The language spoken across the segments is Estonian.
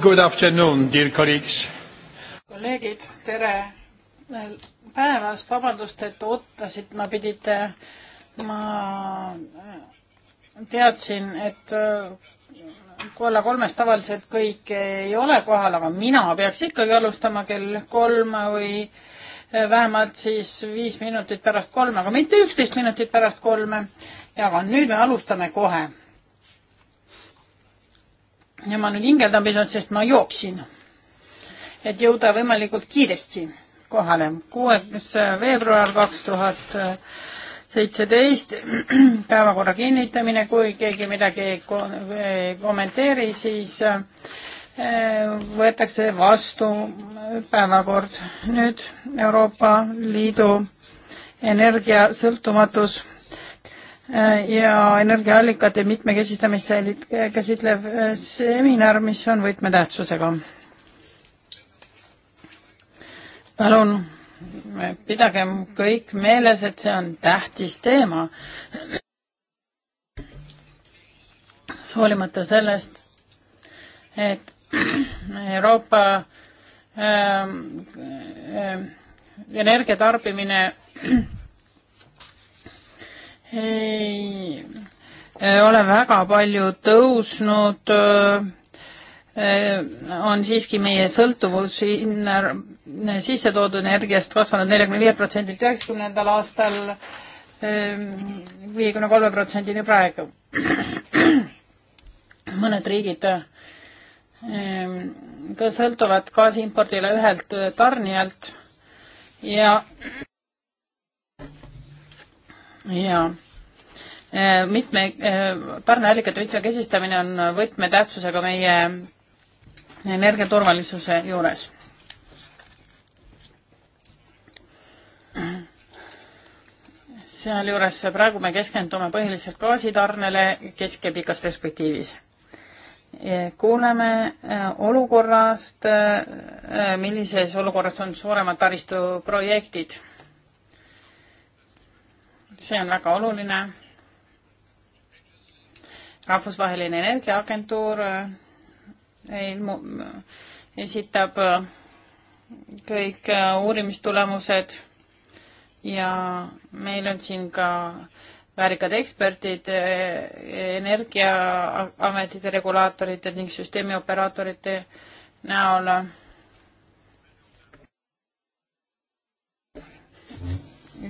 Good afternoon, dear colleagues. kolleegid, tere päevast, vabandust, et ootasid, ma pidite, ma teadsin, et äh, kolla kolmes tavaliselt kõik ei ole kohal, aga mina peaks ikkagi alustama kell kolm või äh, vähemalt siis viis minutit pärast kolme, aga mitte üksteist minutit pärast kolme. ja aga nüüd me alustame kohe ja ma nüüd hingeldan pisut, sest ma jooksin, et jõuda võimalikult kiiresti kohale. kuues veebruar kaks tuhat seitseteist, päevakorra kinnitamine, kui keegi midagi ko ei kommenteeri, siis äh, võetakse vastu päevakord. nüüd Euroopa Liidu energiasõltumatus Äh, ja energiaallikate mitmekesistamist käsitlev äh, seminar, mis on võtmetähtsusega. palun äh, pidagem kõik meeles, et see on tähtis teema. hoolimata sellest, et Euroopa ähm, äh, äh, energiatarbimine äh, ei ole väga palju tõusnud, äh, on siiski meie sõltuvus sisse toodud energiast kasvanud neljakümne viie protsendilt üheksakümnendal aastal äh, viiekümne kolme protsendini praegu. mõned riigid äh, ka sõltuvad gaasiimpordile ühelt tarnijalt ja ja Äh, mitme, äh, tarneallikate mitmekesistamine on võtmetähtsusega meie energiaturvalisuse juures. sealjuures praegu me keskendume põhiliselt gaasitarnele kesk- ja pikas perspektiivis. Äh, kuuleme olukorrast, millises olukorras on suuremad taristuprojektid. see on väga oluline rahvusvaheline energiaagentuur äh, esitab äh, kõik äh, uurimistulemused ja meil on siin ka väärikad eksperdid, energiaametite regulaatorite ning süsteemioperaatorite näol.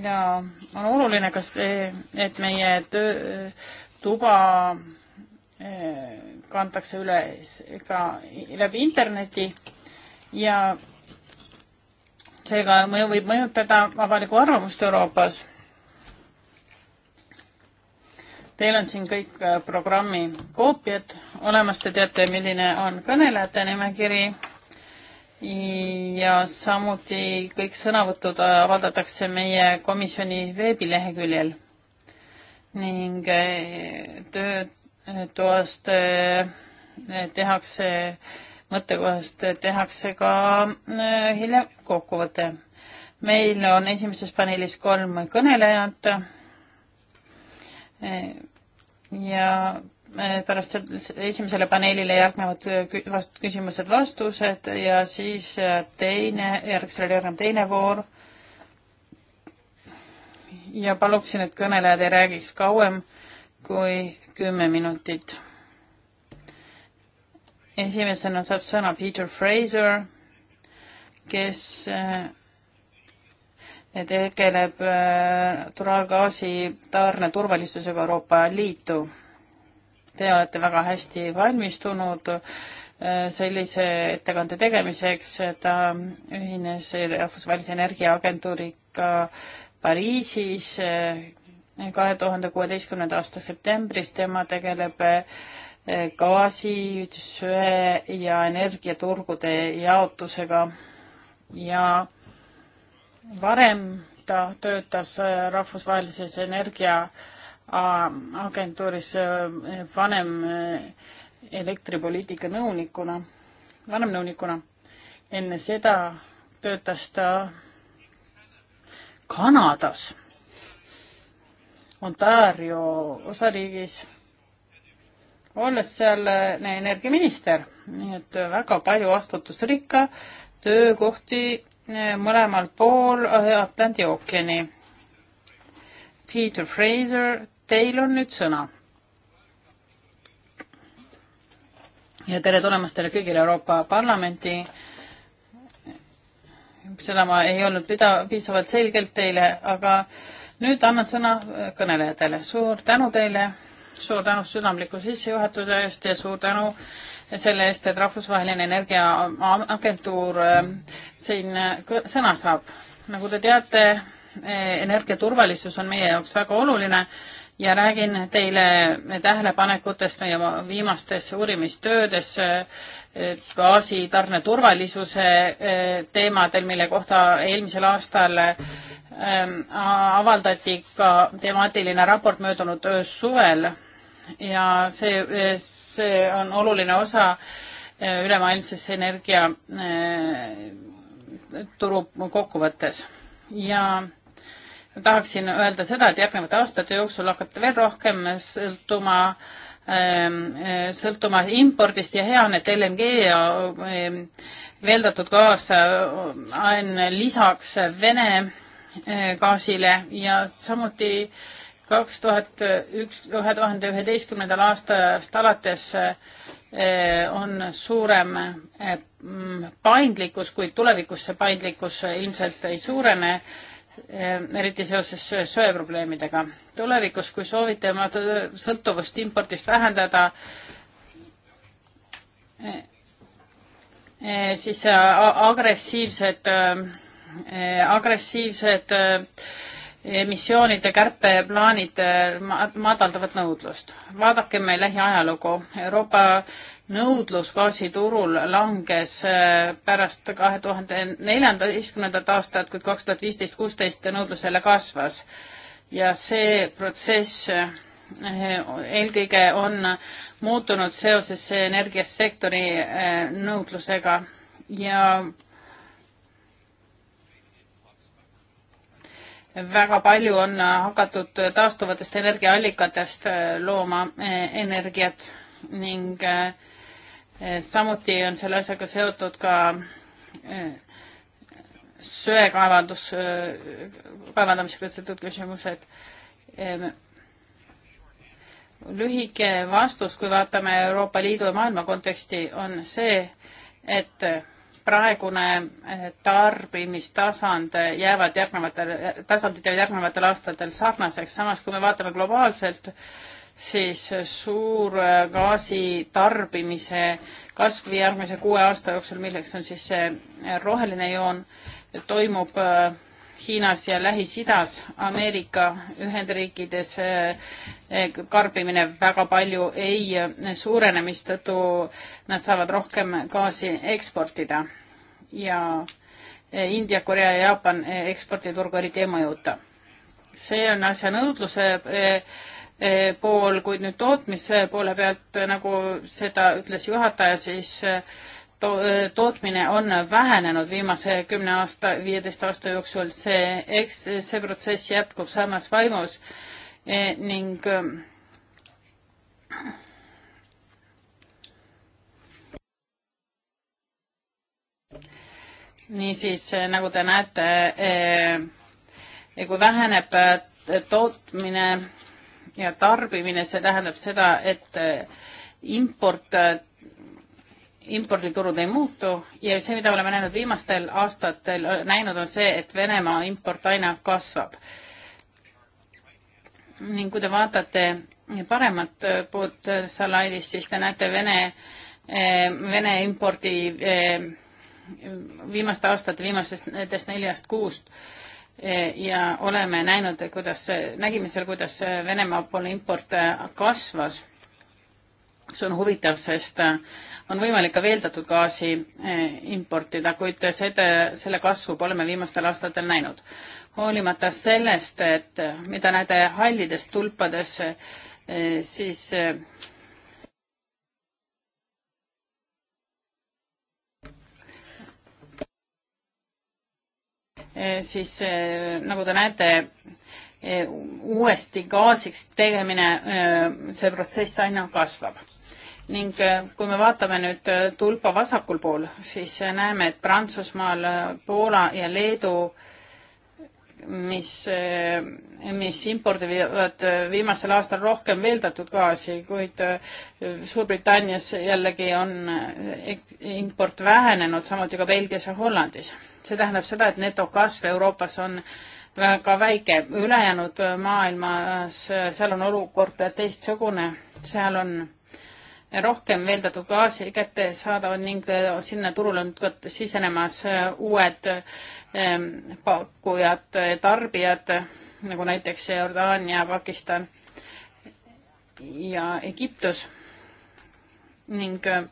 ja on oluline ka see, et meie töö, tuba kantakse üle ka läbi interneti ja seega mõju võib mõjutada avalikku arvamust Euroopas. Teil on siin kõik äh, programmi koopiad olemas, te teate, milline on kõnelejate nimekiri ja samuti kõik sõnavõtud äh, avaldatakse meie komisjoni veebileheküljel ning äh, tööd toast eh, tehakse, mõttekohast tehakse ka eh, hiljem kokkuvõte. meil on esimeses paneelis kolm kõnelejat eh, ja pärast esimesele paneelile järgnevad vast-, küsimused-vastused ja siis teine, järgmisele järgneb teine voor. ja paluksin, et kõnelejad ei räägiks kauem kui kümme minutit. esimesena saab sõna Peter Fraser, kes eh, tegeleb naturaalgaasi eh, tarne turvalisusega Euroopa Liitu. Te olete väga hästi valmistunud eh, sellise ettekande tegemiseks, ta ühines Rahvusvahelise Energiaagentuuriga Pariisis kahe tuhande kuueteistkümnenda aasta septembris, tema tegeleb eh, gaasi, söe ja energiaturgude jaotusega ja varem ta töötas eh, rahvusvahelises energiaagentuuris eh, vanem elektripoliitika nõunikuna, vanemnõunikuna. enne seda töötas ta Kanadas Ontario osariigis, olles seal eh, energiaminister, nii et väga palju vastutusrikka töökohti eh, mõlemal pool eh, Atlandi ookeani. Peter Fraser, teil on nüüd sõna. ja tere tulemast teile kõigile Euroopa Parlamenti. seda ma ei olnud pida-, piisavalt selgelt teile, aga äh, nüüd annan sõna äh, kõnelejatele. suur tänu teile, suur tänu südamliku sissejuhatuse eest ja suur tänu selle eest, et Rahvusvaheline Energiaagentuur äh, siin äh, sõna saab. nagu te teate, energiaturvalisus on meie jaoks väga oluline ja räägin teile tähelepanekutest meie viimastes uurimistöödes gaasitarne turvalisuse teemadel, mille kohta eelmisel aastal Ähm, avaldati ka temaatiline raport möödunud äh, suvel ja see, äh, see on oluline osa äh, ülemaailmsest energiaturu kokkuvõttes ja tahaksin öelda seda, et järgnevate aastate jooksul hakata veel rohkem sõltuma ähm, sõltuma impordist ja hea on, et LNG ja ähm, veeldatud gaas on lisaks Vene Eh, gaasile ja samuti kaks tuhat üks, kahe tuhande üheteistkümnendal aastast alates eh, on suurem eh, mm, paindlikkus, kuid tulevikus see paindlikkus ilmselt ei suurene, eriti seoses söeprobleemidega. tulevikus, kui soovite oma sõltuvust impordist vähendada, siis agressiivsed Eh, agressiivsed eh, emissioonide kärpeplaanid eh, madaldavad nõudlust. vaadake meie lähiajalugu. Euroopa nõudlus gaasiturul langes pärast kahe tuhande neljandateistkümnendat aastat, kuid kaks tuhat viisteist, kuusteist nõudlus jälle kasvas. ja see protsess eelkõige on muutunud seoses energiasektori nõudlusega ja väga palju on hakatud taastuvatest energiaallikatest äh, looma äh, energiat ning äh, samuti on selle asjaga seotud ka söekaevandus, kaevandamisega seotud küsimused. Ähm, lühike vastus, kui vaatame Euroopa Liidu ja maailma konteksti, on see, et praegune eh, tarbimistasand jäävad järgnevatel, tasandid jäävad järgnevatel aastatel sarnaseks, samas kui me vaatame globaalselt, siis suur eh, gaasi tarbimise kasv järgmise kuue aasta jooksul, milleks on siis see eh, roheline joon, toimub Hiinas ja Lähis-Idas, Ameerika Ühendriikides eh, eh, karbimine väga palju ei eh, suurene, mistõttu nad saavad rohkem gaasi eksportida ja India, Korea ja Jaapan eksporditurgu eriti ei mõjuta. see on asja nõudluse pool, kuid nüüd tootmise poole pealt, nagu seda ütles juhataja, siis to tootmine on vähenenud viimase kümne aasta, viieteist aasta jooksul, see, eks see protsess jätkub samas vaimus eh, ning ähm, niisiis, äh, nagu te näete eh,, kui väheneb äh, tootmine ja tarbimine, see tähendab seda, et äh, import imporditurud ei muutu ja see, mida oleme näinud viimastel aastatel, näinud on see, et Venemaa import aina kasvab. ning kui te vaatate paremat poolt slaidist, siis te näete Vene, eh, Vene impordi eh, viimaste aastate viimastest neljast kuust eh, ja oleme näinud, kuidas, nägime seal, kuidas Venemaa poole import kasvas see on huvitav, sest äh, on võimalik ka veeldatud gaasi äh, importida, kuid seda, selle kasvu pole me viimastel aastatel näinud. hoolimata sellest, et äh, mida näete hallides tulpades, siis siis nagu te näete, uuesti gaasiks tegemine, see protsess aina kasvab ning äh, kui me vaatame nüüd äh, tulpa vasakul pool, siis äh, näeme, et Prantsusmaal, Poola ja Leedu, mis, mis impordivad viimasel aastal rohkem veeldatud gaasi, kuid Suurbritannias jällegi on import vähenenud, samuti ka Belgias ja Hollandis. see tähendab seda, et netokasv Euroopas on väga väike, ülejäänud maailmas, seal on olukord teistsugune, seal on rohkem veeldatud gaasi kätte saada on ning sinna turule on sisenemas äh, uued ähm, pakkujad, tarbijad nagu näiteks Jordaania, Pakistan ja Egiptus ning äh,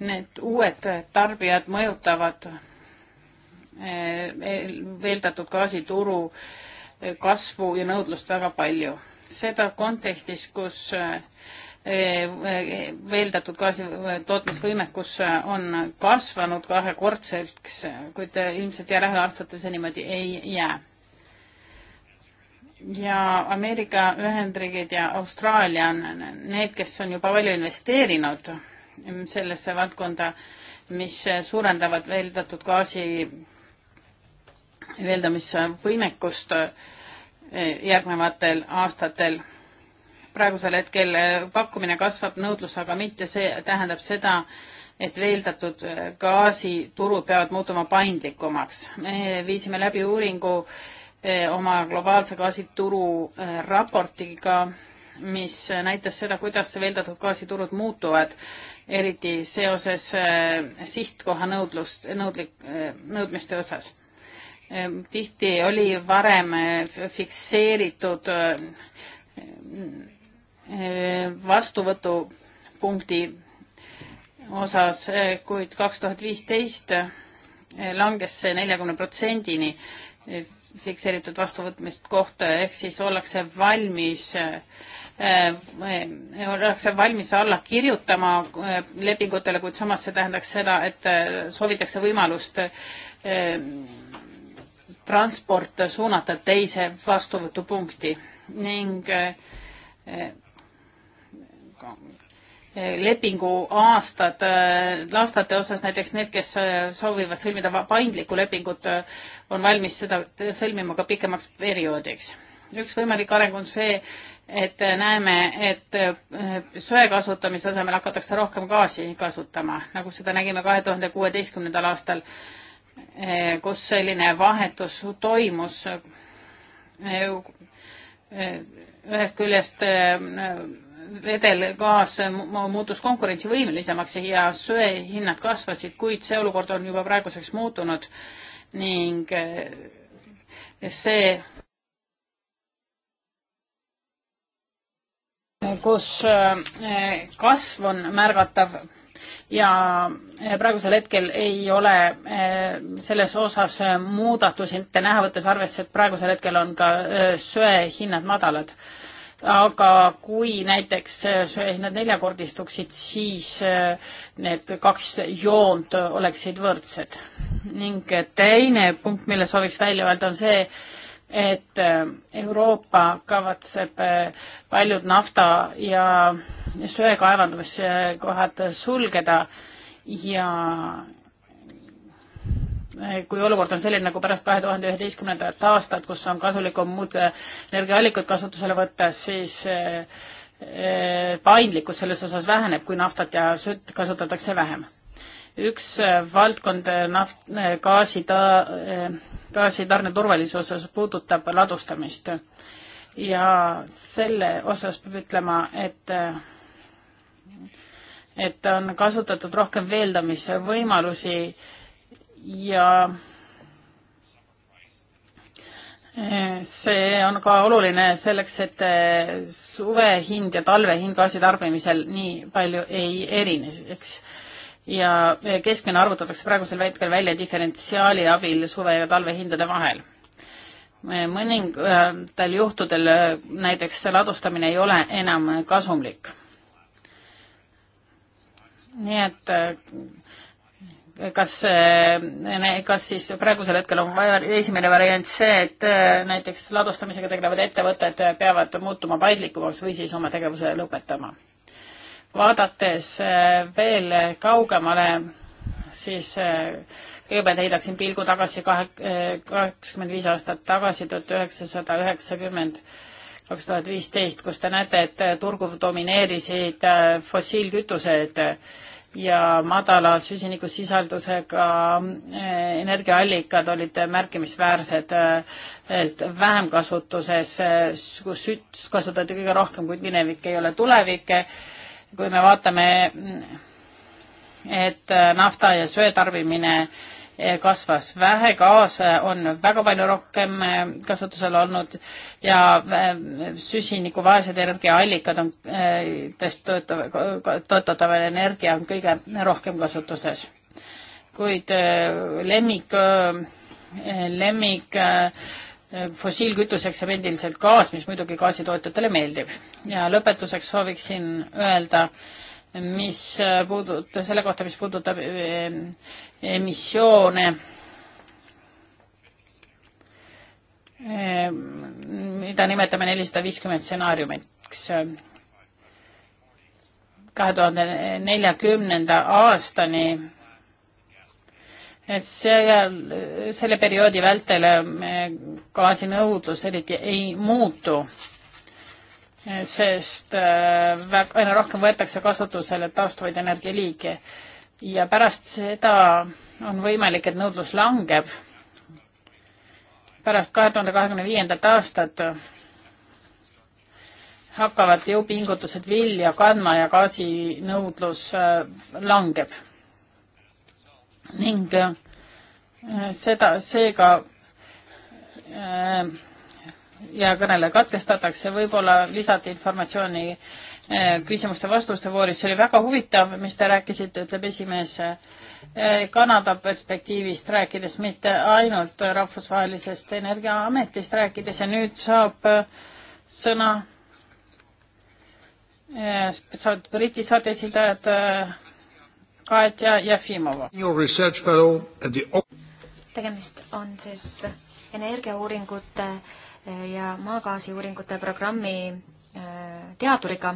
need uued tarbijad mõjutavad äh, veeldatud gaasituru kasvu ja nõudlust väga palju. seda kontekstis, kus Eh, veeldatud gaasi eh, tootmisvõimekus eh, on kasvanud kahekordseks, kuid ilmselt ja lähiaastatel see niimoodi ei jää. ja Ameerika Ühendriigid ja Austraalia on need, kes on juba palju investeerinud sellesse valdkonda, mis suurendavad veeldatud gaasi veeldamisvõimekust järgnevatel aastatel praegusel hetkel äh, pakkumine kasvab, nõudlus aga mitte, see tähendab seda, et veeldatud äh, gaasiturud peavad muutuma paindlikumaks. me viisime läbi uuringu äh, oma globaalse gaasituru raportiga, mis näitas seda, kuidas veeldatud gaasiturud muutuvad, eriti seoses sihtkoha nõudlust, nõudlik, nõudmiste osas tihti oli varem fikseeritud Eh, vastuvõtupunkti osas, eh, kuid kaks tuhat viisteist eh, langes see neljakümne protsendini fikseeritud vastuvõtmist kohta, ehk siis ollakse valmis ollakse valmis alla kirjutama lepingutele, kuid samas see tähendaks seda, et soovitakse võimalust transport suunata teise vastuvõtupunkti ning Äh, lepingu aastad, äh, aastate osas näiteks need, kes äh, soovivad sõlmida paindlikku lepingut, on valmis seda sõlmima ka pikemaks perioodiks. üks võimalik areng on see, et näeme, et söe kasutamise asemel hakatakse rohkem gaasi kasutama, nagu seda nägime kahe tuhande kuueteistkümnendal aastal, kus selline vahetus toimus ühest küljest vedelgaas muutus konkurentsivõimelisemaks ja söe hinnad kasvasid, kuid see olukord on juba praeguseks muutunud ning eh, see kus eh, kasv on märgatav ja eh, praegusel hetkel ei ole selles osas muudatusi ette näha, võttes arvesse, et praegusel hetkel on ka söe hinnad madalad aga kui näiteks eh, nad neljakordistuksid, siis eh, need kaks joont oleksid võrdsed. ning teine punkt, mille sooviks välja öelda, on see, et eh, Euroopa kavatseb paljud nafta ja söekaevandamiskohad sulgeda ja Eh, kui olukord on selline nagu pärast kahe tuhande üheteistkümnendat aastat, kus on kasulikum muud energiaallikad kasutusele võtta, siis eh, eh, paindlikkus selles osas väheneb, kui naftat ja sütt kasutatakse vähem. üks valdkond naft, gaasi ta-, gaasitarne turvalisuse osas puudutab ladustamist. ja selle osas peab ütlema, et et on kasutatud rohkem veeldamisvõimalusi äh, ja eh, see on ka oluline selleks, et eh, suve hind ja talve hind gaasi tarbimisel nii palju ei erineks. ja eh, keskmine arvutatakse praegusel hetkel välja diferentsiaali abil suve ja talve hindade vahel. mõningatel juhtudel näiteks ladustamine ei ole enam kasumlik. nii et kas, eh, kas siis praegusel hetkel on vaja, esimene variant see, et eh, näiteks ladustamisega tegelevad ettevõtted peavad muutuma paindlikumaks või siis oma tegevuse lõpetama. vaadates eh, veel kaugemale, siis kõigepealt heidaksin pilgu tagasi kahe, kaheksakümmend viis aastat tagasi, tuhat üheksasada üheksakümmend kaks tuhat viisteist, kus te näete, et turgu domineerisid fossiilkütused ja madala süsinikusisaldusega eh, energiaallikad olid märkimisväärsed, eh, vähem kasutuses, eh, kus sütt kasutati kõige rohkem, kuid minevik ei ole tulevik. kui me vaatame, mm, et nafta ja söe tarbimine Eh, kasvas vähe, gaas eh, on väga palju rohkem eh, kasutusel olnud ja süsinikuvaesed energiaallikad on, toetataval energia on kõige rohkem kasutuses. kuid lemmik, lemmik fossiilkütuseks jääb endiselt gaas, mis muidugi gaasitootjatele meeldib. ja lõpetuseks sooviksin öelda, mis äh, puudutab, selle kohta, mis puudutab äh, äh, emissioone. mida nimetame nelisada viiskümmend stsenaariumiks. kahe tuhande neljakümnenda aastani et seal, selle perioodi vältel gaasinõudlus eriti ei muutu sest äh, aina rohkem võetakse kasutusele taastuvaid energialiike ja pärast seda on võimalik, et nõudlus langeb. pärast kahe tuhande kahekümne viiendat aastat hakkavad jõupingutused vilja kandma ja gaasinõudlus äh, langeb. ning äh, seda, seega ja kõnele katkestatakse, võib-olla lisati informatsiooni eh, küsimuste-vastuste vooris, see oli väga huvitav, mis te rääkisite, ütleb esimees. Eh, Kanada perspektiivist rääkides, mitte ainult Rahvusvahelisest Energiaametist rääkides ja nüüd saab eh, sõna, saad Briti saate esindajad Katja Jefimova. tegemist on siis energiauuringute äh, ja maagaasi uuringute programmi äh, teaduriga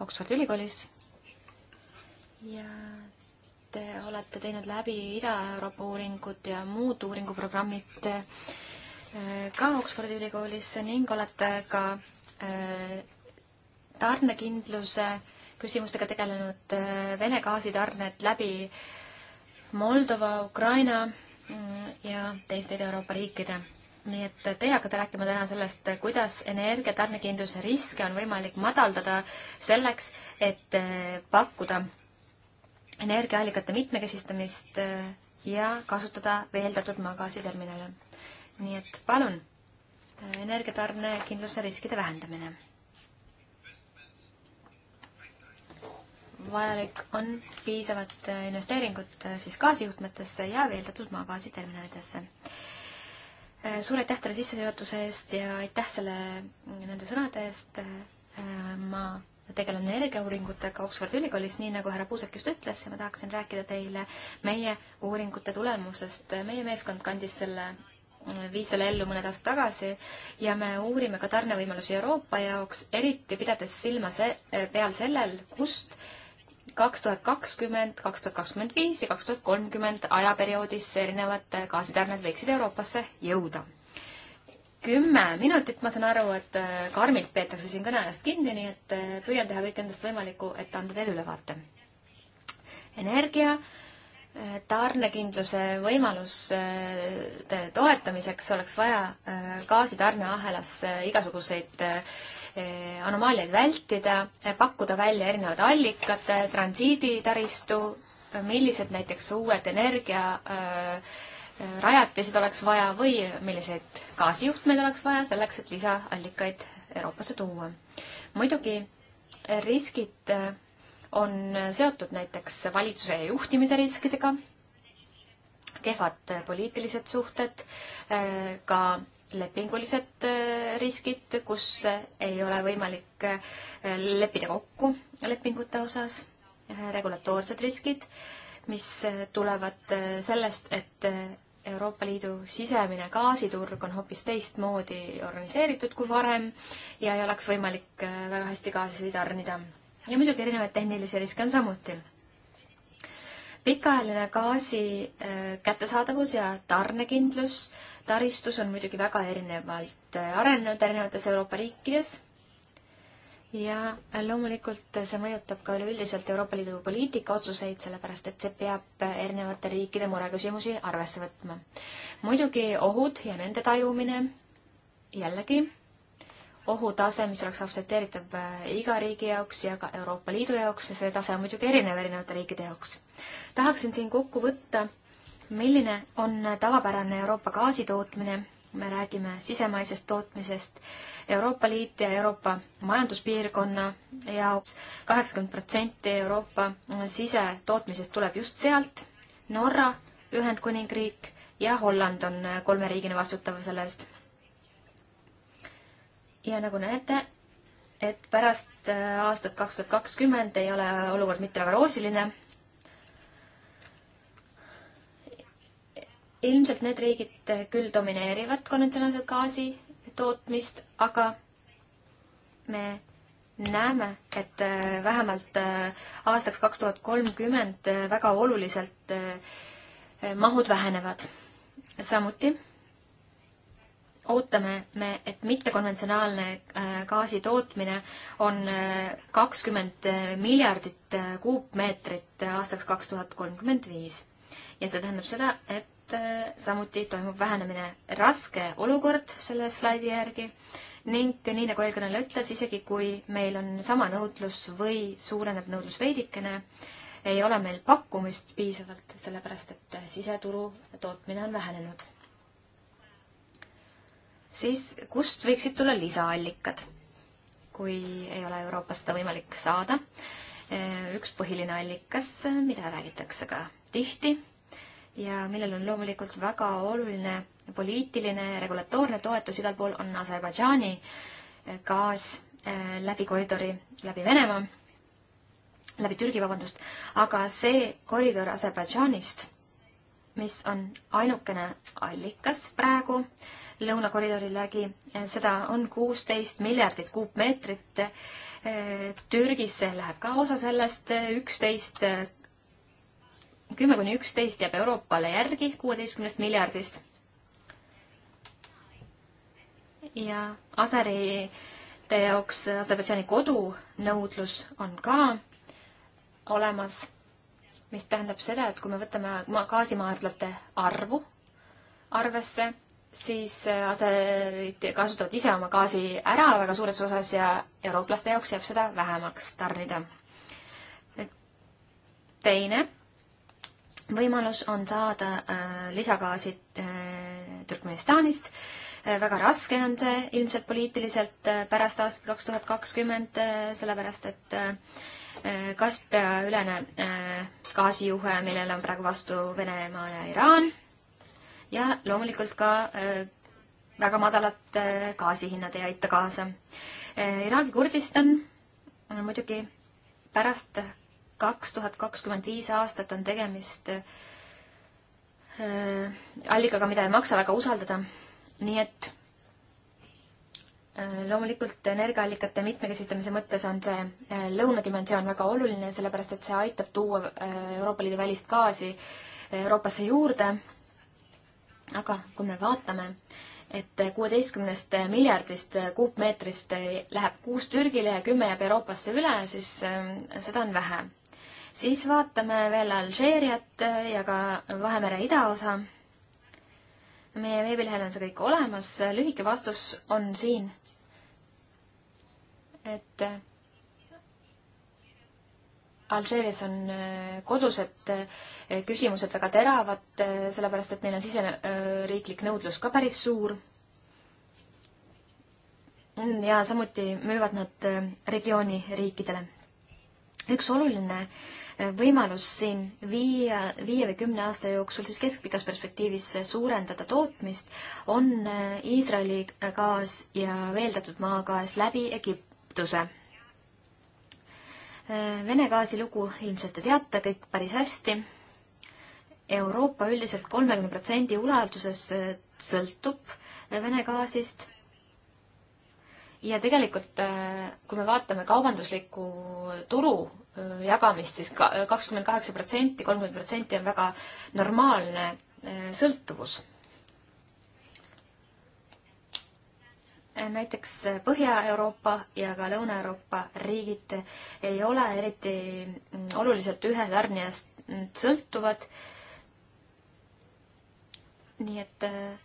Oxfordi ülikoolis ja te olete teinud läbi Ida-Euroopa uuringud ja muud uuringuprogrammid äh, ka Oxfordi ülikoolis ning olete ka äh, tarnekindluse küsimustega tegelenud Vene gaasitarned läbi Moldova, Ukraina Mm, ja teiste Euroopa riikide nii et teie hakkate rääkima täna sellest, kuidas energia tarnekindluse riske on võimalik madaldada selleks, et eh, pakkuda energiaallikate mitmekesistamist eh, ja kasutada veeldatud maagaasiterminale. nii et palun, eh, energiatarnekindluse riskide vähendamine vajalik on piisavat äh, investeeringut äh, siis gaasijuhtmetesse ja veeldatud maagaasiterminalidesse. Äh, suur aitäh teile sissejuhatuse eest ja aitäh selle, nende sõnade eest. ma tegelen energiauuringutega Oxfordi ülikoolis, nii nagu härra Puusek just ütles ja ma tahaksin rääkida teile meie uuringute tulemusest. meie meeskond kandis selle viis selle ellu mõned aastad tagasi ja me uurime ka tarnevõimalusi Euroopa jaoks, eriti pidades silma see, peal sellel, kust äh, kaks tuhat kakskümmend, kaks tuhat kakskümmend viis ja kaks tuhat kolmkümmend ajaperioodis erinevad gaasitarned võiksid Euroopasse jõuda. kümme minutit, ma saan aru, et äh, karmilt peetakse siin kõneajast kinni, nii et äh, püüan teha kõik endast võimalikku, et anda teile ülevaate. energia äh, tarnekindluse võimaluste toetamiseks oleks vaja äh, gaasitarneahelas äh, igasuguseid äh, anomaaliaid vältida, pakkuda välja erinevad allikad, transiiditaristu, millised näiteks uued energiarajatised oleks vaja või milliseid gaasijuhtmeid oleks vaja selleks, et lisaallikaid Euroopasse tuua. muidugi riskid on seotud näiteks valitsuse ja juhtimise riskidega, kehvad poliitilised suhted, ka lepingulised riskid, kus ei ole võimalik leppida kokku lepingute osas, regulatoorsed riskid, mis tulevad sellest, et Euroopa Liidu sisemine gaasiturg on hoopis teistmoodi organiseeritud kui varem ja ei oleks võimalik väga hästi gaasi tarnida ja muidugi erinevaid tehnilisi riske on samuti. pikaajaline gaasi äh, kättesaadavus ja tarnekindlus taristus on muidugi väga erinevalt äh, arenenud erinevates Euroopa riikides ja äh, loomulikult see mõjutab ka üleüldiselt Euroopa Liidu poliitika otsuseid, sellepärast et see peab erinevate riikide mureküsimusi arvesse võtma. muidugi ohud ja nende tajumine jällegi ohutase, mis oleks aktsepteeritav äh, iga riigi jaoks ja ka Euroopa Liidu jaoks ja see tase on muidugi erinev erinevate riikide jaoks. tahaksin siin kokku võtta, milline on tavapärane Euroopa gaasi tootmine, me räägime sisemaisest tootmisest, Euroopa Liit ja Euroopa Majanduspiirkonna jaoks kaheksakümmend protsenti Euroopa sisetootmisest tuleb just sealt, Norra, Ühendkuningriik ja Holland on kolme riigina vastutav selle eest ja nagu näete, et pärast äh, aastat kaks tuhat kakskümmend ei ole olukord mitte väga roosiline. ilmselt need riigid küll domineerivad konventsionaalset gaasi tootmist, aga me näeme, et äh, vähemalt äh, aastaks kaks tuhat kolmkümmend väga oluliselt mahud vähenevad. samuti ootame me, et mittekonventsionaalne äh, gaasi tootmine on äh, kakskümmend äh, miljardit kuupmeetrit aastaks kaks tuhat kolmkümmend viis. ja see tähendab seda, et samuti toimub vähenemine. raske olukord selle slaidi järgi ning nii nagu eelkõneleja ütles, isegi kui meil on sama nõudlus või suureneb nõudlus veidikene, ei ole meil pakkumist piisavalt, sellepärast et siseturu tootmine on vähenenud siis kust võiksid tulla lisaallikad, kui ei ole Euroopas seda võimalik saada? üks põhiline allikas, mida räägitakse ka tihti ja millel on loomulikult väga oluline poliitiline ja regulatoorne toetus igal pool, on Aserbaidžaani gaas äh, läbi koridori, läbi Venemaa, läbi Türgi, vabandust, aga see koridor Aserbaidžaanist, mis on ainukene allikas praegu äh, lõunakoridori läbi, seda on kuusteist miljardit kuupmeetrit. Türgisse läheb ka osa sellest, üksteist, kümme kuni üksteist jääb Euroopale järgi kuueteistkümnest miljardist. ja aserite jaoks Aserbaidžaani kodunõudlus on ka olemas mis tähendab seda, et kui me võtame gaasimaardlate arvu arvesse, siis äh, aserid kasutavad ise oma gaasi ära väga suures osas ja eurooplaste jaoks jääb seda vähemaks tarnida. teine võimalus on saada äh, lisagaasi äh, Türkmenistanist. väga raske on see ilmselt poliitiliselt pärast aastat kaks tuhat kakskümmend, sellepärast et Kaspia ülene gaasijuhe, millele on praegu vastu Venemaa ja Iraan ja loomulikult ka äh, väga madalad äh, gaasihinnad ei aita kaasa. Äh, Iraagi Kurdistan muidugi pärast kaks tuhat kakskümmend viis aastat on tegemist allikaga, mida ei maksa väga usaldada. nii et loomulikult energiaallikate mitmekesistamise mõttes on see lõunadimensioon väga oluline, sellepärast et see aitab tuua Euroopa Liidu välist gaasi Euroopasse juurde aga kui me vaatame, et kuueteistkümnest miljardist kuupmeetrist läheb kuus Türgile ja kümme jääb Euroopasse üle, siis äh, seda on vähe. siis vaatame veel Alžeeriat äh, ja ka Vahemere idaosa. meie veebilehel on see kõik olemas, lühike vastus on siin, et Alžeerias on äh, kodused äh, küsimused väga teravad, äh, sellepärast et neil on siseriiklik nõudlus ka päris suur. Mm, ja samuti müüvad nad regiooni riikidele. üks oluline võimalus siin viie, viie või kümne aasta jooksul siis keskpikas perspektiivis suurendada tootmist on Iisraeli gaas ja veeldatud maagaas läbi Egiptuse Äh, Vene gaasi lugu ilmselt te teate kõik päris hästi. Euroopa üldiselt kolmekümne protsendi ulatuses äh, sõltub äh, Vene gaasist. ja tegelikult, kui me vaatame kaubandusliku turu jagamist siis, siis kakskümmend kaheksa protsenti, kolmkümmend protsenti on väga normaalne sõltuvus näiteks Põhja-Euroopa ja ka Lõuna-Euroopa riigid ei ole eriti oluliselt ühe tarnijast sõltuvad. nii et äh,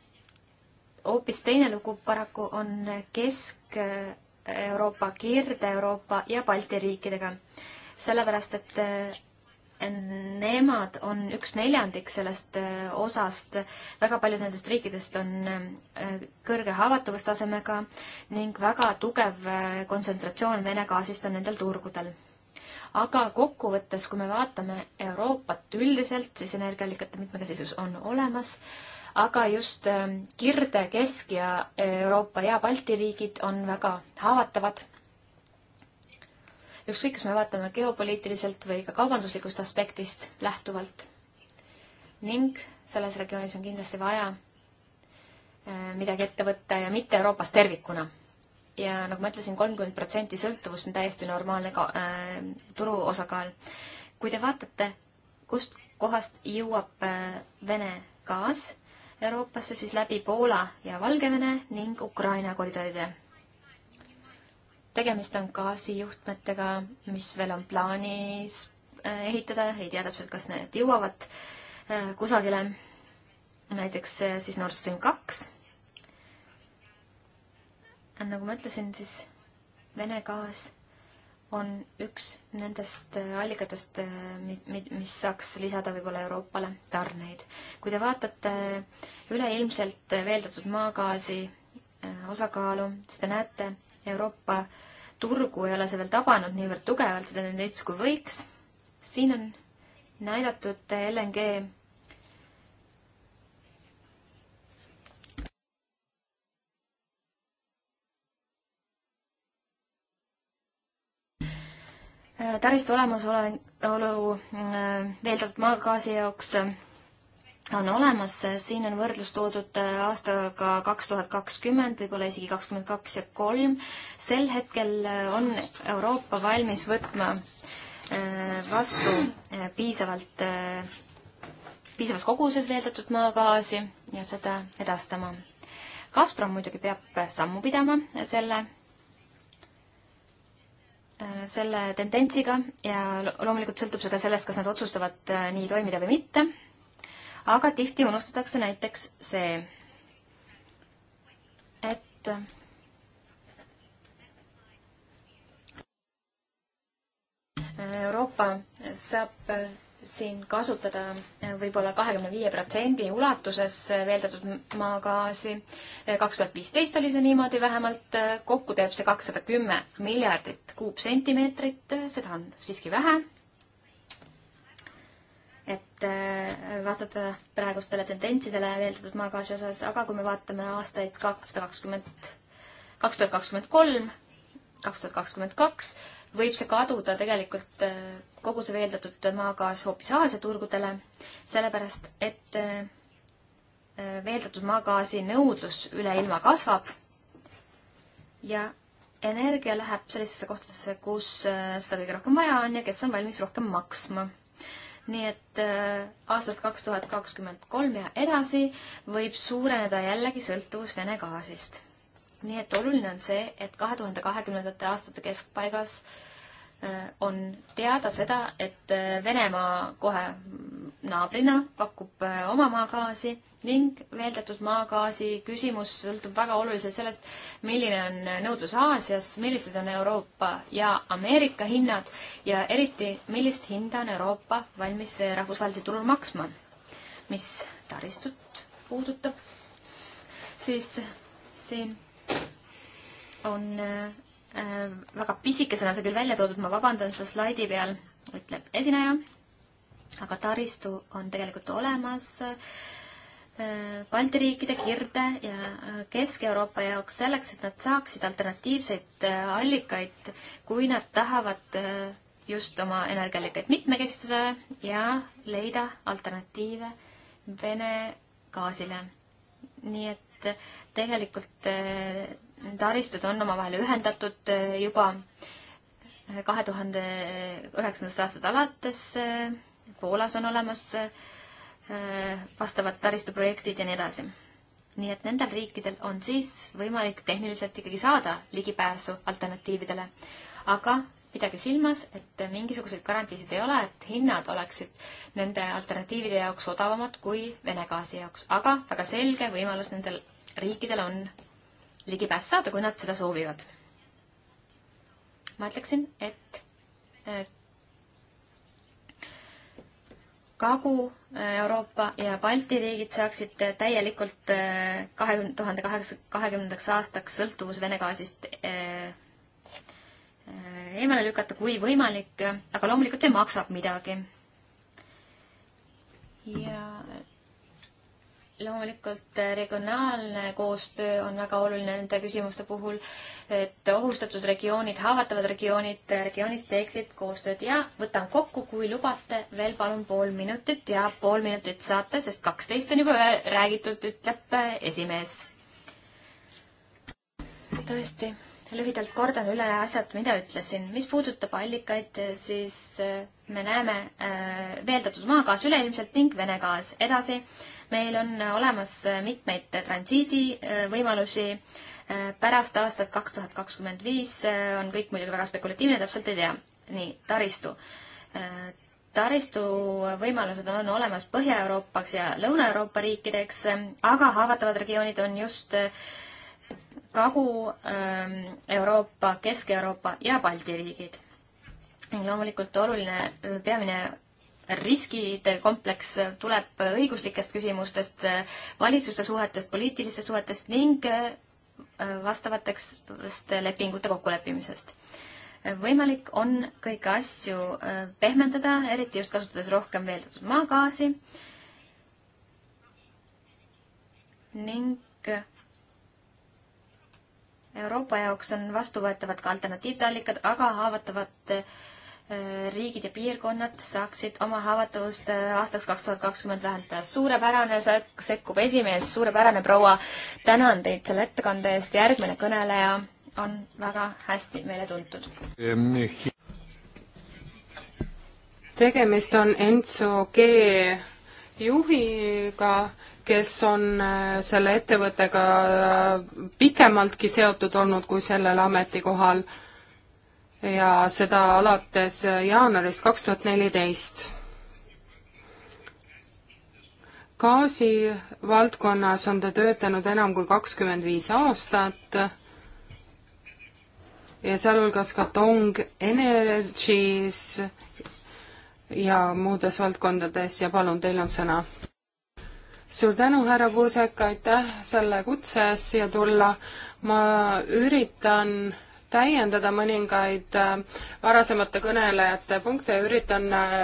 hoopis teine lugu paraku on Kesk-Euroopa, Kirde-Euroopa ja Balti riikidega. sellepärast, et äh, nemad on üks neljandik sellest äh, osast, väga paljud nendest riikidest on äh, kõrge haavatavustasemega ning väga tugev äh, kontsentratsioon Vene gaasist on nendel turgudel. aga kokkuvõttes, kui me vaatame Euroopat üldiselt, siis energiaallikate mitmekesisus on olemas, aga just Kirde, Kesk ja Euroopa ja Balti riigid on väga haavatavad ükskõik, kas me vaatame geopoliitiliselt või ka kaubanduslikust aspektist lähtuvalt. ning selles regioonis on kindlasti vaja äh, midagi ette võtta ja mitte Euroopas tervikuna. ja nagu ma ütlesin, kolmkümmend protsenti sõltuvust on täiesti normaalne ka, äh, turu osakaal. kui te vaatate, kust kohast jõuab äh, Vene gaas Euroopasse, siis läbi Poola ja Valgevene ning Ukraina koridoride tegemist on gaasijuhtmetega, mis veel on plaanis äh, ehitada, ei tea täpselt, kas need jõuavad äh, kusagile, näiteks äh, siis Nord Stream kaks. nagu ma ütlesin, siis Vene gaas on üks nendest allikatest, mis saaks lisada võib-olla Euroopale tarneid. kui te vaatate üleilmselt veeldatud maagaasi osakaalu, siis te näete, Euroopa turgu ei ole see veel tabanud niivõrd tugevalt, seda tendents kui võiks. siin on näidatud LNG taristu olemasolu veeldatud maagaasi jaoks on olemas, siin on võrdlus toodud äh, aastaga kaks tuhat kakskümmend, võib-olla isegi kakskümmend kaks ja kolm. sel hetkel äh, on Euroopa valmis võtma äh, vastu piisavalt, piisavas koguses veeldatud maagaasi ja seda edastama. Gazprom muidugi peab sammu pidama selle selle tendentsiga ja loomulikult sõltub see ka sellest, kas nad otsustavad nii toimida või mitte aga tihti unustatakse näiteks see, et Euroopa saab siin kasutada võib-olla kahekümne viie protsendi ulatuses veeldatud maagaasi. kaks tuhat viisteist oli see niimoodi vähemalt, kokku teeb see kakssada kümme miljardit kuupsentimeetrit, seda on siiski vähe Äh, vastata praegustele tendentsidele veeldatud maagaasi osas, aga kui me vaatame aastaid kakssada kakskümmend, kaks tuhat kakskümmend kolm, kaks tuhat kakskümmend kaks, võib see kaduda tegelikult äh, kogu see veeldatud maagaas hoopis Aasia turgudele, sellepärast et äh, veeldatud maagaasi nõudlus üle ilma kasvab ja energia läheb sellistesse kohtadesse, kus seda kõige rohkem vaja on ja kes on valmis rohkem maksma nii et äh, aastast kaks tuhat kakskümmend kolm ja edasi võib suureneda jällegi sõltuvus Vene gaasist. nii et oluline on see, et kahe tuhande kahekümnendate aastate keskpaigas äh, on teada seda, et äh, Venemaa kohe mm, naabrina pakub oma maagaasi ning veeldatud maagaasi küsimus sõltub väga oluliselt sellest, milline on nõudlus Aasias, millised on Euroopa ja Ameerika hinnad ja eriti, millist hinda on Euroopa valmis rahvusvahelisel turul maksma. mis taristut puudutab, siis siin on äh, väga pisikesena see küll välja toodud, ma vabandan seda slaidi peal, ütleb esineja, aga taristu on tegelikult olemas äh, Äh, Balti riikide, Kirde ja äh, Kesk-Euroopa jaoks selleks, et nad saaksid alternatiivseid äh, allikaid, kui nad tahavad just oma energiaallikaid mitmekesistada ja leida alternatiive Vene gaasile. nii et tegelikult taristud on omavahel ühendatud juba kahe tuhande üheksandast aastast alates. Poolas on olemas äh, Äh, vastavad taristuprojektid ja nii edasi. nii et nendel riikidel on siis võimalik tehniliselt ikkagi saada ligipääsu alternatiividele. aga pidage silmas, et mingisuguseid garantiisid ei ole, et hinnad oleksid nende alternatiivide jaoks odavamad kui Vene gaasi jaoks, aga väga selge võimalus nendel riikidel on ligipääs saada, kui nad seda soovivad. ma ütleksin, et äh, Kagu-Euroopa ja Balti riigid saaksid täielikult eh, kahe tuhande kaheksa, kahekümnendaks aastaks sõltuvus Vene gaasist eh, eh, eemale lükata, kui võimalik, aga loomulikult see maksab midagi. ja loomulikult äh, regionaalne koostöö on väga oluline nende küsimuste puhul, et ohustatud regioonid, haavatavad regioonid äh, regioonis teeksid koostööd ja võtan kokku, kui lubate, veel palun pool minutit ja pool minutit saate, sest kaksteist on juba äh, räägitud, ütleb esimees. tõesti, lühidalt kordan üle asjad, mida ütlesin. mis puudutab allikaid, siis me näeme veeldatud maagaas üleilmselt ning Vene gaas edasi meil on äh, olemas äh, mitmeid äh, transiidi võimalusi pärast aastat kaks tuhat kakskümmend viis on kõik muidugi väga spekulatiivne, täpselt ei tea. nii, taristu. taristu võimalused on olemas Põhja-Euroopaks ja Lõuna-Euroopa riikideks, aga haavatavad regioonid on just Kagu-Euroopa, ähm, Kesk-Euroopa ja Balti riigid. ning loomulikult oluline peamine riskide kompleks tuleb õiguslikest küsimustest, valitsuste suhetest, poliitilistest suhetest ning äh, vastavatest lepingute kokkuleppimisest. võimalik on kõiki asju äh, pehmendada, eriti just kasutades rohkem veeldatud maagaasi ning Euroopa jaoks on vastuvõetavad ka alternatiivsed allikad, aga haavatavad riigid ja piirkonnad saaksid oma haavatavust äh, aastaks kaks tuhat kakskümmend vähendada. suurepärane, sekkub esimees, suurepärane proua, tänan teid selle ettekande eest, järgmine kõneleja on väga hästi meile tuntud. tegemist on Enso G juhiga, kes on äh, selle ettevõttega äh, pikemaltki seotud olnud kui sellel ametikohal ja seda alates jaanuarist kaks tuhat neliteist. gaasi valdkonnas on ta töötanud enam kui kakskümmend viis aastat ja sealhulgas ka Tong Energies ja muudes valdkondades ja palun, teil on sõna. suur tänu, härra Puusek, aitäh selle kutse eest siia tulla. ma üritan täiendada mõningaid äh, varasemate kõnelejate punkte ja üritan äh,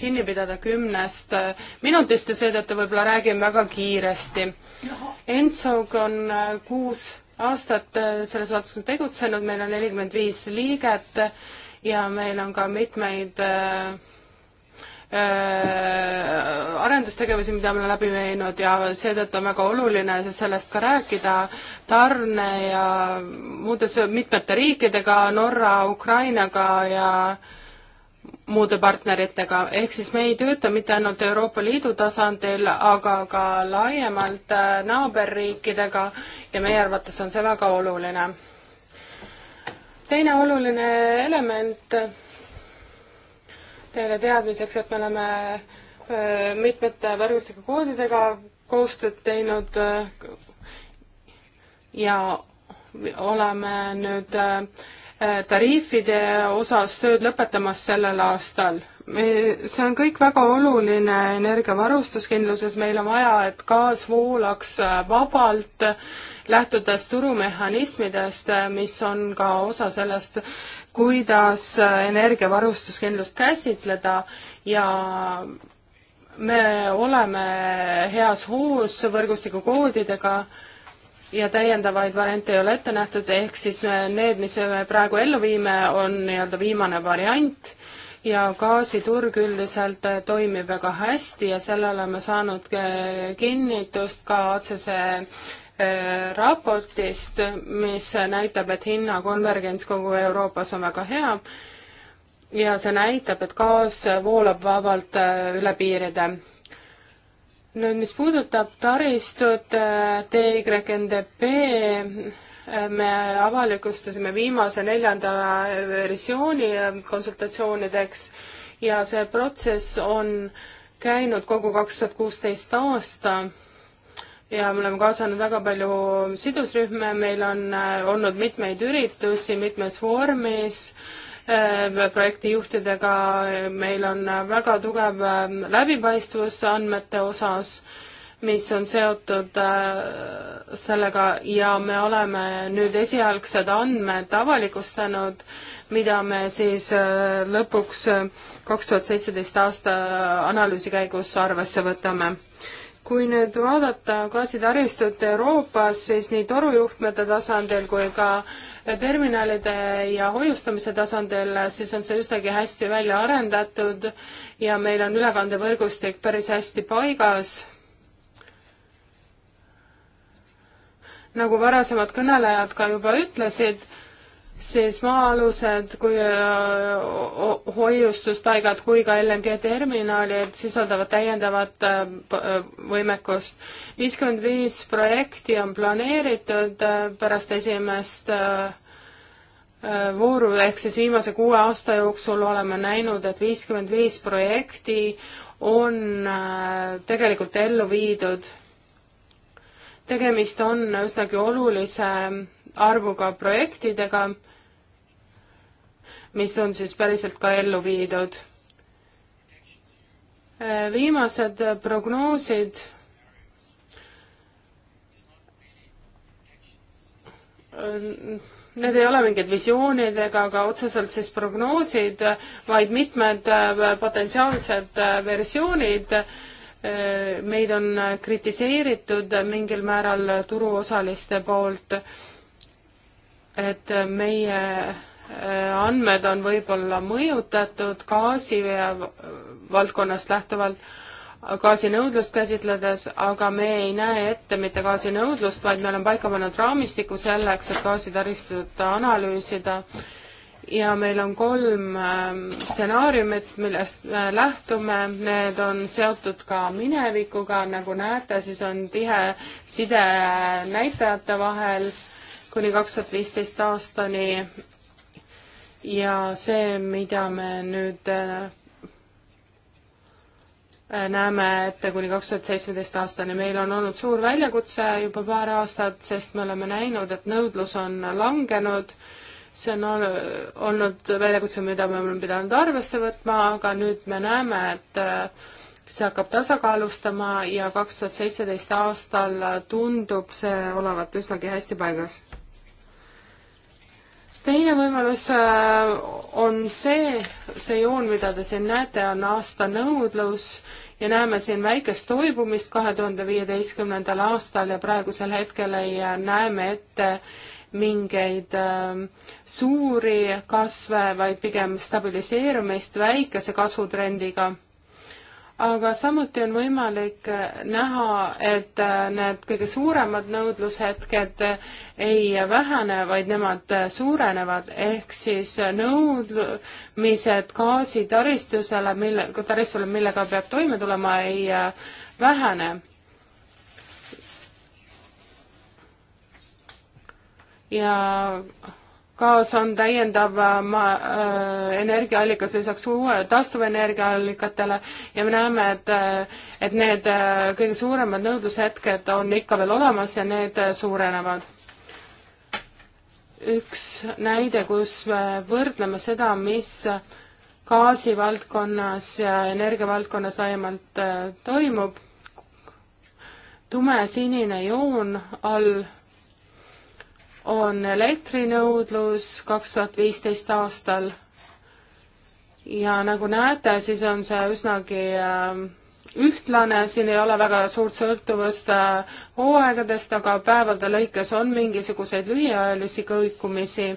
kinni pidada kümnest äh, minutist ja seetõttu võib-olla räägin väga kiiresti. Enzog on kuus aastat selles valdkonnas tegutsenud, meil on nelikümmend viis liiget ja meil on ka mitmeid äh, Äh, arendustegevusi, mida me oleme läbi viinud ja seetõttu on väga oluline sellest ka rääkida tarne ja muudes mitmete riikidega, Norra, Ukrainaga ja muude partneritega, ehk siis me ei tööta mitte ainult Euroopa Liidu tasandil, aga ka laiemalt äh, naaberriikidega ja meie arvates on see väga oluline. teine oluline element teile teadmiseks, et me oleme äh, mitmete võrgustike koodidega koostööd teinud äh, ja oleme nüüd äh, tariifide osas tööd lõpetamas sellel aastal. see on kõik väga oluline energiavarustuskindluses, meil on vaja, et gaas voolaks vabalt, lähtudes turumehhanismidest, mis on ka osa sellest kuidas energiavarustuskindlust käsitleda ja me oleme heas hoos võrgustikukoodidega ja täiendavaid variante ei ole ette nähtud, ehk siis need, mis me praegu ellu viime, on nii-öelda viimane variant ja gaasiturg üldiselt toimib väga hästi ja sellele me saanud kinnitust ka otsese Äh, raportist, mis näitab, et hinnakonvergents kogu Euroopas on väga hea ja see näitab, et gaas voolab vabalt äh, üle piiride. nüüd, mis puudutab taristut, äh, TYNDP, me avalikustasime viimase neljanda versiooni konsultatsioonideks ja see protsess on käinud kogu kaks tuhat kuusteist aasta ja me oleme kaasanud väga palju sidusrühme, meil on äh, olnud mitmeid üritusi mitmes vormis äh, projektijuhtidega, meil on äh, väga tugev ähm, läbipaistvus andmete osas, mis on seotud sellega ja me oleme nüüd esialgsed andmed avalikustanud, mida me siis lõpuks kaks tuhat seitseteist aasta analüüsi käigus arvesse võtame kui nüüd vaadata gaasitaristut Euroopas, siis nii torujuhtmete tasandil kui ka terminalide ja hoiustamise tasandil, siis on see üsnagi hästi välja arendatud ja meil on ülekandevõrgustik päris hästi paigas. nagu varasemad kõnelejad ka juba ütlesid siis maa-alused kui hoiustuspaigad kui ka LNG terminalid sisaldavad täiendavat võimekust. viiskümmend viis projekti on planeeritud pärast esimest vooru, ehk siis viimase kuue aasta jooksul oleme näinud, et viiskümmend viis projekti on tegelikult ellu viidud. tegemist on üsnagi olulise arvuga projektidega mis on siis päriselt ka ellu viidud. Äh, viimased prognoosid äh, Need ei ole mingid visioonid ega ka otseselt siis prognoosid, vaid mitmed äh, potentsiaalsed versioonid, meid on kritiseeritud mingil määral turuosaliste poolt, et meie Äh, andmed on võib-olla mõjutatud gaasi valdkonnast lähtuvalt, gaasinõudlust käsitledes, aga me ei näe ette mitte gaasinõudlust, vaid me oleme paika pannud raamistiku selleks, et gaasitaristut analüüsida ja meil on kolm ähm, stsenaariumit, millest äh, lähtume, need on seotud ka minevikuga, nagu näete, siis on tihe side näitajate vahel kuni kaks tuhat viisteist aastani ja see, mida me nüüd äh, näeme ette kuni kaks tuhat seitsmeteist aastani, meil on olnud suur väljakutse juba paar aastat, sest me oleme näinud, et nõudlus on langenud, see on olnud väljakutse, mida me oleme pidanud arvesse võtma, aga nüüd me näeme, et äh, see hakkab tasakaalustama ja kaks tuhat seitseteist aastal tundub see olevat üsnagi hästi paigas teine võimalus äh, on see, see joon, mida te siin näete, on aasta nõudlus ja näeme siin väikest toibumist kahe tuhande viieteistkümnendal aastal ja praegusel hetkel ei äh, näeme ette mingeid äh, suuri kasve, vaid pigem stabiliseerumist väikese kasvutrendiga aga samuti on võimalik äh, näha, et äh, need kõige suuremad nõudlushetked äh, ei vähene, vaid nemad suurenevad, ehk siis nõudmised gaasitaristusele, mille, taristule, millega peab toime tulema, ei vähene. ja gaas on täiendav äh, ma- äh,, energiaallikas lisaks uue, taastuvenergiaallikatele ja me näeme, et äh, et need äh, kõige suuremad nõudlushetked on ikka veel olemas ja need suurenevad. üks näide, kus võrdleme seda, mis gaasivaldkonnas ja energiavaldkonnas laiemalt toimub, tumesinine joon all on elektrinõudlus kaks tuhat viisteist aastal ja nagu näete, siis on see üsnagi äh, ühtlane, siin ei ole väga suurt sõltuvust äh, hooaegadest, aga päevade lõikes on mingisuguseid lühiajalisi kõikumisi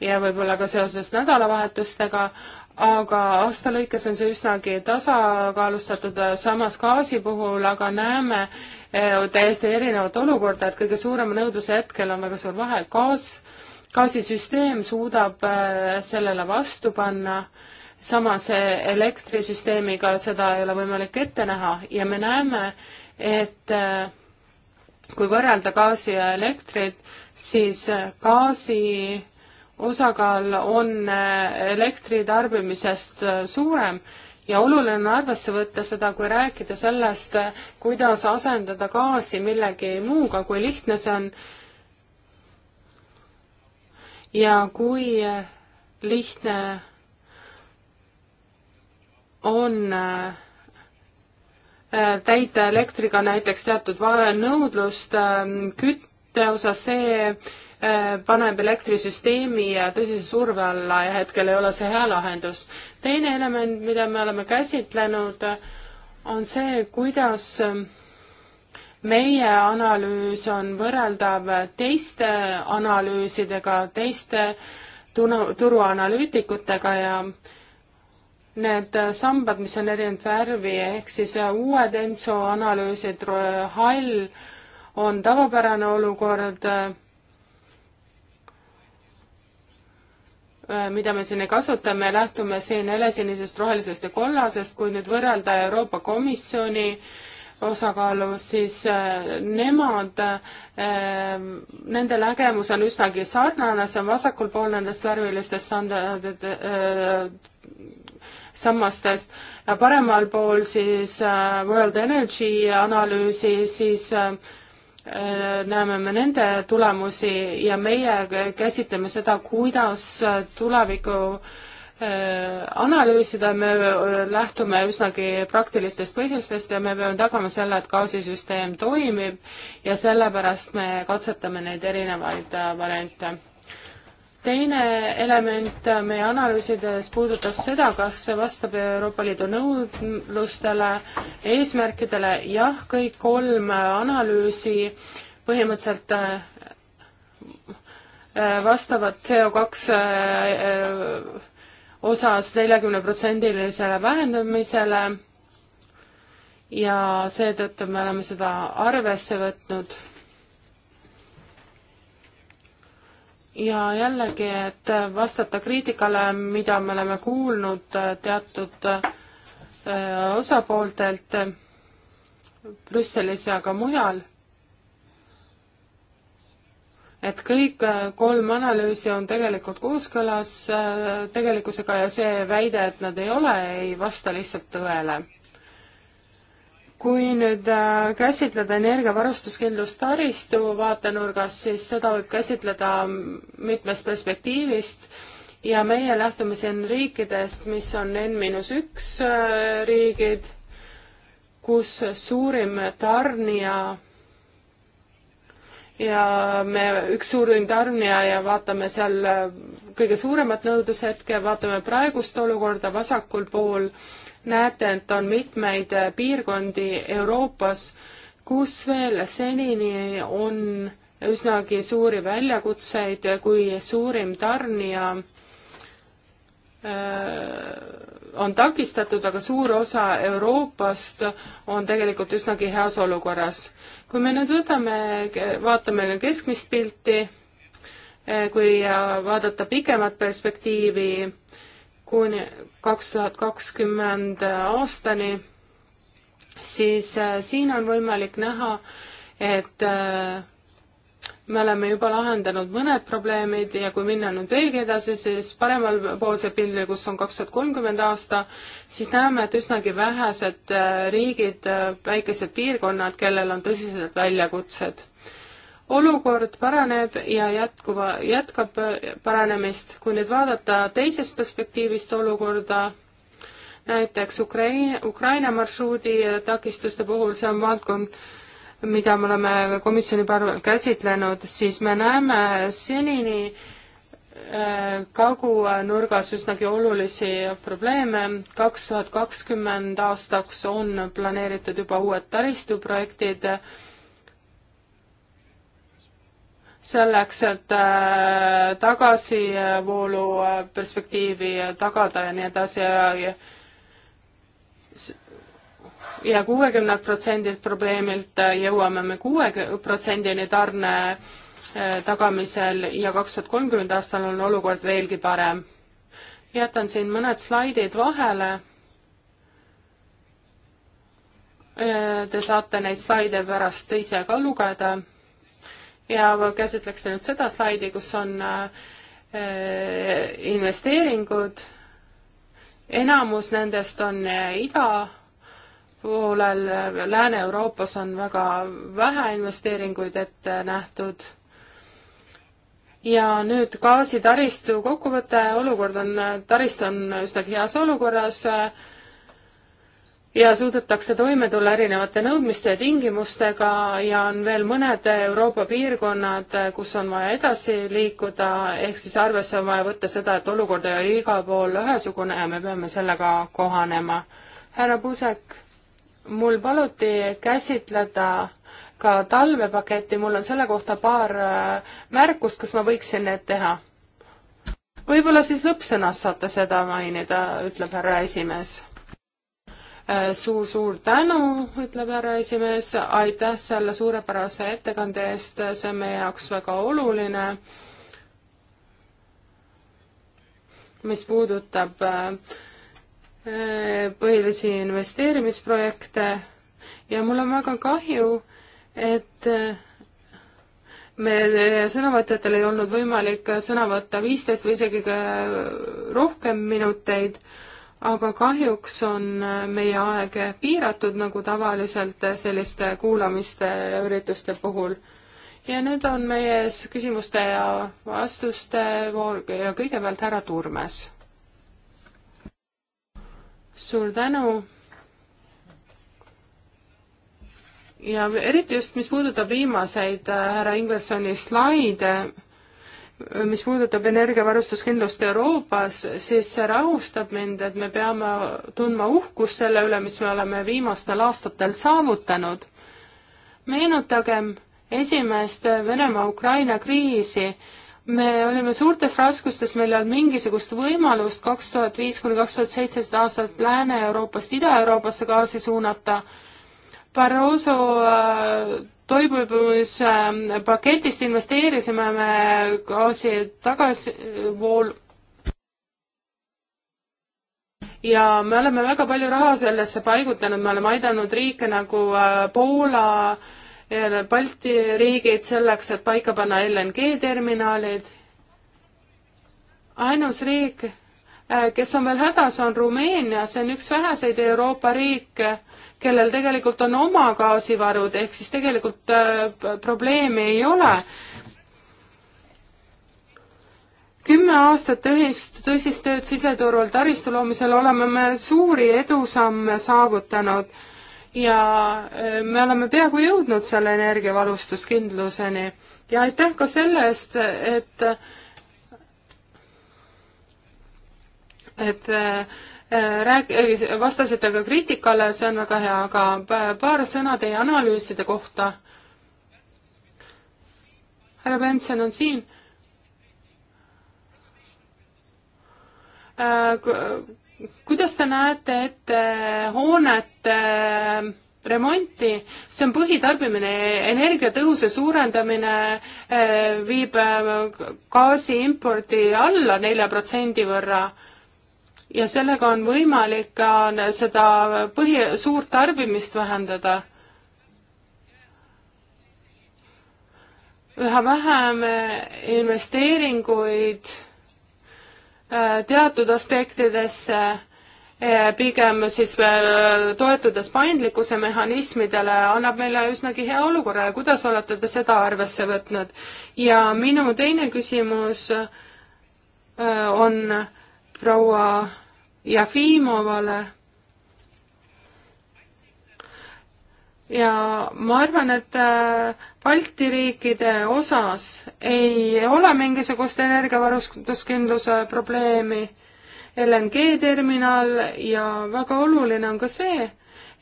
ja võib-olla ka seoses nädalavahetustega, aga aasta lõikes on see üsnagi tasakaalustatud, äh, samas gaasi puhul aga näeme, Äh, täiesti erinevat olukorda, et kõige suurema nõudluse hetkel on väga suur vahe, gaas, gaasisüsteem suudab äh, sellele vastu panna, samas äh, elektrisüsteemiga seda ei ole võimalik ette näha ja me näeme, et kui võrrelda gaasi ja elektrit, siis gaasi osakaal on elektri tarbimisest suurem ja oluline on arvesse võtta seda, kui rääkida sellest, kuidas asendada gaasi millegi muuga, kui lihtne see on. ja kui lihtne on äh, täita elektriga näiteks teatud nõudlust äh, kütte osas, see Äh, paneb elektrisüsteemi tõsise surve alla ja hetkel ei ole see hea lahendus. teine element, mida me oleme käsitlenud, on see, kuidas äh, meie analüüs on võrreldav teiste analüüsidega, teiste turuanalüütikutega ja need sambad, mis on erinevat värvi, ehk siis äh, uued ENSO analüüsid, hall on tavapärane olukord Äh, mida me siin kasutame, lähtume siin helesinisest, rohelisest ja kollasest, kui nüüd võrrelda Euroopa Komisjoni osakaalu, siis äh, nemad, äh, nende nägemus on üsnagi sarnane, see on vasakul pool nendest värvilistest standardid, sammastest ja paremal pool siis World Energy analüüsi, siis Äh, näeme me nende tulemusi ja meie käsitleme seda, kuidas äh, tuleviku äh, analüüsida, me lähtume üsnagi praktilistest põhjustest ja me peame tagama selle, et gaasisüsteem toimib ja sellepärast me katsetame neid erinevaid variante teine element meie analüüsides puudutab seda, kas see vastab Euroopa Liidu nõudlustele, eesmärkidele, jah, kõik kolm analüüsi põhimõtteliselt äh, äh, vastavad CO2 äh, osas neljakümneprotsendilisele vähendamisele ja seetõttu me oleme seda arvesse võtnud ja jällegi, et vastata kriitikale, mida me oleme kuulnud teatud äh, osapooltelt Brüsselis ja ka mujal, et kõik äh, kolm analüüsi on tegelikult kooskõlas äh, tegelikkusega ja see väide, et nad ei ole, ei vasta lihtsalt tõele kui nüüd äh, käsitleda energiavarustuskindlust taristu vaatenurgast, siis seda võib käsitleda mitmest perspektiivist ja meie lähtume siin riikidest, mis on N-1 äh, riigid, kus suurim tarnija ja me, üks suurim tarnija ja vaatame seal äh, kõige suuremat nõudlushetke, vaatame praegust olukorda vasakul pool äh, näete, et on mitmeid äh, piirkondi Euroopas, kus veel senini on üsnagi suuri väljakutseid, äh, kui suurim tarnija äh, on takistatud, aga suur osa Euroopast on tegelikult üsnagi heas olukorras. kui me nüüd võtame, vaatame ka keskmist pilti, kui vaadata pikemat perspektiivi, kuni, kaks tuhat kakskümmend aastani, siis äh, siin on võimalik näha, et äh, me oleme juba lahendanud mõned probleemid ja kui minna nüüd veelgi edasi, siis paremalpoolse pildil, kus on kaks tuhat kolmkümmend aasta, siis näeme, et üsnagi vähesed äh, riigid, väikesed piirkonnad, kellel on tõsised väljakutsed olukord paraneb ja jätkuva, jätkab paranemist. kui nüüd vaadata teisest perspektiivist olukorda, näiteks Ukraina, Ukraina marsruudi takistuste puhul, see on valdkond, mida me oleme komisjoni palvel käsitlenud, siis me näeme senini äh, kagunurgas üsnagi olulisi probleeme. kaks tuhat kakskümmend aastaks on planeeritud juba uued taristuprojektid selleks, et äh, tagasivoolu äh, perspektiivi äh, tagada ja nii edasi ja ja kuuekümnelt protsendilt probleemilt jõuame me kuue protsendini tarne tagamisel ja kaks tuhat kolmkümmend aastal on olukord veelgi parem. jätan siin mõned slaidid vahele. Te saate neid slaide pärast ise ka lugeda ja käsitleks nüüd seda slaidi, kus on äh, investeeringud, enamus nendest on äh, ida poolel, äh, Lääne-Euroopas on väga vähe investeeringuid ette nähtud. ja nüüd gaasitaristu kokkuvõte, olukord on, taristu on üsnagi heas olukorras äh,, ja suudetakse toime tulla erinevate nõudmiste ja tingimustega ja on veel mõned Euroopa piirkonnad, kus on vaja edasi liikuda, ehk siis arvesse on vaja võtta seda, et olukord ei ole igal pool ühesugune ja me peame sellega kohanema. härra Pusek, mul paluti käsitleda ka talvepaketti, mul on selle kohta paar äh, märkust, kas ma võiksin need teha? võib-olla siis lõppsõnas saate seda mainida, ütleb härra esimees suur-suur äh, tänu, ütleb härra esimees, aitäh selle suurepärase ettekande eest, see on meie jaoks väga oluline. mis puudutab äh, põhilisi investeerimisprojekte ja mul on väga kahju, et äh, meil sõnavõtjatel ei olnud võimalik sõna võtta viisteist või isegi rohkem minuteid aga kahjuks on äh, meie aeg piiratud, nagu tavaliselt äh, selliste kuulamiste ja ürituste puhul. ja nüüd on meie ees küsimuste ja vastuste voor ja kõigepealt härra Turmes. suur tänu. ja eriti just, mis puudutab viimaseid äh, härra Ingelsoni slaide mis puudutab energiavarustuskindlust Euroopas, siis see rahustab mind, et me peame tundma uhkust selle üle, mis me oleme viimastel aastatel saavutanud. meenutagem esimest Venemaa-Ukraina kriisi. me olime suurtes raskustes, meil ei olnud mingisugust võimalust kaks tuhat viis kuni kaks tuhat seitseteist aastat Lääne-Euroopast Ida-Euroopasse gaasi suunata Barroso äh, toibumispaketist äh, investeerisime me gaasi tagasivool ja me oleme väga palju raha sellesse paigutanud, me oleme aidanud riike nagu äh, Poola, Balti riigid selleks, et paika panna LNG terminalid. ainus riik, kes on veel hädas, on Rumeenia, see on üks väheseid Euroopa riike kellel tegelikult on oma gaasivarud, ehk siis tegelikult äh, probleemi ei ole. kümme aastat tõsist, tõsist tööd siseturul taristu loomisel oleme me suuri edusamme saavutanud ja äh, me oleme peaaegu jõudnud selle energiavalustuskindluseni ja aitäh ka selle eest, et et äh, rääk-, vastasite ka kriitikale, see on väga hea, aga paar sõna teie analüüside kohta. härra Benson on siin. Äh, kuidas te näete ette hoonete remonti, see on põhitarbimine, energiatõhuse suurendamine äh, viib äh, gaasi impordi alla nelja protsendi võrra ja sellega on võimalik ka seda põhi, suurt tarbimist vähendada. üha vähem investeeringuid äh, teatud aspektidesse, äh, pigem siis äh, toetudes paindlikkuse mehhanismidele, annab meile üsnagi hea olukorra ja kuidas olete te seda arvesse võtnud? ja minu teine küsimus on proua Jafimovale. ja ma arvan, et äh, Balti riikide osas ei ole mingisugust energiavarustuskindluse probleemi. LNG terminal ja väga oluline on ka see,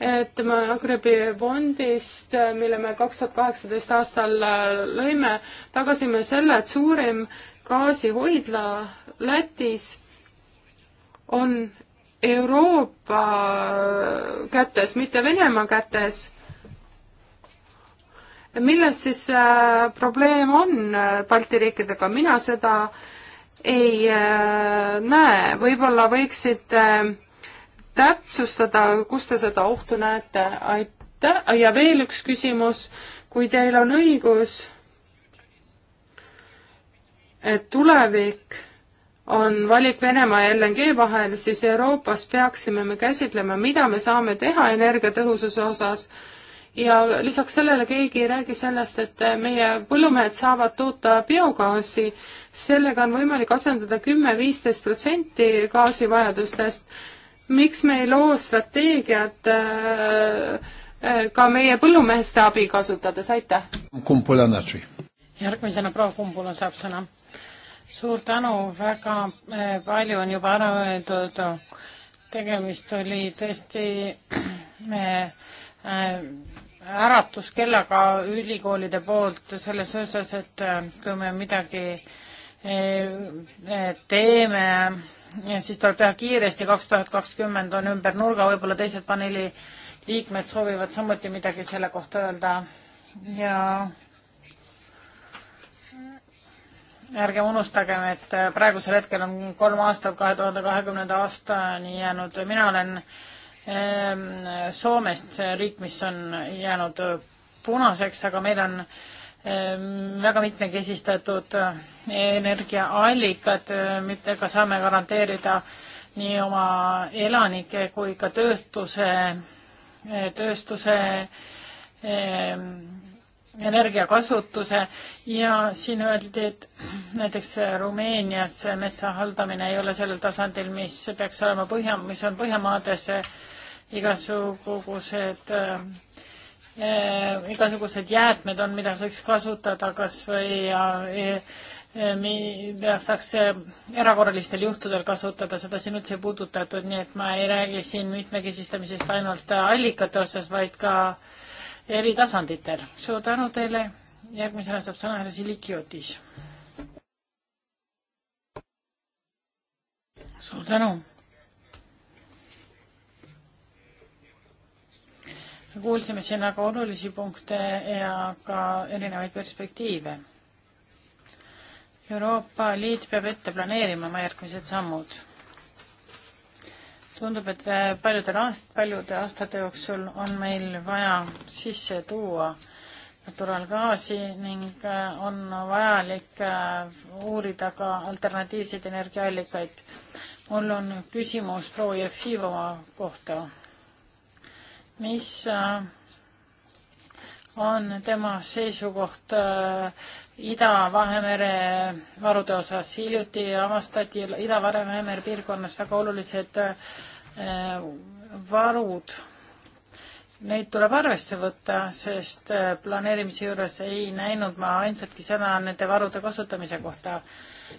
et Magrebi fondist, mille me kaks tuhat kaheksateist aastal äh, lõime, tagasime selle, et suurim gaasihoidla Lätis on Euroopa kätes, mitte Venemaa kätes. milles siis äh, probleem on äh, Balti riikidega, mina seda ei äh, näe, võib-olla võiksite äh, täpsustada, kus te seda ohtu näete, aitäh, ja veel üks küsimus, kui teil on õigus, et tulevik on valik Venemaa ja LNG vahel, siis Euroopas peaksime me käsitlema, mida me saame teha energiatõhususe osas ja lisaks sellele keegi ei räägi sellest, et meie põllumehed saavad toota biogaasi, sellega on võimalik asendada kümme-viisteist protsenti gaasivajadustest. miks me ei loo strateegiat äh, äh, ka meie põllumeeste abi kasutades, aitäh! järgmisena proua Kumbula saab sõna suur tänu, väga eh, palju on juba ära öeldud. tegemist oli tõesti eh, äratuskellaga ülikoolide poolt selles osas, et eh, kui me midagi teeme, siis tuleb teha kiiresti, kaks tuhat kakskümmend on ümber nurga, võib-olla teised paneeli liikmed soovivad samuti midagi selle kohta öelda ja ärgem unustagem, et äh, praegusel hetkel on kolm aastat kahe tuhande kahekümnenda aastani jäänud, mina olen ähm, Soomest, see riik, mis on jäänud äh, punaseks, aga meil on ähm, väga mitmekesistatud äh, energiaallikad, millega saame garanteerida nii oma elanike kui ka töötuse, tööstuse ähm, energiakasutuse ja siin öeldi, et näiteks Rumeenias metsa haldamine ei ole sellel tasandil, mis peaks olema Põhja, mis on Põhjamaades igasugused äh, igasugused jäätmed on, mida saaks kasutada kas või ja, ja mida saaks erakorralistel juhtudel kasutada, seda siin üldse ei puudutatud, nii et ma ei räägi siin mitmekesistamisest ainult allikate osas, vaid ka äh, eri tasanditel. suur tänu teile, järgmisena saab sõna härra Silikiotis. suur tänu. me kuulsime siin väga olulisi punkte ja ka erinevaid perspektiive. Euroopa Liit peab ette planeerima oma järgmised sammud tundub, et äh, paljudel aast-, paljude aastate jooksul on meil vaja sisse tuua naturaalgaasi ning äh, on vajalik äh, uurida ka alternatiivseid energiaallikaid. mul on küsimus proua Jefimova kohta. mis on tema seisukoht äh, Ida-Vahemere varude osas. hiljuti avastati Ida-Vahemere piirkonnas väga olulised äh, varud. Neid tuleb arvesse võtta, sest äh, planeerimise juures ei näinud ma ainsatki sõna nende varude kasutamise kohta.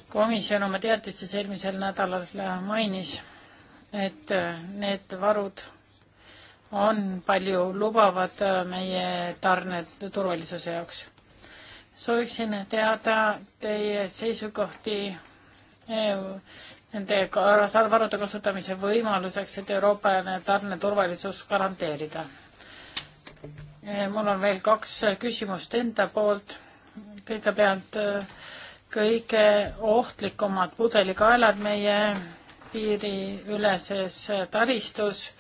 komisjon oma teatistes eelmisel nädalal mainis, et äh, need varud on palju lubavad meie tarne turvalisuse jaoks sooviksin teada teie seisukohti EU, eh, nende salvarude kasutamise võimaluseks, et Euroopa tarneturvalisus garanteerida. Eh, mul on veel kaks küsimust enda poolt. kõigepealt eh, kõige ohtlikumad pudelikaelad meie piiriüleses taristus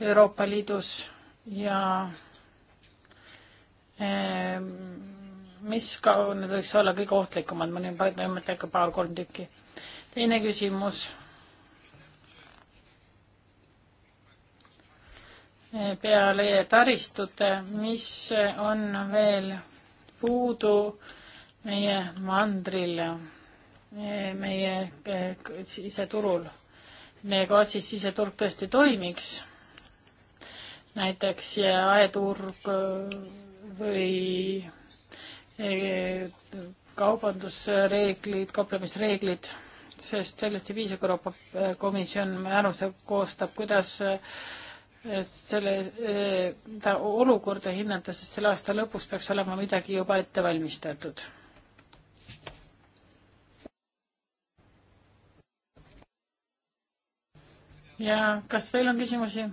Euroopa Liidus ja mis ka need võiks olla kõige ohtlikumad, ma nüüd mõtlen ikka paar-kolm tükki. teine küsimus. peale taristute, mis on veel puudu meie mandril, meie eh, siseturul? kas siis siseturg tõesti toimiks? näiteks aeturg eh, või Eh, kaubandusreeglid, kauplemisreeglid, sest sellest ei piisa, kui Euroopa eh, Komisjon määruse koostab, kuidas eh, selle, ta olukorda hinnata, sest selle aasta lõpus peaks olema midagi juba ette valmistatud. ja kas veel on küsimusi?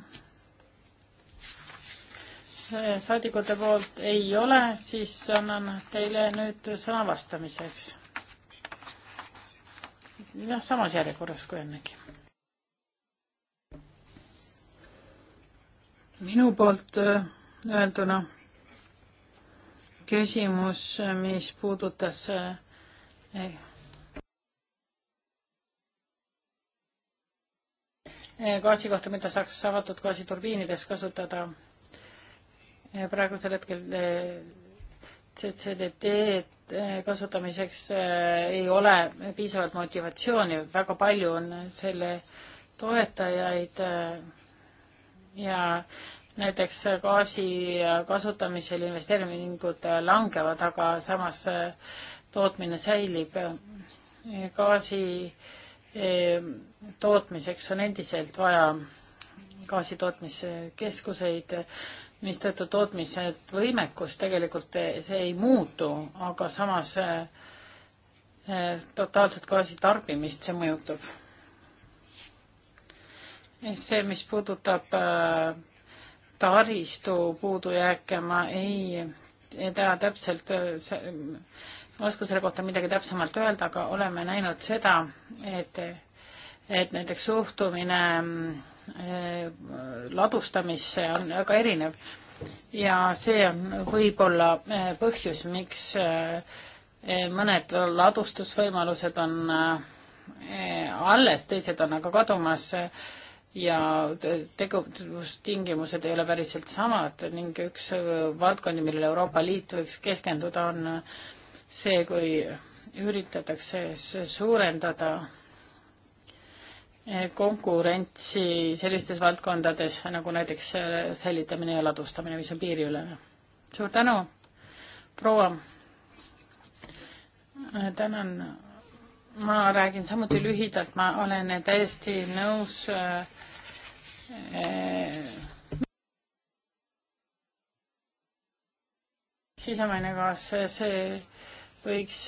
saadikute poolt ei ole, siis annan teile nüüd sõna vastamiseks. jah, samas järjekorras kui ennegi. minu poolt äh, öelduna küsimus, mis puudutas äh, eh, gaasi kohta, mida saaks avatud gaasiturbiinides kasutada praegusel hetkel eh, CCDT eh, kasutamiseks eh, ei ole piisavalt motivatsiooni, väga palju on selle toetajaid ja näiteks gaasi kasutamisel investeeringud langevad, aga samas tootmine säilib. gaasi tootmiseks on endiselt vaja gaasitootmiskeskuseid mistõttu tootmisvõimekus tegelikult see ei muutu, aga samas eh, eh, totaalset gaasi tarbimist see mõjutab. see, mis puudutab eh, taristu puudujääke, ma ei, ei tea täpselt, ma ei oska selle kohta midagi täpsemalt öelda, aga oleme näinud seda, et, et näiteks suhtumine mm, Äh, ladustamisse on väga erinev ja see on võib-olla äh, põhjus, miks äh, mõned ladustusvõimalused on alles, teised on aga kadumas ja tegevustingimused ei ole päriselt samad ning üks valdkondi, millele Euroopa Liit võiks keskenduda, on see, kui üritatakse suurendada Eh, konkurentsi sellistes valdkondades nagu näiteks eh, säilitamine ja ladustamine, mis on piiriülene. suur tänu, proua. Eh, tänan. ma räägin samuti lühidalt, ma olen täiesti nõus sisemaine kaas, see võiks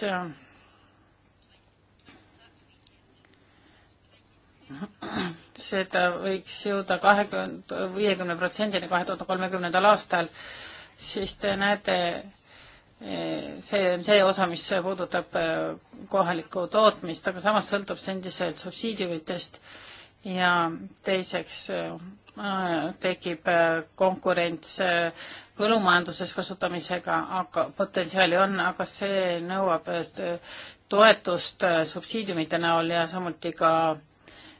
seda võiks jõuda kahekümne, viiekümne protsendini kahe tuhande kolmekümnendal aastal, siis te näete, eh, see on see osa, mis puudutab eh, kohalikku tootmist, aga samas sõltub see endiselt subsiidiumitest ja teiseks eh, tekib konkurents põllumajanduses kasutamisega, aga potentsiaali on, aga see nõuab toetust subsiidiumite näol ja samuti ka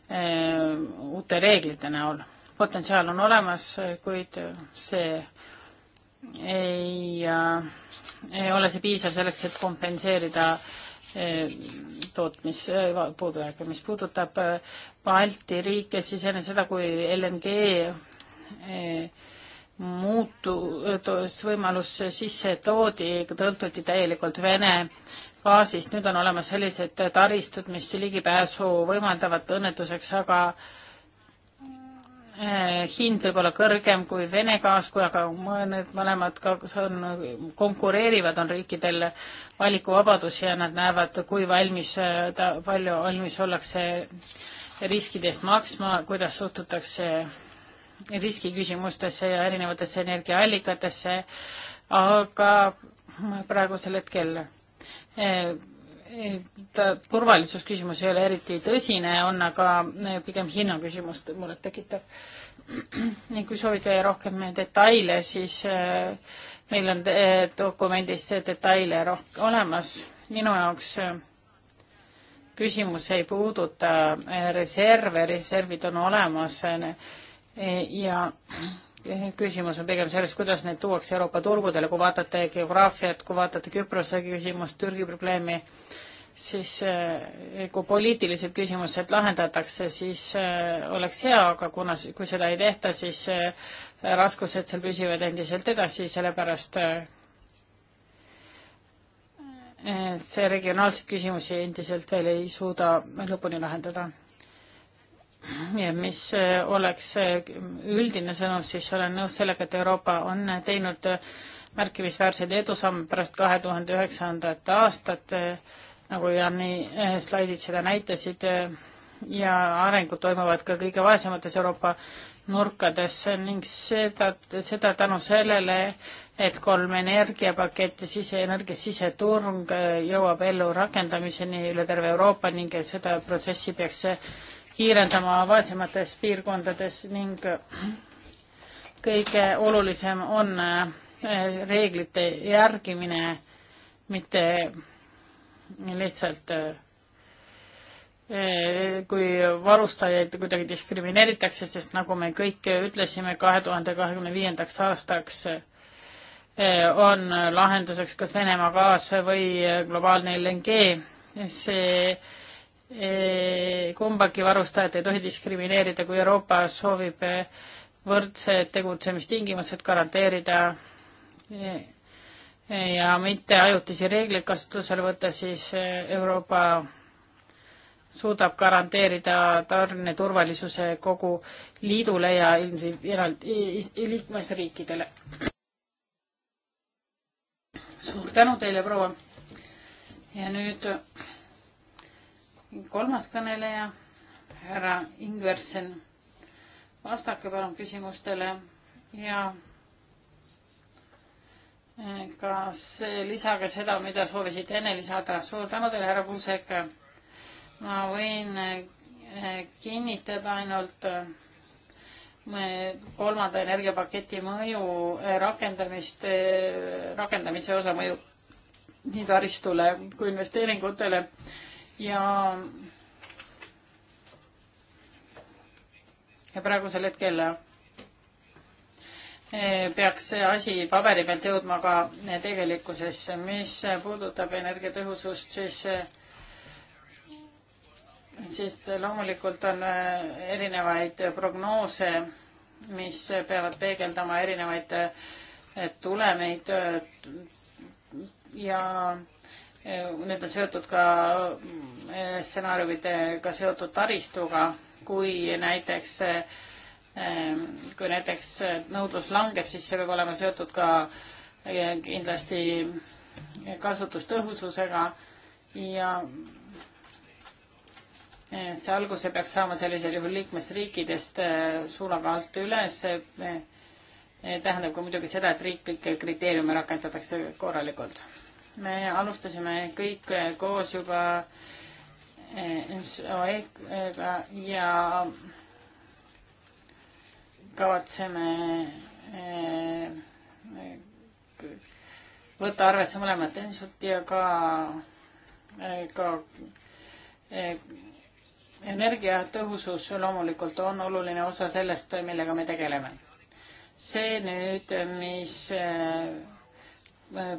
Äh, uute reeglite näol. potentsiaal on olemas, kuid see ei, äh, ei ole see piisav selleks, et kompenseerida äh, tootmis, puudujääke. mis puudutab Balti riike, siis enne seda, kui LNG muutus, võimalus sisse toodi, tõltuti täielikult Vene baasist, nüüd on olemas sellised taristud, mis ligipääsu võimaldavad õnnetuseks, aga eh, hind võib olla kõrgem kui Vene gaas, kui aga need mõlemad on, konkureerivad, on riikidel valikuvabadus ja nad näevad, kui valmis, eh, palju valmis ollakse riskide eest maksma, kuidas suhtutakse riskiküsimustesse ja erinevatesse energiaallikatesse, aga praegusel hetkel Eh, eh, turvalisusküsimus ei ole eriti tõsine, on aga eh, pigem hinna küsimus muret tekitav. ning kui soovite rohkem detaile, siis meil on dokumendis detaile rohkem olemas. minu jaoks küsimus ei puuduta reserve, reservid on olemas ja küsimus on pigem selles, kuidas neid tuuakse Euroopa turgudele, kui vaatate geograafiat, kui vaatate Küprose küsimust, Türgi probleemi, siis eh, kui poliitilised küsimused lahendatakse, siis eh, oleks hea, aga kuna, kui seda ei tehta, siis eh, raskused seal püsivad endiselt edasi, sellepärast see regionaalseid küsimusi endiselt veel ei suuda lõpuni lahendada ja mis äh, oleks äh, üldine sõnum, siis olen nõus sellega, et Euroopa on äh, teinud märkimisväärseid edusamme pärast kahe tuhande üheksandat aastat, nagu Janni slaidid seda näitasid, ja arengud toimuvad ka kõige vaesemates Euroopa nurkades ning seda, seda tänu sellele, et kolm energiapaketti, siseenergia siseturg jõuab ellu rakendamiseni üle terve Euroopa ning et seda protsessi peaks kiirendama vaesemates piirkondades ning kõige olulisem on äh, reeglite järgimine, mitte lihtsalt äh, äh, kui varustajaid kuidagi diskrimineeritakse, sest nagu me kõik ütlesime, kahe tuhande kahekümne viiendaks aastaks on lahenduseks kas Venemaa gaas või globaalne LNG. see kumbagi varustajat ei tohi diskrimineerida, kui Euroopa soovib võrdsed tegutsemistingimused garanteerida ja mitte ajutisi reegleid kasutusele võtta, siis Euroopa suudab garanteerida tarne turvalisuse kogu liidule ja ilmselt liikmesriikidele. suur tänu teile, proua. ja nüüd kolmas kõneleja, härra Ingversen, vastake palun küsimustele ja eh, kas lisage seda, mida soovisite enne lisada. suur tänu teile, härra Kuusek. ma võin eh, kinnitada ainult eh, kolmanda energiapaketi mõju rakendamist, rakendamise osa mõju nii taristule kui investeeringutele ja ja praegusel hetkel eh, peaks see asi paberi pealt jõudma ka eh, tegelikkusesse. mis puudutab energiatõhusust, siis eh, siis loomulikult on erinevaid prognoose, mis peavad peegeldama erinevaid tulemeid ja need on seotud ka eh, stsenaariumidega seotud taristuga, kui näiteks, eh, kui näiteks nõudlus langeb, siis see peab olema seotud ka eh, kindlasti kasutustõhususega ja see alguse peaks saama sellisel juhul liikmesriikidest suunaga alt üles. tähendab ka muidugi seda, et riiklikke kriteeriume rakendatakse korralikult me alustasime kõik koos juba eh, SOE-ga ja kavatseme eh, võtta arvesse mõlemat ensut ja ka, eh, ka energiatõhusus loomulikult on oluline osa sellest, millega me tegeleme. see nüüd, mis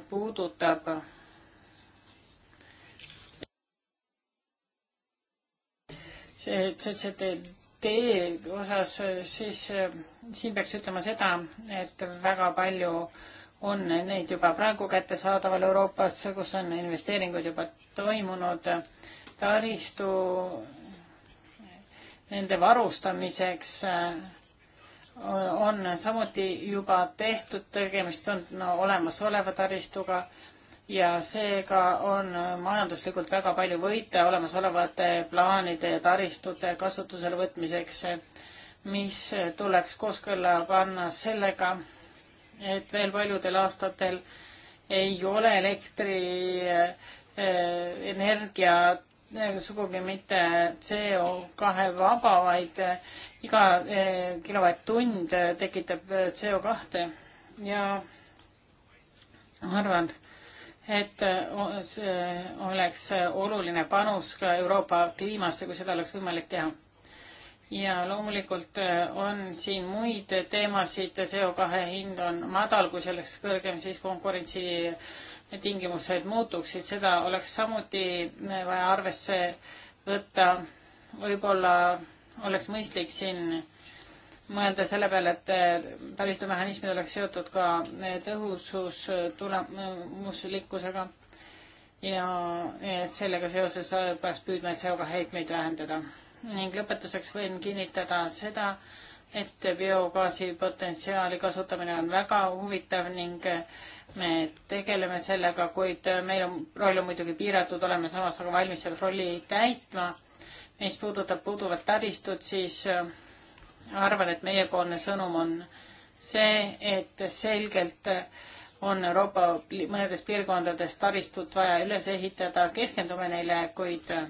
puudutab see CCTD osas, siis äh, siin peaks ütlema seda, et väga palju on neid juba praegu kättesaadaval Euroopas, kus on investeeringud juba toimunud taristu nende varustamiseks äh, on samuti juba tehtud, tegemist on no, olemasoleva taristuga ja seega on majanduslikult väga palju võite olemasolevate plaanide ja taristute kasutusele võtmiseks, mis tuleks kooskõlla panna sellega, et veel paljudel aastatel ei ole elektri eh, energia sugugi mitte CO2 vaba, vaid eh, iga eh, kilovatt-tund eh, tekitab CO2 ja arvan, et see oleks oluline panus ka Euroopa kliimasse, kui seda oleks võimalik teha. ja loomulikult on siin muid teemasid, CO2 hind on madal, kui see oleks kõrgem, siis konkurentsi tingimused muutuksid, seda oleks samuti äh, vaja arvesse võtta. võib-olla oleks mõistlik siin mõelda selle peale, et äh, taristumehhanismid oleks seotud ka äh, tõhusus tulemuslikkusega ja sellega seoses peaks püüdma CO2 heitmeid vähendada. ning lõpetuseks võin kinnitada seda, et biogaasi potentsiaali kasutamine on väga huvitav ning me tegeleme sellega, kuid meil on roll on muidugi piiratud, oleme samas aga valmis selle rolli täitma. mis puudutab puuduvat taristut, siis äh, arvan, et meiepoolne sõnum on see, et selgelt on Euroopa mõnedes piirkondades taristut vaja üles ehitada, keskendume neile, kuid äh,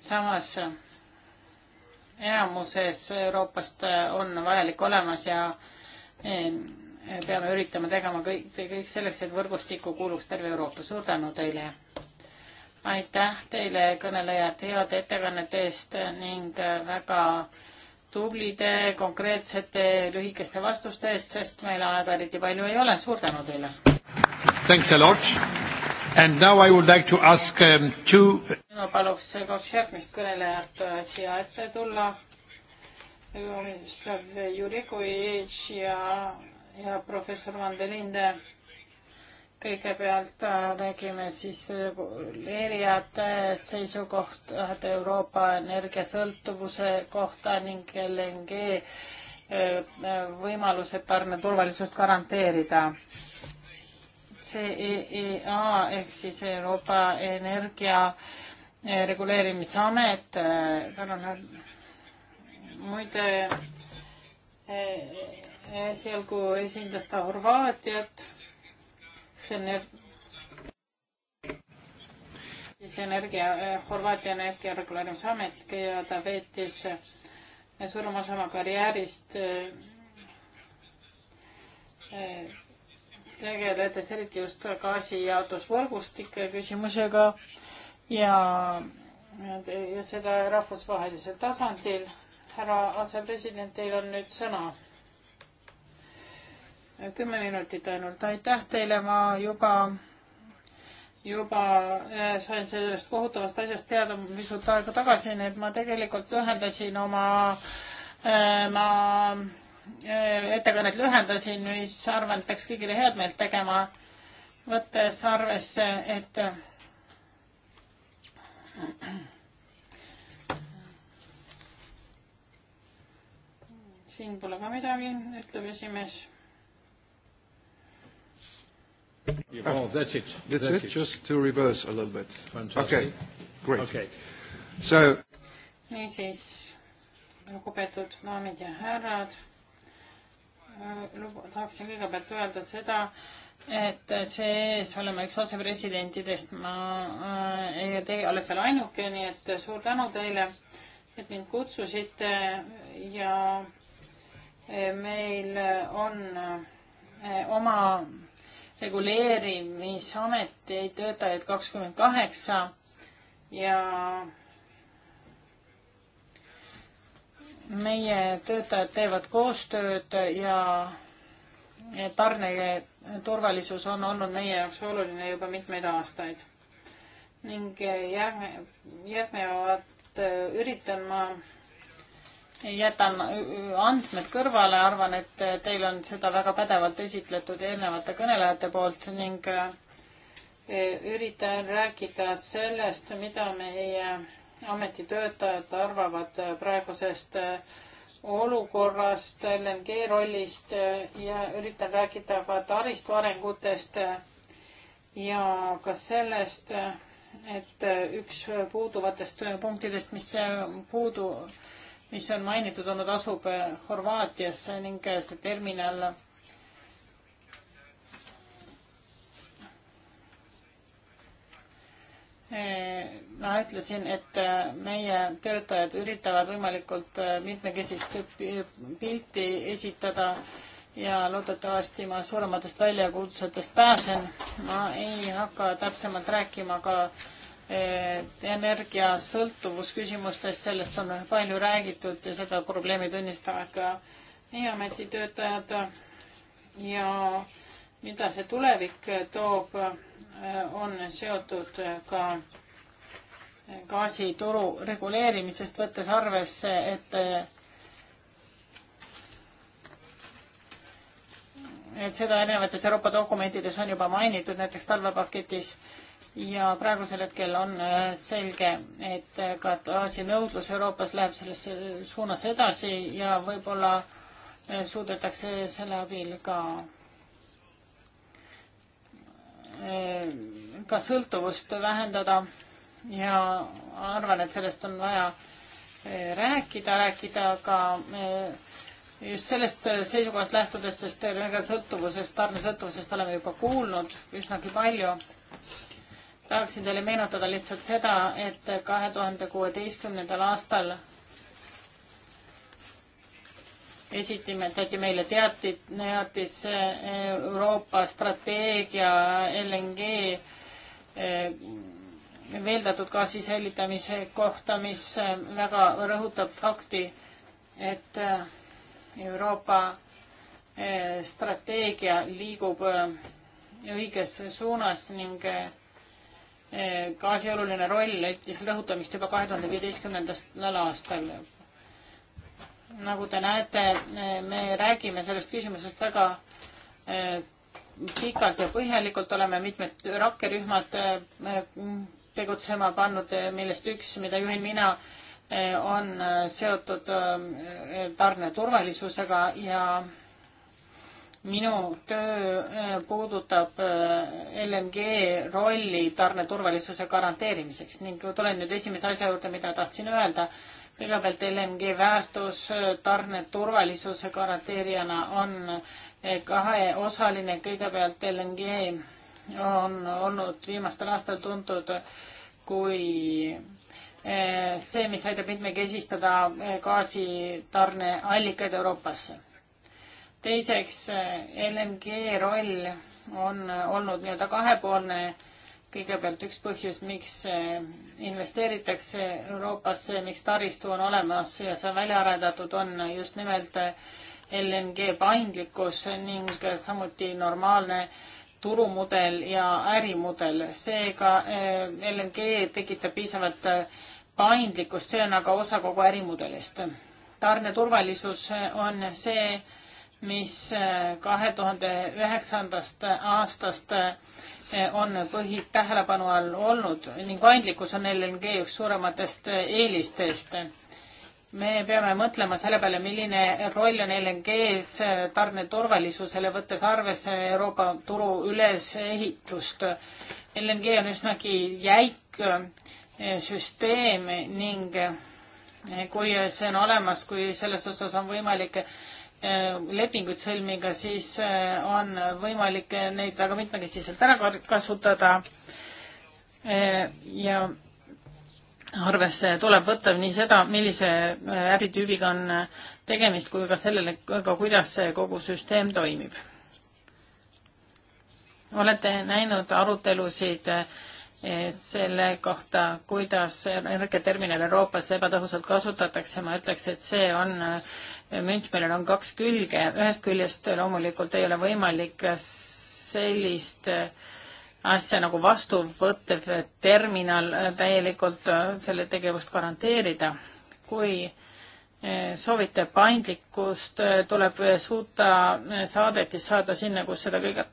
samas äh, enamuses Euroopast on vajalik olemas ja eh, peame üritama tegema kõik, kõik selleks, et võrgustikku kuuluks terve Euroopa. suur tänu teile! aitäh teile, kõnelejad, heade ettekannete eest ning väga tublide, konkreetsete, lühikeste vastuste eest, sest meil aega eriti palju ei ole. suur tänu teile! And now I would like to ask um, two ma paluks kaks järgmist kõnelejat äh, siia ette tulla. Um, Slav Jurikovic ja, ja professor Vandelinde. kõigepealt äh, räägime siis reguleerijate seisukohtade Euroopa energiasõltuvuse kohta ning LNG äh, võimalused tarneturvalisust garanteerida CEEA ehk siis Euroopa Energia eh, Reguleerimisamet, eh, tänan härra, muide eh, esialgu esindas ta Horvaatiat, siis energia, Horvaatia Energia Reguleerimisamet, keda ta veetis suurema osa oma karjäärist tegeledes eriti just gaasijaotusvõrgustike küsimusega ja, ja seda rahvusvahelisel tasandil. härra asepresident, teil on nüüd sõna. kümme minutit ainult, aitäh teile, ma juba, juba äh, sain sellest kohutavast asjast teada pisut aega tagasi, nii et ma tegelikult ühendasin oma, äh, ma Äh, ettekannet lühendasin, mis arvan, et peaks kõigile head meelt tegema, võttes arvesse, et äh, siin pole ka midagi, ütleb esimees. Oh, that's it. That's, that's it, it, just to reverse a little bit. Fantastic. Okay, great okay.. So. niisiis, lugupeetud daamid ja härrad Äh, tahaksin kõigepealt öelda seda, et sees oleme üks asepresidentidest, ma äh, ei ole seal ainuke, nii et suur tänu teile, et mind kutsusite ja äh, meil on äh, oma reguleerimisameteid, töötajaid kakskümmend kaheksa ja meie töötajad teevad koostööd ja tarne turvalisus on olnud meie jaoks oluline juba mitmeid aastaid. ning järgne, järgnevat üritan ma, jätan andmed kõrvale, arvan, et teil on seda väga pädevalt esitletud eelnevate kõnelejate poolt ning üritan rääkida sellest, mida meie ametitöötajad arvavad äh, praegusest äh, olukorrast, LNG rollist äh, ja üritan rääkida ka taristu arengutest ja ka sellest, et üks puuduvatest punktidest, mis puudu, mis on mainitud olnud, asub Horvaatias ning see terminal ma ütlesin, et äh, meie töötajad üritavad võimalikult äh, mitmekesist pilti esitada ja loodetavasti ma suurematest väljakutsetest pääsen. ma ei hakka täpsemalt rääkima ka äh, energiasõltuvusküsimustest, sellest on palju räägitud ja seda probleemi tunnistavad ka meie ametitöötajad ja mida see tulevik toob Äh, on seotud äh, ka äh, gaasituru reguleerimisest, võttes arvesse, et et seda erinevates Euroopa dokumentides on juba mainitud, näiteks talvepaketis ja praegusel hetkel on selge, et ka gaasinõudlus Euroopas läheb selles suunas edasi ja võib-olla suudetakse selle abil ka Eh, ka sõltuvust vähendada ja arvan, et sellest on vaja eh, rääkida, rääkida ka eh, just sellest seisukohast lähtudes, sest energiasõltuvusest, tarnesõltuvusest oleme juba kuulnud üsnagi palju. tahaksin teile meenutada lihtsalt seda, et kahe tuhande kuueteistkümnendal aastal esitime, tehti meile teati, teatis eh, Euroopa strateegia LNG eh, veeldatud gaasi säilitamise kohta, mis eh, väga rõhutab fakti, et Euroopa strateegia liigub õiges suunas ning gaasi oluline roll leidis rõhutamist juba kahe tuhande viieteistkümnendal aastal nagu te näete, me räägime sellest küsimusest väga eh, pikalt ja põhjalikult, oleme mitmed rakkerühmad eh, tegutsema pannud, eh, millest üks, mida juhin mina, on seotud tarneturvalisusega ja minu töö puudutab LNG rolli tarneturvalisuse garanteerimiseks ning tulen nüüd esimese asja juurde, mida tahtsin öelda kõigepealt LNG väärtus tarneturvalisuse garanteerijana on eh, kaheosaline, kõigepealt LNG on olnud viimastel aastatel tuntud kui eh, see, mis aitab mitmekesistada eh, gaasitarneallikaid Euroopasse. teiseks, LNG roll on olnud nii-öelda kahepoolne kõigepealt üks põhjus, miks eh, investeeritakse Euroopasse, miks taristu on olemas ja see on välja arendatud, on just nimelt eh, LNG paindlikkus ning samuti normaalne turumudel ja ärimudel. seega eh, LNG tekitab piisavalt paindlikkust, see on aga osa kogu ärimudelist. tarneturvalisus on see, mis kahe tuhande üheksandast aastast on põhitähelepanu all olnud ning paindlikkus on LNG üks suurematest eelistest. me peame mõtlema selle peale, milline roll on LNG-s tarneturvalisusele, võttes arvesse Euroopa turu ülesehitust. LNG on üsnagi jäik eh, süsteem ning eh, kui see on olemas, kui selles osas on võimalik Äh, lepinguid sõlmiga, siis äh, on võimalik äh, neid väga mitmekesiselt ära kasutada. ja arvesse tuleb võtta nii seda, millise äritüübiga on tegemist, kui ka sellele, ka kuidas see kogu süsteem toimib. olete näinud arutelusid selle kohta, kuidas energiaterminal Euroopas ebatõhusalt kasutatakse, ma ütleks, et see on äh, münt, millel on kaks külge, ühest küljest loomulikult ei ole võimalik sellist äh, asja nagu vastuvõttev terminal äh, täielikult äh, selle tegevust garanteerida. kui soovite paindlikkust, tuleb suuta saadetist saada sinna, kus seda kõige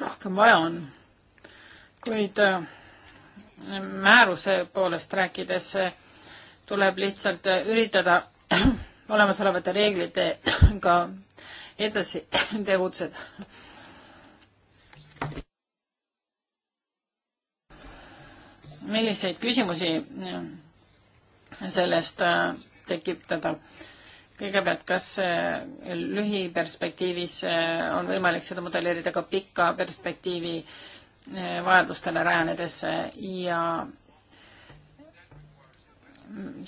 rohkem vaja on. kuid määruse poolest rääkides tuleb lihtsalt üritada olemasolevate reeglitega edasi tegutsed. milliseid küsimusi äh, sellest äh, tekitada? kõigepealt, kas äh, lühiperspektiivis on võimalik seda modelleerida ka pika perspektiivi vajadustele rajanedes ja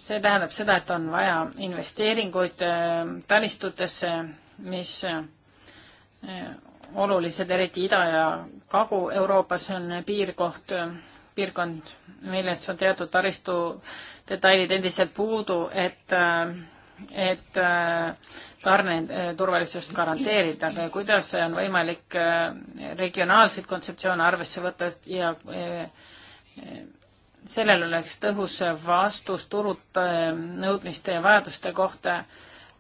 see tähendab seda, et on vaja investeeringuid äh, taristutesse, mis äh, olulised, eriti Ida- ja Kagu-Euroopas on piirkoht, äh, piirkond, milles on teatud taristu detailid endiselt puudu, et, et tarne turvalisust garanteerida, aga kuidas on võimalik regionaalseid kontseptsioone arvesse võtta ja sellel oleks tõhus vastus turult nõudmiste ja vajaduste kohta,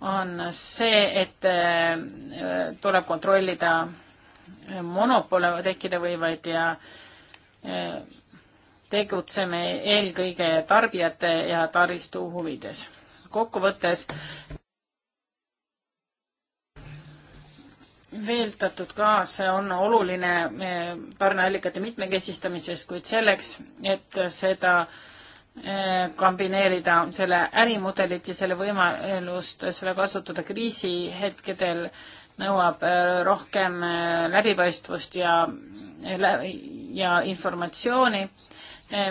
on see, et äh, tuleb kontrollida monopole tekkida võivaid ja äh, tegutseme eelkõige tarbijate ja taristu huvides. kokkuvõttes veeldatud gaas on oluline eh, tarneallikate mitmekesistamises, kuid selleks, et seda eh, kombineerida, selle ärimudelit ja selle võimalust seda kasutada kriisihetkedel, nõuab eh, rohkem läbipaistvust ja, ja informatsiooni.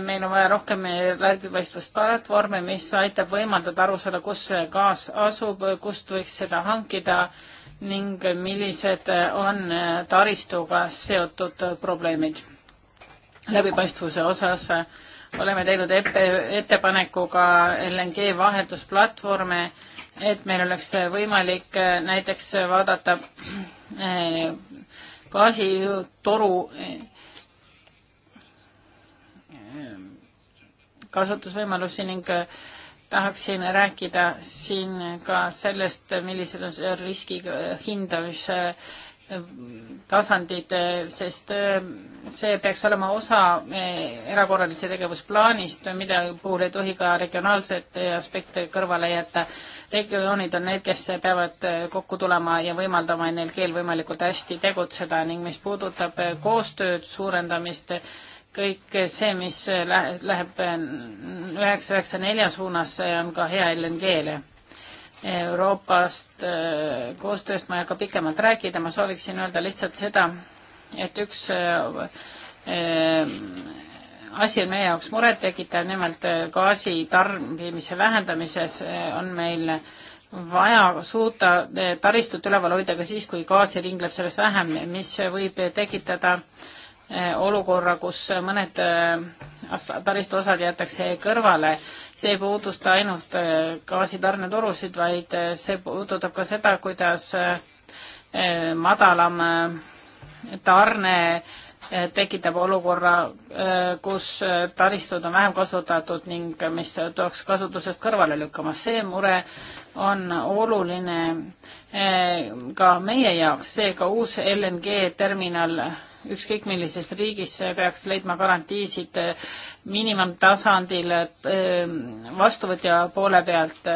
meil on vaja rohkem läbipaistvust platvorme, mis aitab võimaldada aru saada, kus see gaas asub, kust võiks seda hankida ning millised on taristuga seotud probleemid. läbipaistvuse osas oleme teinud ettepaneku ka LNG vahetusplatvorme, et meil oleks võimalik näiteks vaadata eh, gaasitoru eh, kasutusvõimalusi ning äh, tahaksin rääkida siin ka sellest, millised on riski hindamise äh, tasandid, sest äh, see peaks olema osa äh, erakorralise tegevusplaanist, mida puhul ei tohi ka regionaalseid aspekte kõrvale jätta. regioonid on need, kes peavad kokku tulema ja võimaldama neil keel võimalikult hästi tegutseda ning mis puudutab koostööd suurendamist, kõik see, mis läheb üheksa, üheksa, nelja suunas, see on ka hea LNG-le. Euroopast äh, koostööst ma ei hakka pikemalt rääkida, ma sooviksin öelda lihtsalt seda, et üks äh, asi on meie jaoks murettekitav, nimelt äh, gaasi tarbimise vähendamises on meil vaja suuta taristut üleval hoida ka siis, kui gaasi ringleb sellest vähem, mis võib tekitada äh, Eh, olukorra, kus mõned eh, taristu osad jäetakse kõrvale. see ei puuduta ainult eh, gaasitarnetorusid, vaid see puudutab ka seda, kuidas madalam tarne tekitab olukorra, kus taristud on vähem kasutatud ning mis tuleks kasutusest kõrvale lükkama. see mure on oluline ka meie jaoks, seega uus LNG terminal ükskõik millises riigis peaks leidma garantiisid äh, miinimumtasandil äh, vastuvõtja poole pealt.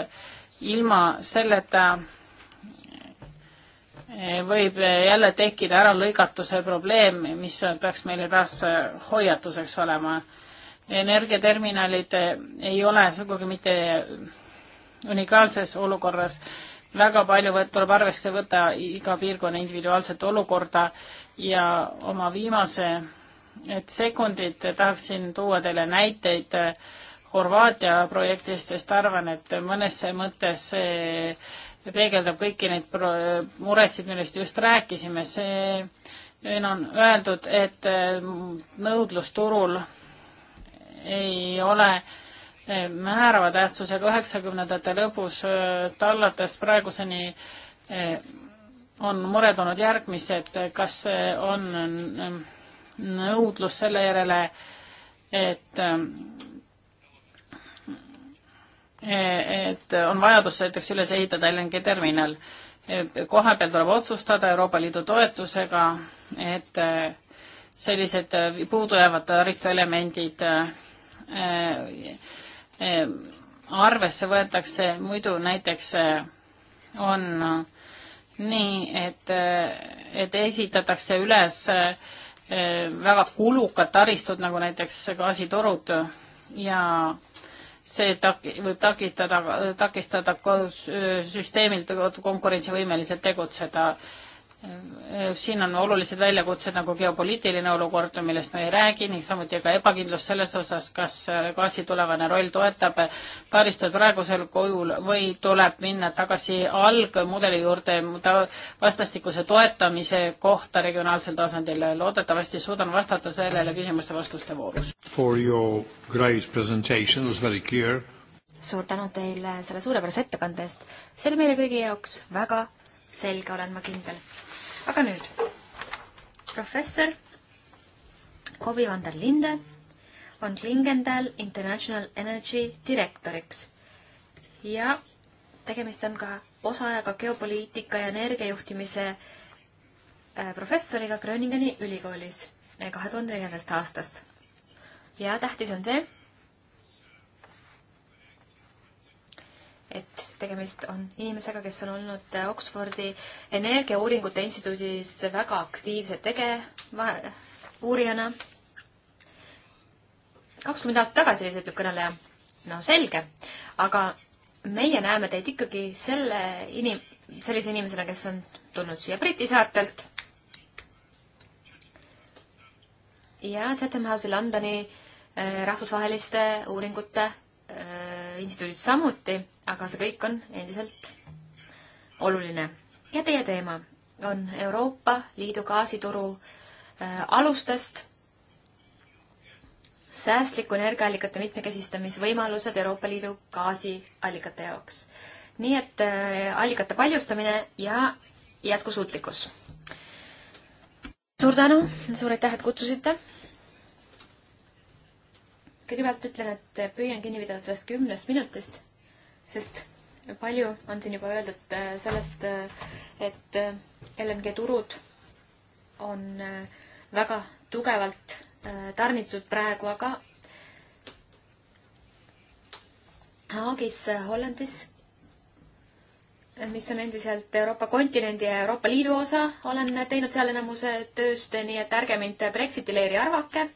ilma selleta äh, võib jälle tekkida äralõigatuse probleem, mis peaks meile taas hoiatuseks olema. energiaterminalid ei ole sugugi mitte unikaalses olukorras, väga palju tuleb arvesse võtta iga piirkonna individuaalset olukorda ja oma viimased sekundid tahaksin tuua teile näiteid äh, Horvaatia projektist, sest arvan, et mõnes mõttes see peegeldab kõiki neid muresid, millest just rääkisime. see, meil on öeldud, et äh, nõudlusturul ei ole äh, määrava tähtsusega üheksakümnendate lõpus tallates praeguseni on mured olnud järgmised, kas on nõudlus selle järele, et et on vajadus näiteks üles ehitada LNG terminal. kohapeal tuleb otsustada Euroopa Liidu toetusega, et sellised puudujäävad taristuelemendid eh, eh, arvesse võetakse, muidu näiteks eh, on nii, et, et esitatakse üles eh, väga kulukad taristud, nagu näiteks gaasitorud ja see tak-, võib takitada, takistada eh, süsteemilt konkurentsivõimeliselt tegutseda. Äh, siin on olulised väljakutsed nagu geopoliitiline olukord, millest ma ei räägi ning samuti ka ebakindlus selles osas, kas äh, gaasi tulevane roll toetab taaristut äh, praegusel kujul või tuleb minna tagasi algmudeli juurde vastastikuse toetamise kohta regionaalsel tasandil. loodetavasti suudan vastata sellele küsimuste-vastuste voorus. suur tänu teile selle suurepärase ettekande eest. see oli meile kõigi jaoks väga selge, olen ma kindel aga nüüd professor Kobi van der Linde on Klingendal International Energy direktoriks ja tegemist on ka osaajaga geopoliitika ja energiajuhtimise äh, professoriga Gröningeni ülikoolis äh, kahe tuhande neljandast aastast. ja tähtis on see, et tegemist on inimesega, kes on olnud Oxfordi Energiauuringute Instituudis väga aktiivse tegeva uurijana. kakskümmend aastat tagasi siis ütleb kõneleja. no selge, aga meie näeme teid ikkagi selle inim-, sellise inimesena, kes on tulnud siia Briti saartelt. ja Chatham House'i Londoni äh, rahvusvaheliste uuringute äh, instituudid samuti, aga see kõik on endiselt oluline. ja teie teema on Euroopa Liidu gaasituru äh, alustest säästliku energiaallikate mitmekesistamisvõimalused Euroopa Liidu gaasiallikate jaoks. nii et äh, allikate paljustamine ja jätkusuutlikkus. suur tänu, suur aitäh, et kutsusite kõigepealt ütlen, et püüan kinni pidada sellest kümnest minutist, sest palju on siin juba öeldud äh, sellest, äh, et äh, LNG turud on väga tugevalt tarnitud praegu, aga Haagis Hollandis, mis on endiselt Euroopa kontinendi ja Euroopa Liidu osa, olen teinud seal enamuse tööst, nii et ärge mind Brexiti leeri arvake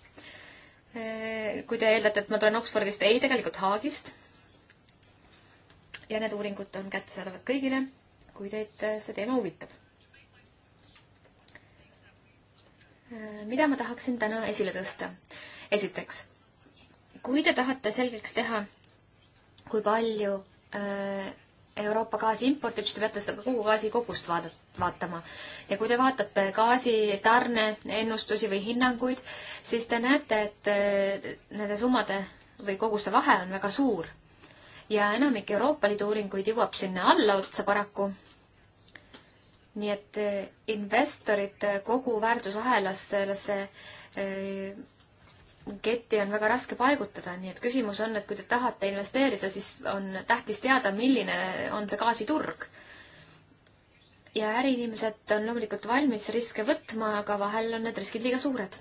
Äh, kui te eeldate, et ma tulen Oxfordist, ei, tegelikult Haagist. ja need uuringud on kättesaadavad kõigile, kui teid äh, see teema huvitab. Äh, mida ma tahaksin täna esile tõsta? esiteks, kui te tahate selgeks teha, kui palju Euroopa gaasi importib, siis te peate seda kogu gaasi kogust vaadata, vaatama. ja kui te vaatate gaasitarne ennustusi või hinnanguid, siis te näete, et äh, nende summade või koguste vahe on väga suur. ja enamik Euroopa Liidu uuringuid jõuab sinna allaotsa paraku. nii et äh, investorid kogu väärtusahelas sellesse äh, ketti on väga raske paigutada, nii et küsimus on, et kui te tahate investeerida, siis on tähtis teada, milline on see gaasiturg. ja äriinimesed on loomulikult valmis riske võtma, aga vahel on need riskid liiga suured.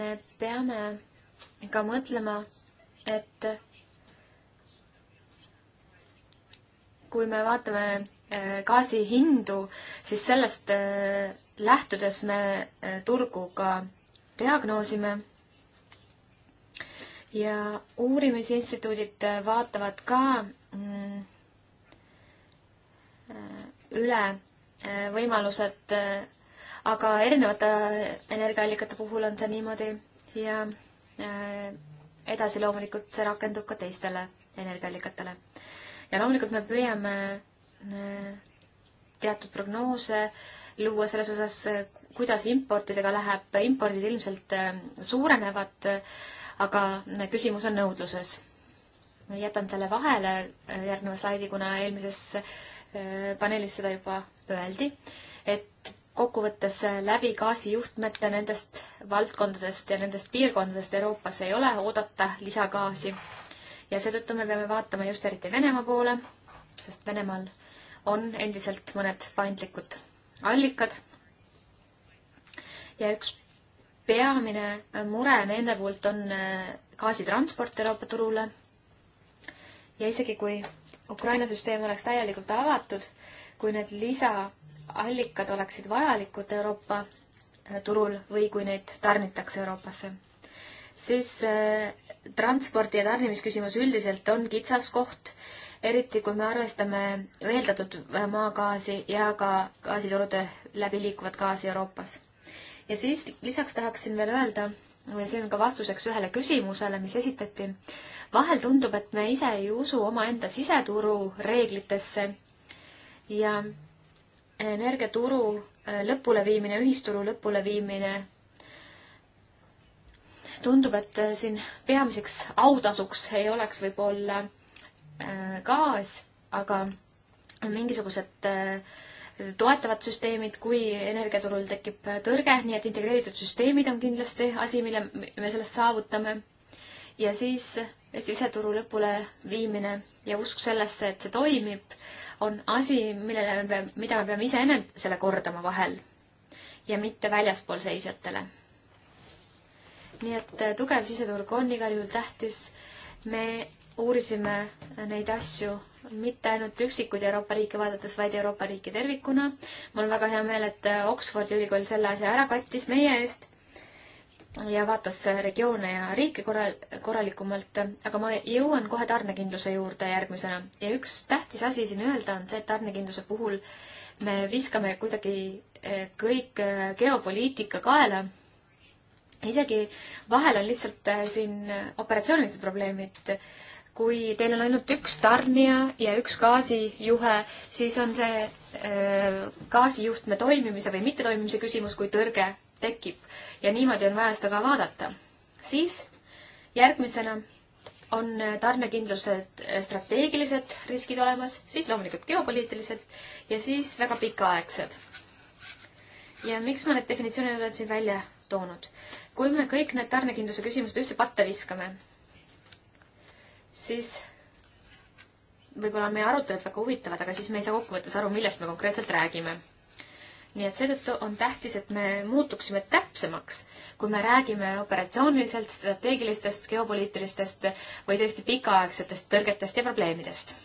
me peame ka mõtlema, et kui me vaatame äh, gaasi hindu, siis sellest äh, lähtudes me äh, turgu ka diagnoosime. ja uurimisinstituudid vaatavad ka mm, üle võimalused, aga erinevate energiaallikate puhul on see niimoodi ja edasi loomulikult see rakendub ka teistele energiaallikatele ja loomulikult me püüame eh, teatud prognoose luua selles osas, eh, kuidas importidega läheb, impordid ilmselt eh, suurenevad, aga küsimus on nõudluses. jätan selle vahele järgneva slaidi, kuna eelmises paneelis seda juba öeldi, et kokkuvõttes läbi gaasijuhtmete nendest valdkondadest ja nendest piirkondadest Euroopas ei ole oodata lisagaasi ja seetõttu me peame vaatama just eriti Venemaa poole, sest Venemaal on endiselt mõned paindlikud allikad. ja üks peamine mure nende poolt on äh, gaasitransport Euroopa turule. ja isegi, kui Ukraina süsteem oleks täielikult avatud, kui need lisaallikad oleksid vajalikud Euroopa äh, turul või kui neid tarnitakse Euroopasse, siis äh, transpordi ja tarnimisküsimus üldiselt on kitsaskoht, eriti kui me arvestame veeldatud maagaasi ja ka gaasitorude läbi liikuvat gaasi Euroopas. ja siis lisaks tahaksin veel öelda, või see on ka vastuseks ühele küsimusele, mis esitati, vahel tundub, et me ise ei usu omaenda siseturu reeglitesse ja energiaturu lõpuleviimine, ühisturu lõpuleviimine tundub, et äh, siin peamiseks autasuks ei oleks võib-olla äh, gaas, aga mingisugused äh, toetavad süsteemid, kui energiaturul tekib tõrge, nii et integreeritud süsteemid on kindlasti asi, mille me sellest saavutame. ja siis siseturu lõpule viimine ja usk sellesse, et see toimib, on asi, millele me peame, mida me peame iseenesele kordama vahel ja mitte väljaspool seisjatele nii et äh, tugev siseturg on igal juhul tähtis. me uurisime neid asju mitte ainult üksikuid Euroopa riike vaadates, vaid Euroopa riiki tervikuna. mul on väga hea meel, et äh, Oxfordi ülikool selle asja ära kattis meie eest ja vaatas äh, regioone ja riike korral, korralikumalt, aga ma jõuan kohe tarnekindluse juurde järgmisena. ja üks tähtis asi siin öelda on see, et tarnekindluse puhul me viskame kuidagi kõik geopoliitika kaela isegi vahel on lihtsalt äh, siin äh, operatsioonilised probleemid. kui teil on ainult üks tarnija ja üks gaasijuhe, siis on see äh, gaasijuhtme toimimise või mittetoimimise küsimus, kui tõrge tekib. ja niimoodi on vaja seda ka vaadata. siis järgmisena on tarnekindlused strateegilised riskid olemas, siis loomulikult geopoliitilised ja siis väga pikaaegsed. ja miks ma need definitsioonid olen siin välja toonud? kui me kõik need tarnekindluse küsimused ühte patta viskame, siis võib-olla on meie arutelud väga huvitavad, aga siis me ei saa kokkuvõttes aru, millest me konkreetselt räägime. nii et seetõttu on tähtis, et me muutuksime täpsemaks, kui me räägime operatsiooniliselt, strateegilistest, geopoliitilistest või tõesti pikaaegsetest tõrgetest ja probleemidest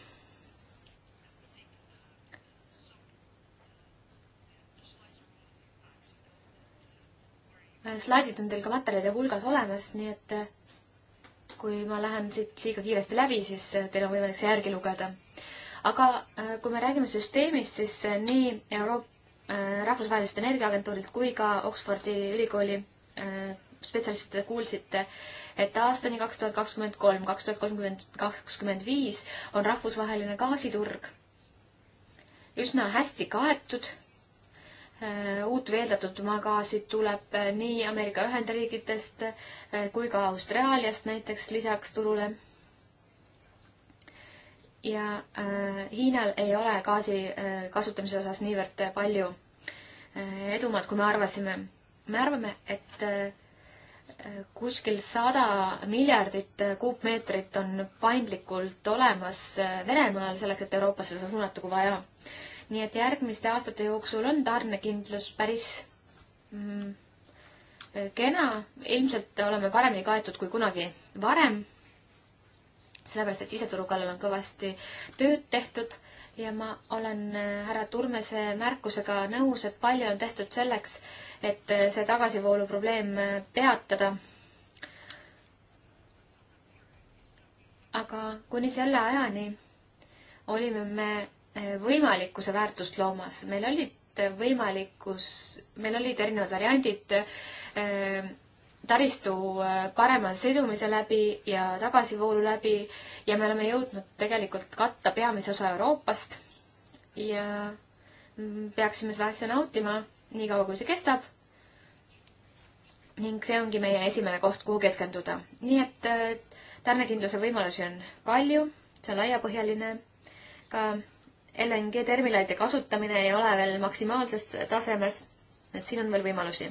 Äh, slaidid on teil ka materjalide hulgas olemas, nii et äh, kui ma lähen siit liiga kiiresti läbi, siis äh, teil on võimalik see järgi lugeda. aga kui me räägime süsteemist, siis nii Euroopa Rahvusvahelisest Energiaagentuurilt kui ka Oxfordi ülikooli spetsialistide kuulsite, et aastani kaks tuhat kakskümmend kolm, kaks tuhat kolmkümmend, kakskümmend viis on rahvusvaheline gaasiturg üsna hästi kaetud Äh, uut veeldatud maagaasi tuleb äh, nii Ameerika Ühendriikidest äh, kui ka Austraaliast näiteks lisaks turule. ja Hiinal ei ole gaasi kasutamise osas niivõrd palju edumaad, kui me arvasime. me arvame, et kuskil sada miljardit kuupmeetrit on paindlikult olemas Venemaal selleks, et Euroopasse seda suunata, kui vaja nii et järgmiste aastate jooksul on tarnekindlus päris mm, kena, ilmselt oleme paremini kaetud kui kunagi varem, sellepärast et siseturu kallal on kõvasti tööd tehtud ja ma olen äh, härra Turmese märkusega nõus, et palju on tehtud selleks, et äh, see tagasivoolu probleem äh, peatada. aga kuni selle ajani olime me võimalikkuse väärtust loomas. meil olid võimalikkus, meil olid erinevad variandid äh, taristu äh, parema sõidumise läbi ja tagasivoolu läbi ja me oleme jõudnud tegelikult katta peamise osa Euroopast ja peaksime seda asja nautima nii kaua, kui see kestab. ning see ongi meie esimene koht, kuhu keskenduda. nii et äh, tarnekindluse võimalusi on palju, see on laiapõhjaline, ka LNG terminalide kasutamine ei ole veel maksimaalses tasemes, et siin on veel võimalusi.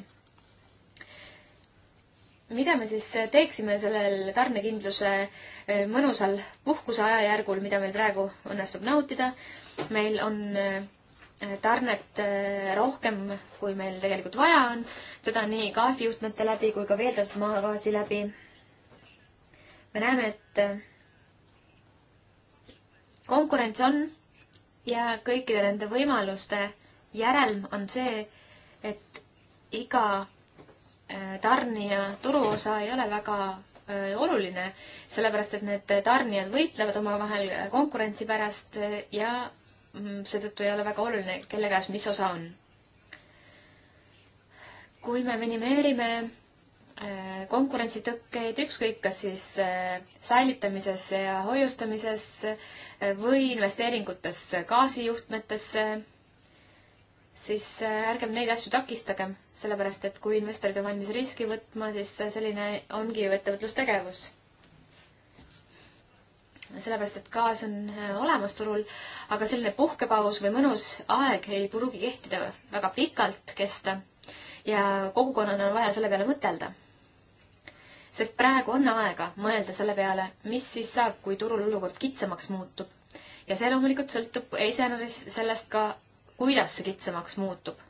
mida me siis teeksime sellel tarnekindluse eh, mõnusal puhkuse ajajärgul, mida meil praegu õnnestub nautida? meil on eh, tarnet eh, rohkem, kui meil tegelikult vaja on, seda nii gaasijuhtmete läbi kui ka veeldatud maagaasi läbi. me näeme, et konkurents on ja kõikide nende võimaluste järelm on see, et iga äh, tarnija turuosa ei ole väga äh, oluline, sellepärast et need tarnijad võitlevad omavahel äh, konkurentsi pärast ja mm, seetõttu ei ole väga oluline, kelle käes mis osa on. kui me minimeerime Äh, konkurentsitõkkeid, ükskõik kas siis äh, säilitamises ja hoiustamises äh, või investeeringutes gaasijuhtmetesse, siis ärgem neid asju takistagem, sellepärast et kui investorid on valmis riski võtma, siis selline ongi ju ettevõtlustegevus sellepärast, et gaas on olemas turul, aga selline puhkepaus või mõnus aeg ei pruugi kehtida väga pikalt kesta ja kogukonnana on vaja selle peale mõtelda sest praegu on aega mõelda selle peale, mis siis saab, kui turul olukord kitsamaks muutub. ja see loomulikult sõltub iseenesest sellest ka, kuidas see kitsamaks muutub.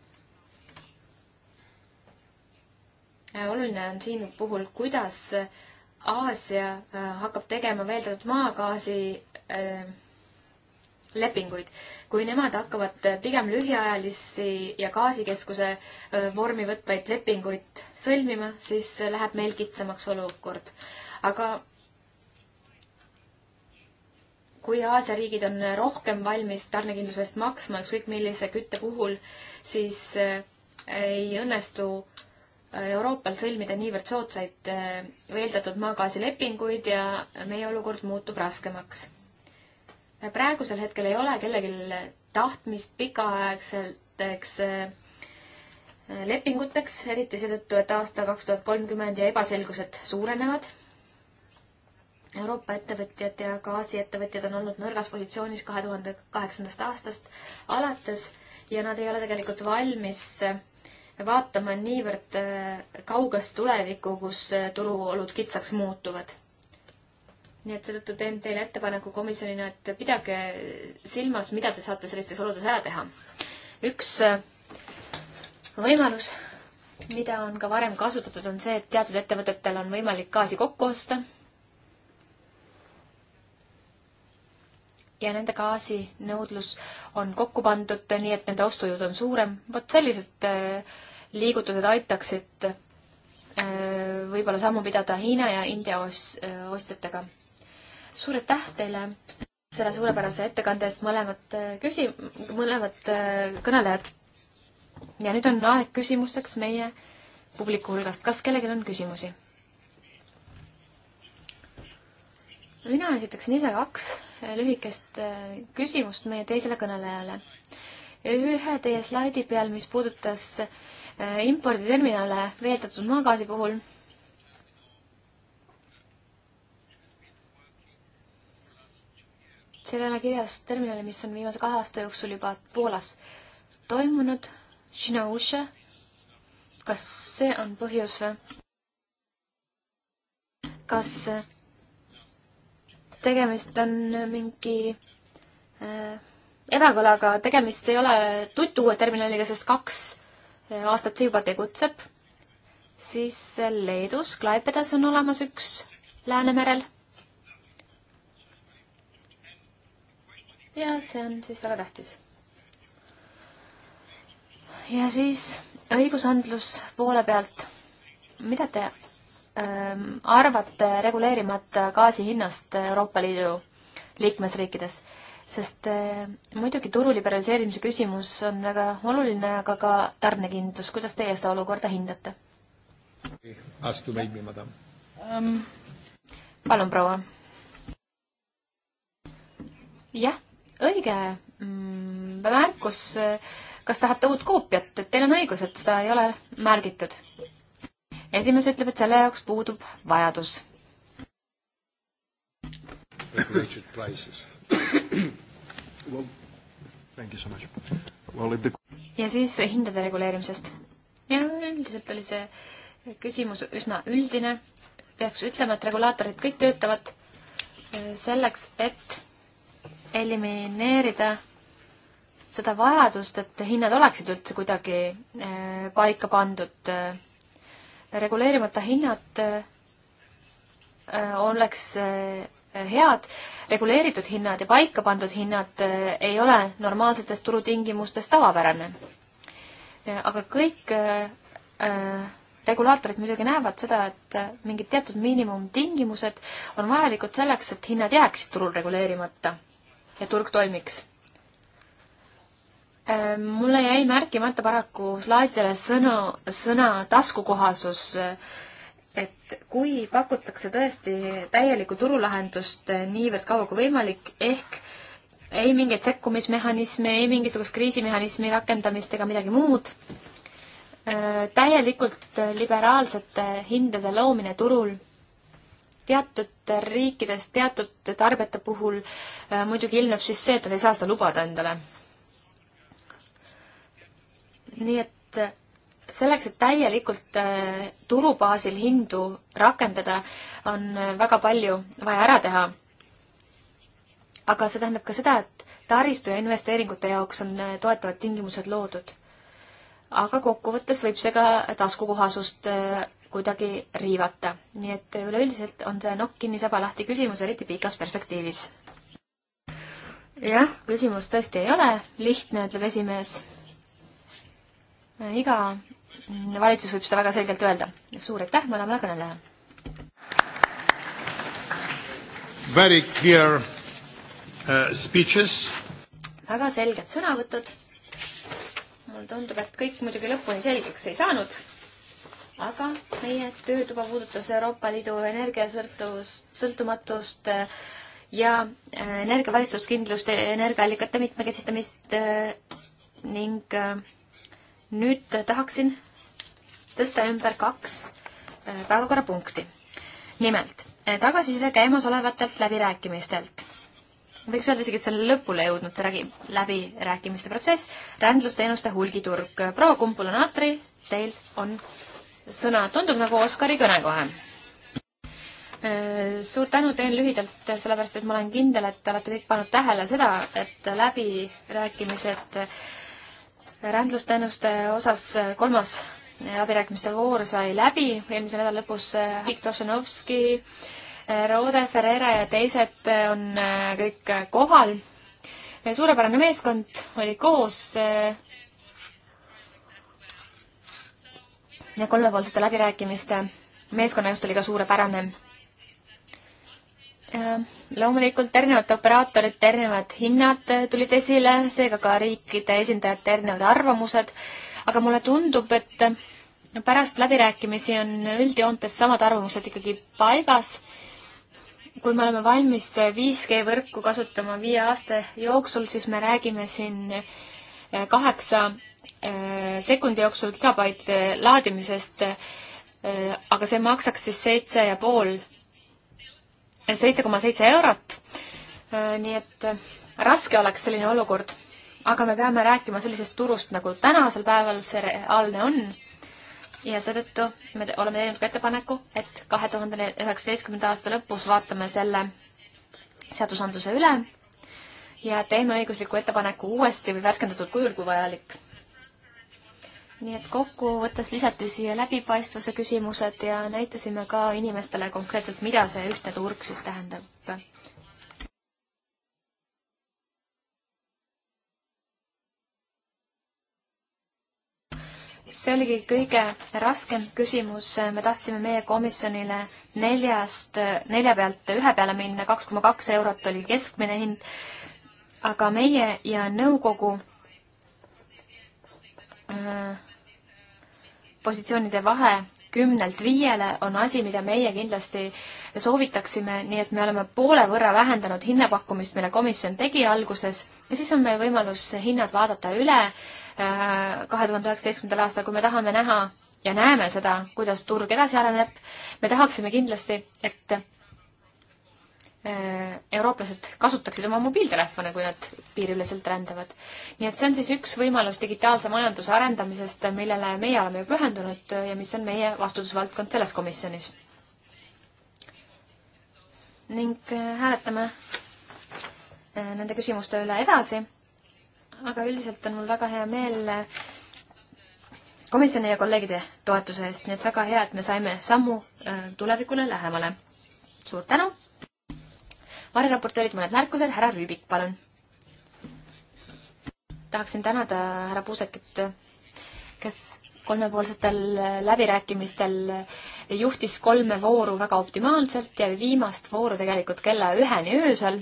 oluline on siin puhul, kuidas Aasia äh, hakkab tegema veeldatud maagaasi äh, lepinguid. kui nemad hakkavad pigem lühiajalisi ja gaasikeskuse vormi võtvaid lepinguid sõlmima, siis läheb meil kitsamaks olukord. aga kui Aasia riigid on rohkem valmis tarnekindlusest maksma ükskõik millise kütte puhul, siis ei õnnestu Euroopal sõlmida niivõrd soodsaid veeldatud maagaasilepinguid ja meie olukord muutub raskemaks praegusel hetkel ei ole kellelgi tahtmist pikaaegseteks eh, lepinguteks, eriti seetõttu, et aasta kaks tuhat kolmkümmend ja ebaselgused suurenevad. Euroopa ettevõtjad ja ka Aasia ettevõtjad on olnud nõrgas positsioonis kahe tuhande kaheksandast aastast alates ja nad ei ole tegelikult valmis eh, vaatama niivõrd eh, kauges tulevikku, kus turuolud kitsaks muutuvad nii et seetõttu teen teile ettepaneku komisjonina, et pidage silmas, mida te saate sellistes oludes ära teha. üks äh, võimalus, mida on ka varem kasutatud, on see, et teatud ettevõtetel on võimalik gaasi kokku osta. ja nende gaasinõudlus on kokku pandud, nii et nende ostujõud on suurem. vot sellised äh, liigutused aitaksid äh, võib-olla sammu pidada Hiina ja India os-, ostjatega suur aitäh teile selle suurepärase ettekande eest, mõlemad äh, küsi-, mõlemad äh, kõnelejad. ja nüüd on aeg küsimusteks meie publiku hulgast. kas kellelgi on küsimusi? mina esitaksin ise kaks äh, lühikest küsimust meie teisele kõnelejale. ühe teie slaidi peal, mis puudutas imporditerminale veeldatud maagaasi puhul seal ei ole kirjas terminali, mis on viimase kahe aasta jooksul juba Poolas toimunud. kas see on põhjus või? kas äh, tegemist on mingi äh, ebakõlaga, tegemist ei ole tuttu uue terminaliga, sest kaks äh, aastat see juba tegutseb. siis äh, Leedus, Klaipedas on olemas üks Läänemerel ja see on siis väga tähtis. ja siis õigusandlus poole pealt. mida te ähm, arvate reguleerimata gaasi hinnast Euroopa Liidu liikmesriikides? sest äh, muidugi turu liberaliseerimise küsimus on väga oluline, aga ka tarnekindlus. kuidas teie seda olukorda hindate? Ask you maybe, madam um,. palun, proua. jah õige mm, märkus, kas tahate uut koopiat, et teil on õigus, et seda ei ole märgitud. esimees ütleb, et selle jaoks puudub vajadus. ja siis hindade reguleerimisest. ja üldiselt oli see küsimus üsna üldine. peaks ütlema, et regulaatorid kõik töötavad selleks, et elimineerida seda vajadust, et hinnad oleksid üldse kuidagi äh, paika pandud. Äh, reguleerimata hinnad äh, oleks head, reguleeritud hinnad ja paika pandud hinnad ei ole normaalsetes turutingimustes tavapärane. aga kõik regulaatorid muidugi näevad seda, et mingid teatud miinimumtingimused on vajalikud selleks, et hinnad jääksid turul reguleerimata ja turg toimiks. Äh, mulle jäi märkimata paraku slaididele sõnu, sõna taskukohasus, et kui pakutakse tõesti täielikku turulahendust äh, niivõrd kaua kui võimalik, ehk ei mingeid sekkumismehhanisme, ei mingisugust kriisimehhanismi rakendamist ega midagi muud, äh, täielikult liberaalsete hindade loomine turul teatud riikides teatud tarbijate puhul äh, muidugi ilmneb siis see, et nad ei saa seda lubada endale. nii et äh, selleks, et täielikult äh, turu baasil hindu rakendada, on väga palju vaja ära teha. aga see tähendab ka seda, et taristu ja investeeringute jaoks on toetavad tingimused loodud. aga kokkuvõttes võib see ka taskukohasust kuidagi riivata. nii et üleüldiselt on see nokk kinni, saba lahti küsimus, eriti pikas perspektiivis. jah, küsimus tõesti ei ole lihtne, ütleb esimees. iga valitsus võib seda väga selgelt öelda. suur aitäh, me oleme väga nõnda. Very clear uh, speeches. väga selged sõnavõtud. mulle tundub, et kõik muidugi lõpuni selgeks ei saanud aga meie tööd juba puudutas Euroopa Liidu energiasõltuvust, sõltumatust äh, ja äh, energiavalitsuskindlust, e-, energiaallikate mitmekesistamist äh, ning nüüd tahaksin tõsta ümber kaks päevakorrapunkti. nimelt, tagasiside käimasolevatelt läbirääkimistelt võiks öelda isegi, et see on lõpule jõudnud, see räägi-, läbirääkimiste protsess, rändlusteenuste hulgiturg. proua Kumpula-Natri, teil on sõna, tundub nagu Oskari kõnekohe. Äh, suur tänu, teen lühidalt, sellepärast et ma olen kindel, et te olete kõik pannud tähele seda, et läbirääkimised rändlusteenuste osas kolmas läbirääkimiste voor sai läbi eelmise nädala lõpus Viktor Šenovski, Rode Ferreira ja teised on äh, kõik kohal. suurepärane meeskond oli koos äh, kolmepoolsete läbirääkimiste meeskonnajuht oli ka suurepärane. Äh, loomulikult erinevate operaatorite erinevad hinnad tulid esile, seega ka riikide esindajate erinevad arvamused, aga mulle tundub, et pärast läbirääkimisi on üldjoontes samad arvamused ikkagi paigas kui me oleme valmis 5G võrku kasutama viie aasta jooksul, siis me räägime siin kaheksa Äh, sekundi jooksul gigabaitide laadimisest, äh, aga see maksaks siis seitse ja pool, seitse koma seitse eurot. Äh, nii et raske oleks selline olukord, aga me peame rääkima sellisest turust, nagu tänasel päeval see reaalne on. ja seetõttu me oleme teinud ka ettepaneku, et kahe tuhande üheksateistkümnenda aasta lõpus vaatame selle seadusandluse üle ja teeme õigusliku ettepaneku uuesti või värskendatud kujul, kui vajalik nii et kokkuvõttes lisati siia läbipaistvuse küsimused ja näitasime ka inimestele konkreetselt, mida see ühtne turg siis tähendab. see oligi kõige raskem küsimus, me tahtsime meie komisjonile neljast, nelja pealt ühe peale minna, kaks koma kaks eurot oli keskmine hind, aga meie ja nõukogu äh, positsioonide vahe kümnelt viiele on asi, mida meie kindlasti soovitaksime, nii et me oleme poole võrra vähendanud hinnapakkumist, mille komisjon tegi alguses ja siis on meil võimalus hinnad vaadata üle äh, kahe tuhande üheksateistkümnendal aastal, kui me tahame näha ja näeme seda, kuidas turg edasi areneb. me tahaksime kindlasti, et Äh, eurooplased kasutaksid oma mobiiltelefone, kui nad piiriüleselt rändavad. nii et see on siis üks võimalus digitaalse majanduse arendamisest, millele meie oleme pühendunud ja mis on meie vastutusvaldkond selles komisjonis. ning äh, hääletame äh, nende küsimuste üle edasi. aga üldiselt on mul väga hea meel komisjoni ja kolleegide toetuse eest, nii et väga hea, et me saime sammu tulevikule lähemale. suur tänu! variraportöörid, mõned märkused, härra Rüübik, palun. tahaksin tänada härra Puusekit, kes kolmepoolsetel läbirääkimistel juhtis kolme vooru väga optimaalselt ja viimast vooru tegelikult kella üheni öösel.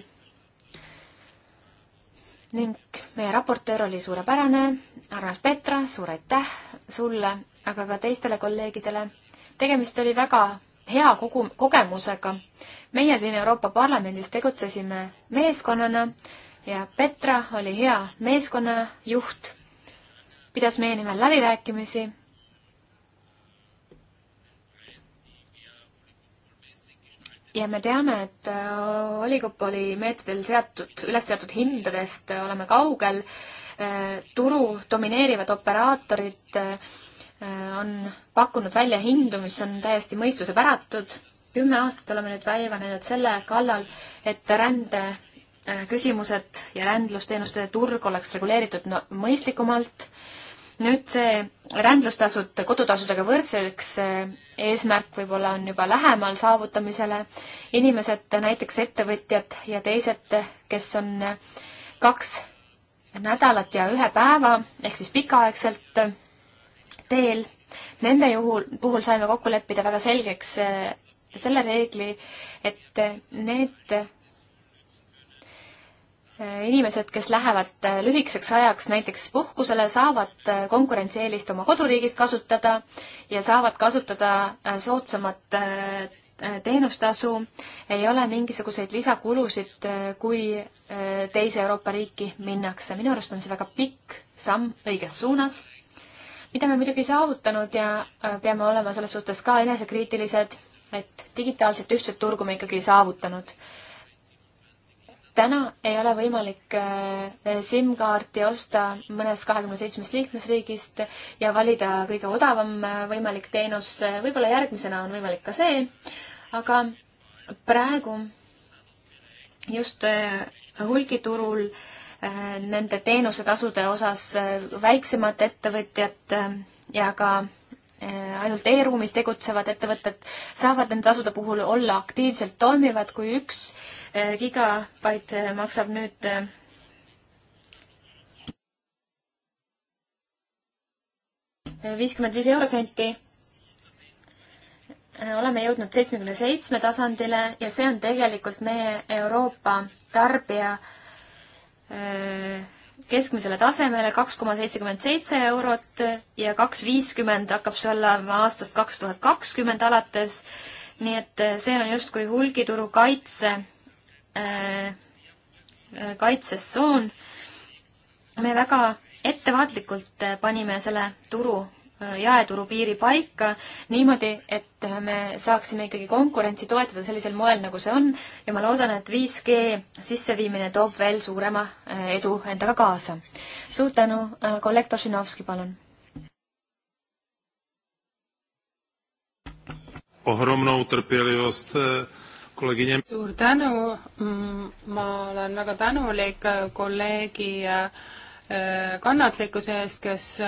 ning meie raportöör oli suurepärane, armas Petra, suur aitäh sulle, aga ka teistele kolleegidele. tegemist oli väga hea kogu, kogemusega meie siin Euroopa Parlamendis tegutsesime meeskonnana ja Petra oli hea meeskonnajuht, pidas meie nimel läbirääkimisi. ja me teame, et äh, oligopoli meetodil seatud, üles seatud hindadest äh, oleme kaugel. Äh, turu domineerivad operaatorid on pakkunud välja hindu, mis on täiesti mõistuse päratud kümme aastat oleme nüüd välja näinud selle kallal, et rände äh, küsimused ja rändlusteenuste turg oleks reguleeritud no, mõistlikumalt. nüüd see rändlustasud kodutasudega võrdseks äh, eesmärk võib-olla on juba lähemal saavutamisele. inimesed, näiteks ettevõtjad ja teised, kes on äh, kaks nädalat ja ühe päeva ehk siis pikaaegselt teel. Nende juhul, puhul saime kokku leppida väga selgeks selle reegli, et need äh, inimesed, kes lähevad äh, lühikeseks ajaks näiteks puhkusele, saavad äh, konkurentsieelist oma koduriigis kasutada ja saavad kasutada soodsamat teenustasu, ei ole mingisuguseid lisakulusid, kui teise Euroopa riiki minnakse. minu arust on see väga pikk samm õiges suunas, mida me muidugi ei saavutanud ja peame olema selles suhtes ka enesekriitilised et digitaalset ühtset turgu me ikkagi ei saavutanud. täna ei ole võimalik äh, SIM-kaarti osta mõnest kahekümne seitsmest liikmesriigist ja valida kõige odavam äh, võimalik teenus, võib-olla järgmisena on võimalik ka see, aga praegu just äh, hulgiturul nende teenusetasude osas väiksemad ettevõtjad ja ka Äh, ainult e-ruumis tegutsevad ettevõtted saavad nende tasude puhul olla aktiivselt toimivad, kui üks äh, gigabait äh, maksab nüüd viiskümmend viis eurosenti. oleme jõudnud seitsmekümne seitsme tasandile ja see on tegelikult meie Euroopa tarbija öö, keskmisele tasemele kaks koma seitsekümmend seitse eurot ja kaks viiskümmend hakkab see olema aastast kaks tuhat kakskümmend alates. nii et äh, see on justkui hulgituru kaitse, äh, äh, kaitsessoon. me väga ettevaatlikult panime selle turu jaeturu piiri paika niimoodi, et me saaksime ikkagi konkurentsi toetada sellisel moel, nagu see on ja ma loodan, et 5G sisseviimine toob veel suurema eh, edu endaga kaasa. suur tänu, eh, kolleeg Tošinovski, palun. Eh, suur tänu, mm, ma olen väga tänulik kolleegi kannatlikkuse eest, kes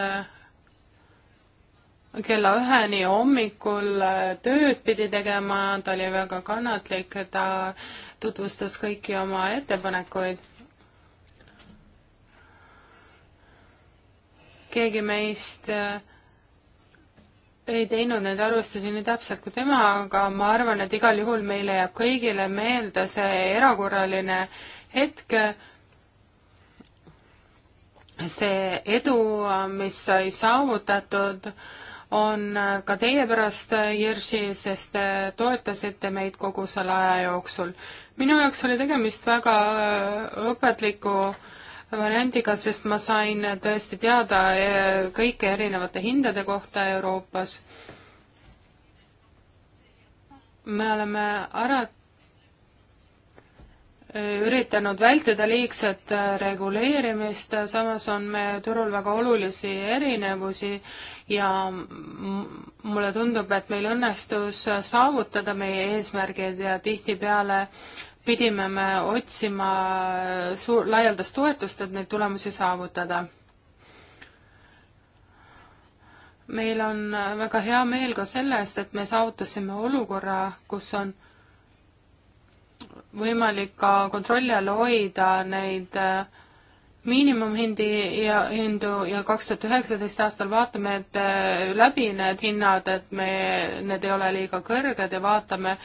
kella üheni hommikul äh, tööd pidi tegema, ta oli väga kannatlik, ta tutvustas kõiki oma ettepanekuid. keegi meist äh, ei teinud neid arvestusi nii täpselt kui tema, aga ma arvan, et igal juhul meile jääb kõigile meelde see erakorraline hetk, see edu, äh, mis sai saavutatud äh, on äh, ka teie pärast, äh, Jerzy, sest te toetasite meid kogu selle aja jooksul. minu jaoks oli tegemist väga äh, õpetliku variandiga, sest ma sain tõesti teada kõike erinevate hindade kohta Euroopas. me oleme alati üritanud vältida liigset äh, reguleerimist, samas on meie turul väga olulisi erinevusi ja mulle tundub, et meil õnnestus saavutada meie eesmärgid ja tihtipeale pidime me otsima äh, suur, laialdast toetust, et neid tulemusi saavutada. meil on väga hea meel ka selle eest, et me saavutasime olukorra, kus on võimalik ka kontrolli all hoida neid äh, miinimumhindi ja hindu ja kaks tuhat üheksateist aastal vaatame, et äh, läbi need hinnad, et me, need ei ole liiga kõrged ja vaatame,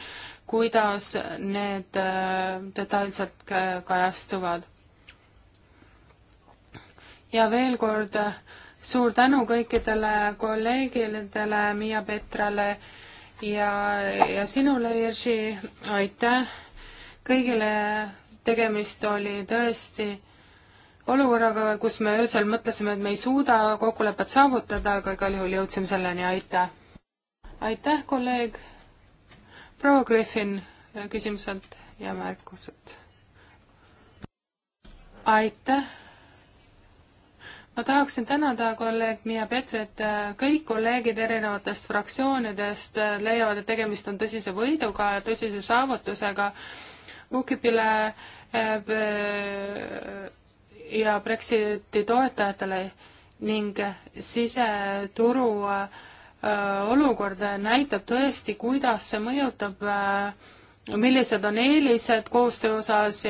kuidas need äh, detailselt kajastuvad. ja veel kord suur tänu kõikidele kolleegidele, Miia Petrale ja, ja sinule, Jerzy, aitäh kõigile, tegemist oli tõesti olukorraga, kus me öösel mõtlesime, et me ei suuda kokkulepet saavutada, aga igal juhul jõudsime selleni, aitäh! aitäh, kolleeg! proua Griffin, küsimused ja märkused. aitäh! ma tahaksin tänada kolleeg Miia Petrit, kõik kolleegid erinevatest fraktsioonidest leiavad, et tegemist on tõsise võiduga ja tõsise saavutusega UKIP-ile eh, ja Brexiti toetajatele ning siseturu eh, olukord näitab tõesti, kuidas see mõjutab eh, millised on eelised koostöö osas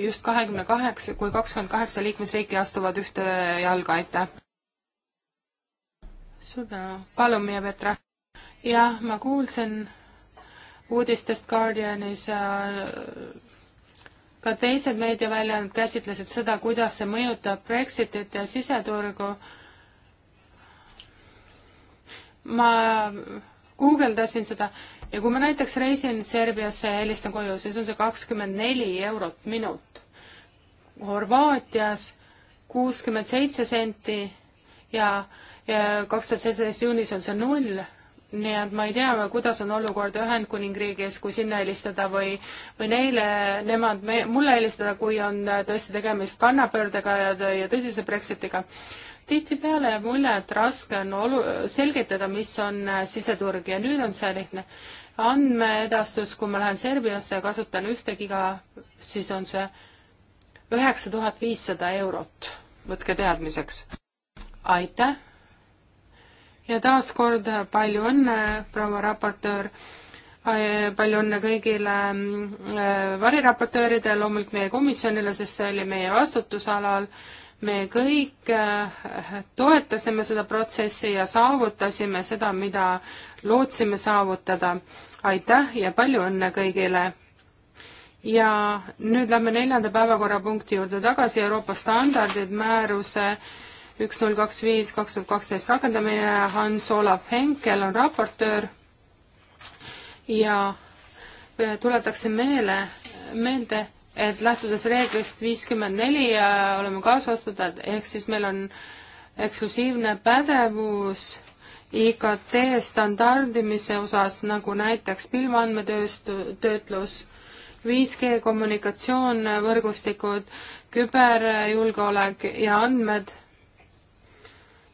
just kahekümne kaheksa, kui kakskümmend kaheksa liikmesriiki astuvad ühte jalga, aitäh! suur tänu, palun, Miia Petra! jah, ma kuulsin uudistest Guardianis äh, ka teised meediaväljaanded käsitlesid seda, kuidas see mõjutab Brexitit ja siseturgu. ma guugeldasin seda ja kui ma näiteks reisin Serbiasse ja helistan koju, siis on see kakskümmend neli eurot minut. Horvaatias kuuskümmend seitse senti ja kaks tuhat seitseteist juunis on see null nii et ma ei tea, kuidas on olukord Ühendkuningriigis, kui sinna helistada või, või neile, nemad me, mulle helistada, kui on äh, tõesti tegemist kannapöördega ja, ja tõsise Brexitiga. tihtipeale jääb mulje, et raske on olu-, selgitada, mis on äh, siseturg ja nüüd on see lihtne. andmeedastus, kui ma lähen Serbiasse ja kasutan ühte giga, siis on see üheksa tuhat viissada eurot, võtke teadmiseks. aitäh! ja taaskord palju õnne, proua raportöör, palju õnne kõigile mm, äh, variraportööridele, loomulikult meie komisjonile, sest see oli meie vastutusalal me kõik äh, toetasime seda protsessi ja saavutasime seda, mida lootsime saavutada. aitäh ja palju õnne kõigile! ja nüüd lähme neljanda päevakorrapunkti juurde tagasi, Euroopa standardid, määruse üks null kaks viis kaks tuhat kaksteist rakendamine, Hans-Olav Henkel on raportöör ja tuletaksin meele, meelde, et lähtudes reeglist viiskümmend neli äh, oleme kaasvastutajad, ehk siis meil on eksklusiivne pädevus IKT standardimise osas, nagu näiteks pilveandmetööstu-, töötlus, 5G kommunikatsioon, võrgustikud, küberjulgeolek ja andmed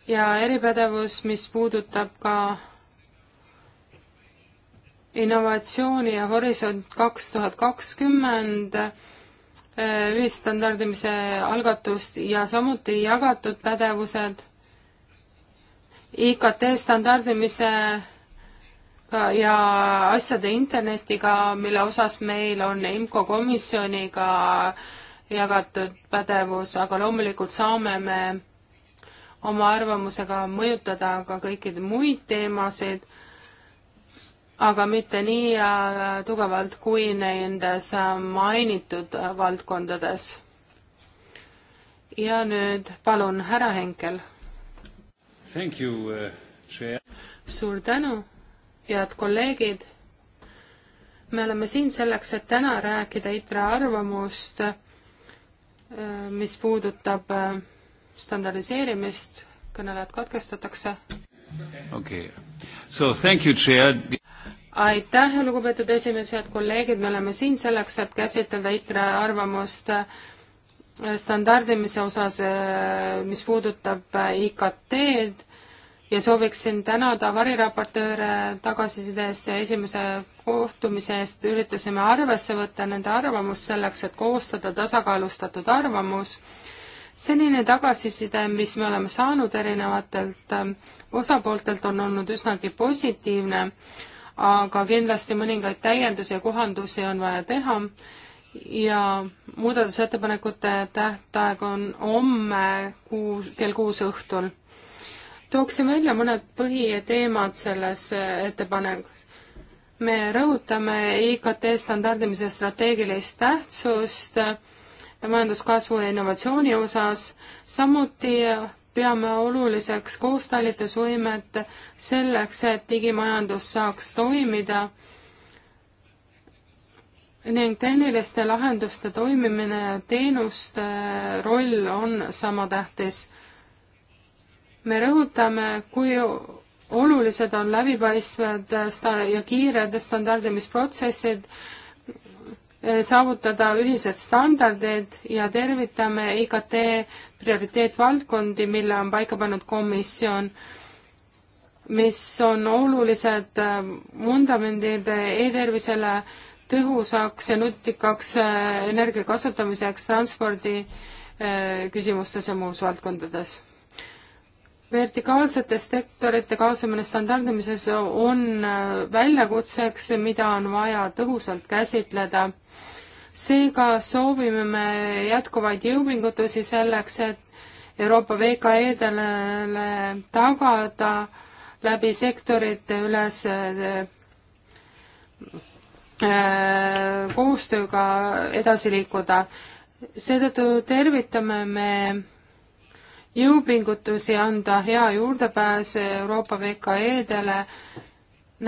ja eripädevus, mis puudutab ka innovatsiooni ja Horisont kaks tuhat kakskümmend eh, ühistandardimise algatust ja samuti jagatud pädevused IKT standardimise ja asjade internetiga, mille osas meil on IMCO komisjoniga jagatud pädevus, aga loomulikult saame me oma arvamusega mõjutada ka kõikide muid teemasid, aga mitte nii äh, tugevalt kui nendes äh, mainitud äh, valdkondades. ja nüüd palun, härra Henkel. suur tänu, head kolleegid. me oleme siin selleks, et täna rääkida ITRA arvamust, mis puudutab äh, standardiseerimist, kõnelejad katkestatakse. okei okay., so thank you, chair. aitäh, lugupeetud esimees, head kolleegid, me oleme siin selleks, et käsitleda ITRE arvamust standardimise osas, eh, mis puudutab eh, IKT-d ja sooviksin tänada variraportööre tagasiside eest ja esimese kohtumise eest üritasime arvesse võtta nende arvamust selleks, et koostada tasakaalustatud arvamus senine tagasiside, mis me oleme saanud erinevatelt ähm, osapooltelt, on olnud üsnagi positiivne, aga kindlasti mõningaid täiendusi ja kohandusi on vaja teha ja muudatusettepanekute tähtaeg on homme kuu, kell kuus õhtul. tooksin välja mõned põhiteemad selles äh, ettepanekus me rõhutame IKT standardimise strateegilist tähtsust majanduskasvu ja innovatsiooni osas, samuti peame oluliseks koostalitusvõimet selleks, et digimajandus saaks toimida ning tehniliste lahenduste toimimine ja teenuste roll on sama tähtis. me rõhutame, kui olulised on läbipaistvad ja kiired standardimisprotsessid Äh, saavutada ühised standardid ja tervitame IKT prioriteetvaldkondi, mille on paika pannud komisjon, mis on olulised äh, vundamendid e-tervisele tõhusaks ja nutikaks äh, energia kasutamiseks transpordi küsimustes ja muus valdkondades vertikaalsete sektorite kaasamine standardimises on äh, väljakutseks, mida on vaja tõhusalt käsitleda. seega soovime me jätkuvaid jõupingutusi selleks, et Euroopa VKE-dele tagada läbi sektorite üles äh, koostööga edasi liikuda. seetõttu tervitame me jõupingutusi anda hea juurdepääs Euroopa VKE-dele,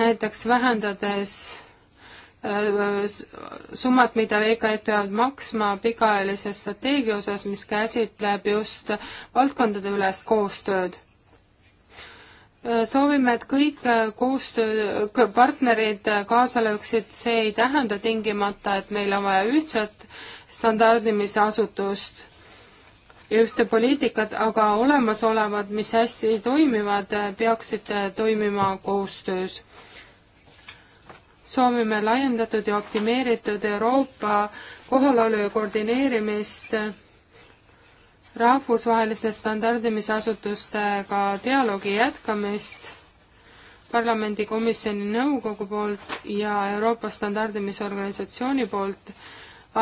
näiteks vähendades äh, summat, mida VKE-d peavad maksma pikaajalise strateegia osas, mis käsitleb just valdkondade ülest koostööd. Äh, soovime, et kõik äh, koostöö, partnerid kaasa lööksid, see ei tähenda tingimata, et meil on vaja ühtset standardimise asutust ja ühte poliitikat, aga olemasolevad, mis hästi toimivad, peaksid toimima koostöös. soovime laiendatud ja optimeeritud Euroopa kohalolu ja koordineerimist rahvusvaheliste standardimisasutustega dialoogi jätkamist parlamendikomisjoni nõukogu poolt ja Euroopa standardimisorganisatsiooni poolt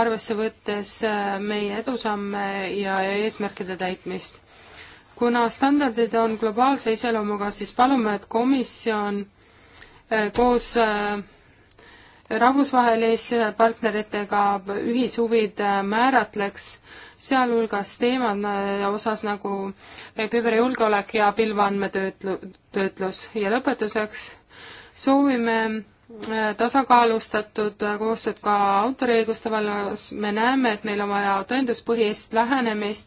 arvesse võttes äh, meie edusamme ja eesmärkide täitmist. kuna standardid on globaalse iseloomuga, siis palume, et komisjon äh, koos äh, rahvusvaheliste partneritega ühishuvid määratleks, sealhulgas teemad osas nagu küberjulgeolek ja pilveandmetöötlus ja lõpetuseks soovime tasakaalustatud koostööd ka autoriõiguste vallas, me näeme, et meil on vaja tõenduspõhist lähenemist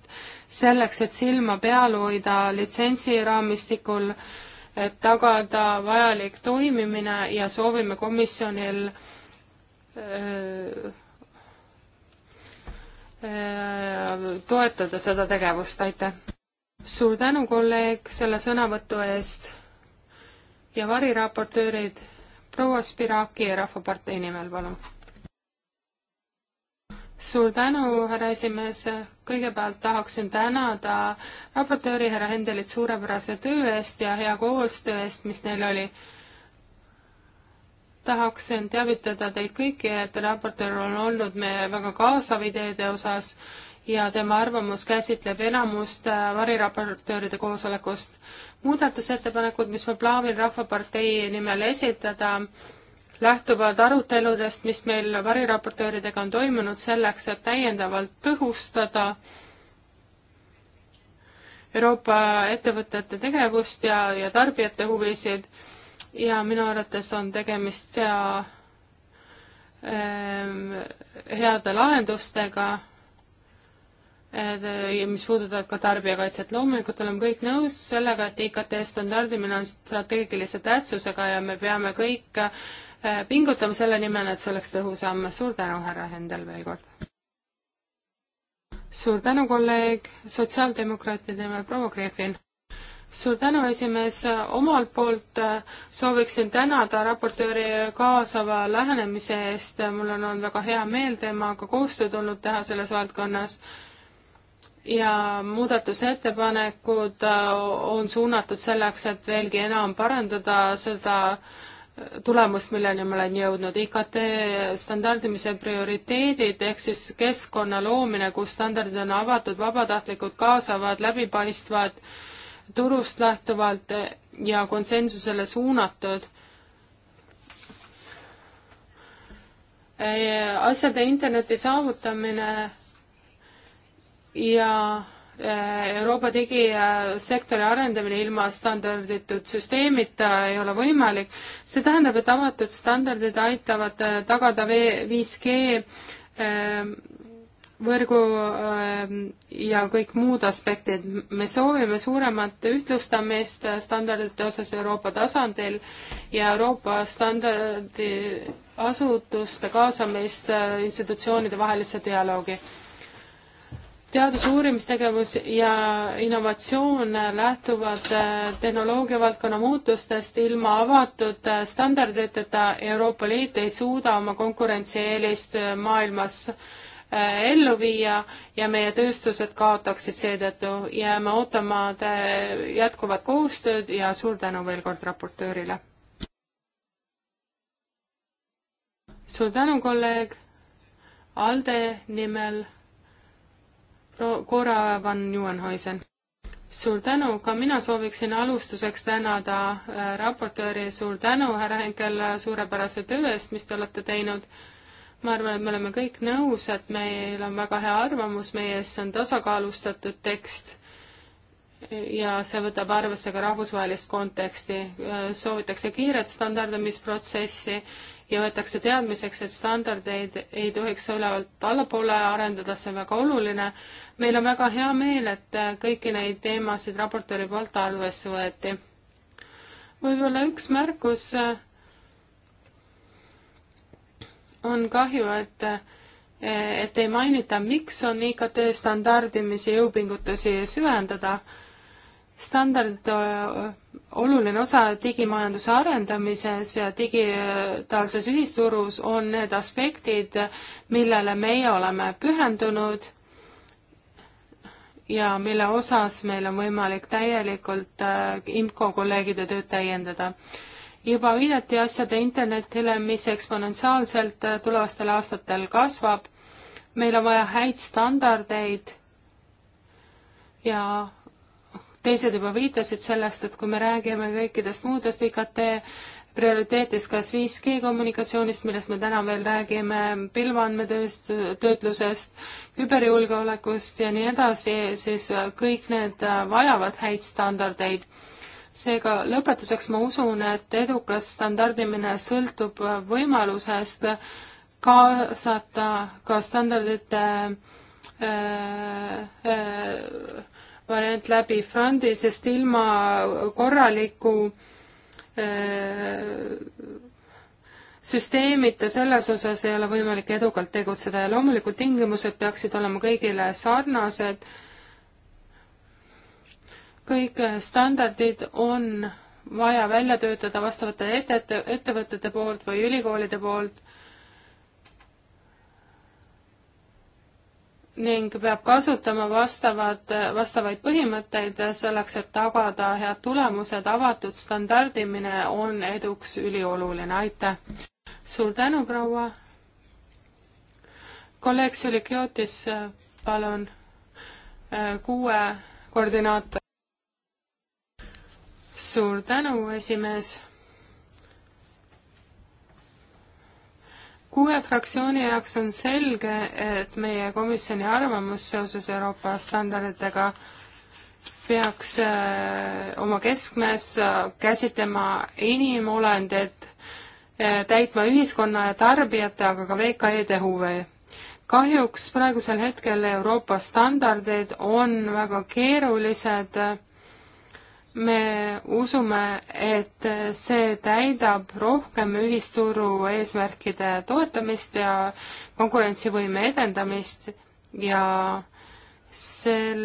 selleks, et silma peal hoida litsentsiraamistikul, et tagada vajalik toimimine ja soovime komisjonil öö, äh, öö, äh, toetada seda tegevust, aitäh! suur tänu, kolleeg, selle sõnavõtu eest ja variraportöörid proua Spiraki Rahvapartei nimel, palun. suur tänu, härra esimees. kõigepealt tahaksin tänada raportööri härra Hendelit suurepärase töö eest ja hea koostöö eest, mis neil oli tahaksin teavitada teid kõiki, et raportöör on olnud meie väga kaasav ideede osas ja tema arvamus käsitleb enamust äh, variraportööride koosolekust. muudatusettepanekud, mis ma plaanin Rahvapartei nimel esitada, lähtuvad aruteludest, mis meil variraportööridega on toimunud selleks, et täiendavalt tõhustada Euroopa ettevõtete tegevust ja, ja tarbijate huvisid ja minu arvates on tegemist ja äh, ähm, heade lahendustega Äh, ja mis puudutavad ka tarbijakaitset. loomulikult oleme kõik nõus sellega, et IKT standardimine on strateegilise tähtsusega ja me peame kõik äh, pingutama selle nimel, et see oleks tõhusam. suur tänu, härra Hendel, veel kord. suur tänu, kolleeg, sotsiaaldemokraatide nimel proua Grefin. suur tänu, esimees. omalt poolt äh, sooviksin tänada raportööri kaasava lähenemise eest. mul on olnud väga hea meel temaga koostööd olnud teha selles valdkonnas ja muudatusettepanekud äh, on suunatud selleks, et veelgi enam parandada seda äh, tulemust, milleni ma olen jõudnud. IKT standardimise prioriteedid ehk siis keskkonna loomine, kus standardid on avatud, vabatahtlikud, kaasavad, läbipaistvad, turust lähtuvalt ja konsensusele suunatud. Äh, asjade interneti saavutamine ja äh, Euroopa digisektori arendamine ilma standarditud süsteemita ei ole võimalik. see tähendab, et avatud standardid aitavad äh, tagada 5G ähm, võrgu ähm, ja kõik muud aspektid. me soovime suuremat ühtlustamist äh, standardite osas Euroopa tasandil ja Euroopa standardi asutuste kaasamist institutsioonide vahelisse dialoogi teadus-uurimistegevus ja innovatsioon lähtuvad äh, tehnoloogia valdkonna muutustest, ilma avatud äh, standarditeta Euroopa Liit ei suuda oma konkurentsieelist äh, maailmas ellu viia ja meie tööstused kaotaksid seetõttu. jääme ootama jätkuvat koostööd ja suur tänu veel kord raportöörile. suur tänu, kolleeg. Alde nimel Cora van Juenhuisen. suur tänu, ka mina sooviksin alustuseks tänada äh, raportööri, suur tänu, härra Henkel, suurepärase töö eest, mis te olete teinud. ma arvan, et me oleme kõik nõus, et meil on väga hea arvamus, meie ees on tasakaalustatud tekst ja see võtab arvesse ka rahvusvahelist konteksti. Äh, soovitakse kiiret standardamisprotsessi ja võetakse teadmiseks, et standardeid ei tohiks ülevalt allapoole arendada, see on väga oluline. meil on väga hea meel, et kõiki neid teemasid raportööri poolt arvesse võeti. võib-olla üks märkus. on kahju, et et ei mainita, miks on IKT standardimisi jõupingutusi süvendada standard äh, oluline osa digimajanduse arendamises ja digitaalses ühisturus on need aspektid, millele meie oleme pühendunud ja mille osas meil on võimalik täielikult äh, IMCO kolleegide tööd täiendada. juba viidati asjade internetile, mis eksponentsiaalselt äh, tulevastel aastatel kasvab. meil on vaja häid standardeid ja teised juba viitasid sellest, et kui me räägime kõikidest muudest IKT prioriteetidest, kas 5G kommunikatsioonist, millest me täna veel räägime, pilveandmetööst, töötlusest, küberjulgeolekust ja nii edasi, siis kõik need vajavad häid standardeid. seega lõpetuseks ma usun, et edukas standardimine sõltub võimalusest kaasata ka standardite äh, äh, variant läbi Frandi, sest ilma korraliku äh, süsteemita selles osas ei ole võimalik edukalt tegutseda ja loomulikult tingimused peaksid olema kõigile sarnased. kõik standardid on vaja välja töötada vastavate ettevõtete poolt või ülikoolide poolt ning peab kasutama vastavad, vastavaid põhimõtteid selleks, et tagada head tulemused, avatud standardimine on eduks ülioluline, aitäh! suur tänu, proua! kolleeg Sülikiotis, palun, kuue koordinaator. suur tänu, esimees kuue fraktsiooni jaoks on selge, et meie komisjoni arvamus seoses Euroopa standarditega peaks äh, oma keskmes äh, käsitlema inimolendit, äh, täitma ühiskonna ja tarbijate, aga ka VKE-de huve. kahjuks praegusel hetkel Euroopa standardid on väga keerulised me usume, et see täidab rohkem ühisturu eesmärkide toetamist ja konkurentsivõime edendamist ja sel,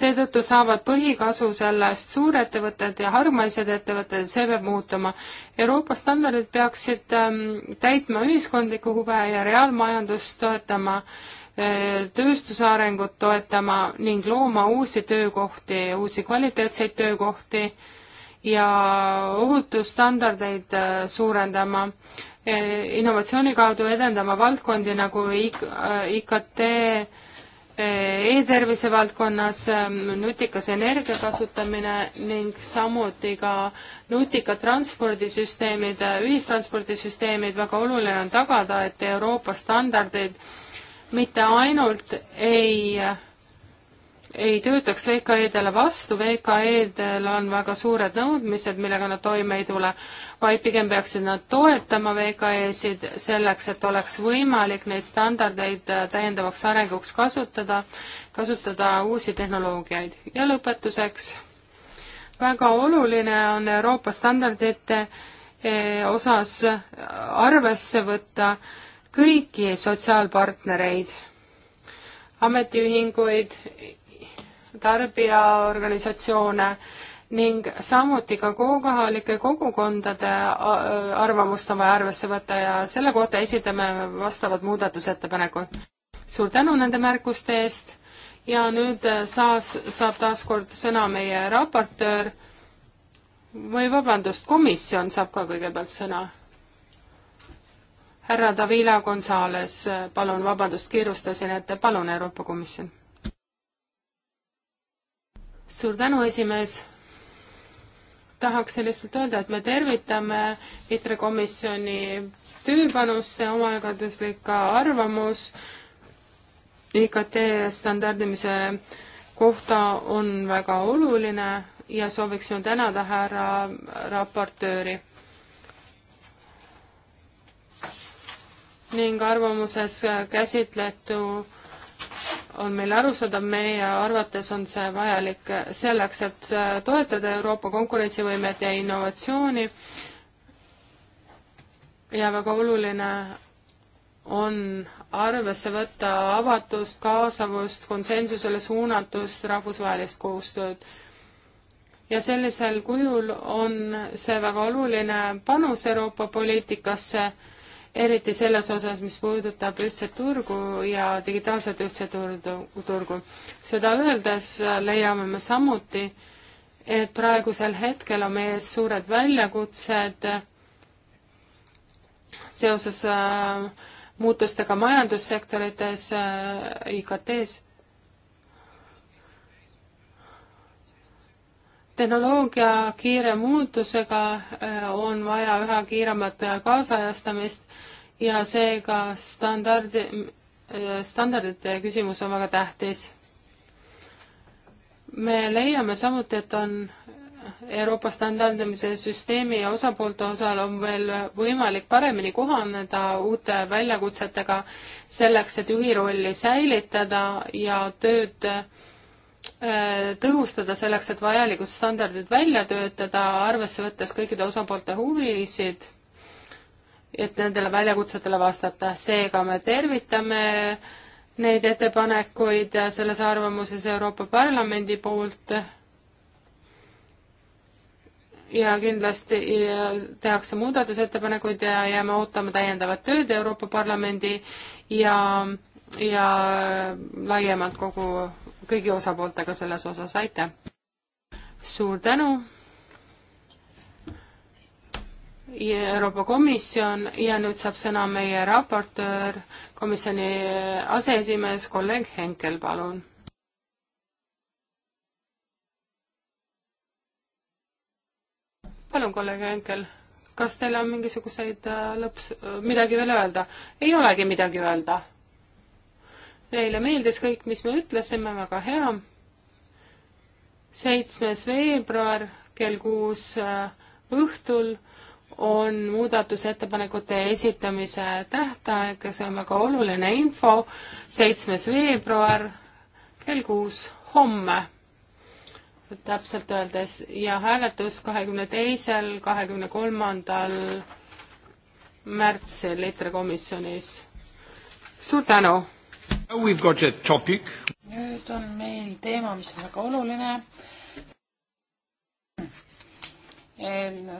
seetõttu saavad põhikasu sellest suurettevõtted ja hargmaised ettevõtted, see peab muutuma. Euroopa standardid peaksid ähm, täitma ühiskondlikku huve ja reaalmajandust toetama äh, Äh, tööstuse arengut toetama ning looma uusi töökohti, uusi kvaliteetseid töökohti ja ohutusstandardeid äh, suurendama, äh, innovatsiooni kaudu edendama valdkondi nagu IKT, e-tervise valdkonnas ähm, nutikas energia kasutamine ning samuti ka nutikad transpordisüsteemid, ühistranspordisüsteemid, väga oluline on tagada, et Euroopa standardid äh, mitte ainult ei, ei töötaks VKE-dele vastu, VKE-del on väga suured nõudmised, millega nad toime ei tule, vaid pigem peaksid nad toetama VKE-sid selleks, et oleks võimalik neid standardeid täiendavaks arenguks kasutada, kasutada uusi tehnoloogiaid. ja lõpetuseks, väga oluline on Euroopa standardite eh, osas arvesse võtta äh, kõiki sotsiaalpartnereid, ametiühinguid, tarbijaorganisatsioone ning samuti ka kohalike kogukondade arvamust on vaja arvesse võtta ja selle kohta esitame vastavad muudatusettepanekud. suur tänu nende märkuste eest ja nüüd äh, saas, saab taas kord sõna meie raportöör või vabandust, komisjon saab ka kõigepealt sõna härra Davila Gonzales, palun, vabandust, kiirustasin, et palun, Euroopa Komisjon. suur tänu, esimees. tahaksin lihtsalt öelda, et me tervitame ITRE komisjoni tööpanust, see omaalgatuslik arvamus IKT standardimise kohta on väga oluline ja sooviksin tänada härra raportööri ning arvamuses äh, käsitletu on meile arusaadav, meie arvates on see vajalik selleks, et äh, toetada Euroopa konkurentsivõimet ja innovatsiooni ja väga oluline on arvesse võtta avatust, kaasavust, konsensusele suunatust, rahvusvahelist koostööd. ja sellisel kujul on see väga oluline panus Euroopa poliitikasse eriti selles osas, mis puudutab ühtset turgu ja digitaalset ühtset turgu. seda öeldes äh, leiame me samuti, et praegusel hetkel on meie ees suured väljakutsed äh, seoses äh, muutustega majandussektorites, IKT-s tehnoloogia kiire muutusega äh, on vaja üha kiiremat äh, kaasajastamist ja seega standardi, äh, standardite küsimus on väga tähtis. me leiame samuti, et on Euroopa standardimise süsteemi ja osapoolte osal on veel võimalik paremini kohaneda uute väljakutsetega selleks, et juhi rolli säilitada ja tööd Äh, tõhustada selleks, et vajalikud standardid välja töötada, arvesse võttes kõikide osapoolte huvisid, et nendele väljakutsetele vastata. seega me tervitame neid ettepanekuid selles arvamuses Euroopa Parlamendi poolt ja kindlasti tehakse muudatusettepanekuid ja jääme ootama täiendavat tööd Euroopa Parlamendi ja, ja laiemalt kogu kõigi osapooltega selles osas, aitäh! suur tänu! Euroopa Komisjon ja nüüd saab sõna meie raportöör, komisjoni aseesimees, kolleeg Henkel, palun palun, kolleeg Henkel, kas teil on mingisuguseid äh, lõps, midagi veel öelda? ei olegi midagi öelda Neile meeldis kõik, mis me ütlesime, väga hea. seitsmes veebruar kell kuus äh, õhtul on muudatusettepanekute esitamise tähtaeg, see on väga oluline info, seitsmes veebruar kell kuus homme täpselt öeldes ja hääletus kahekümne teisel, kahekümne kolmandal märtsil ITRE komisjonis. suur tänu! nüüd on meil teema, mis on väga oluline.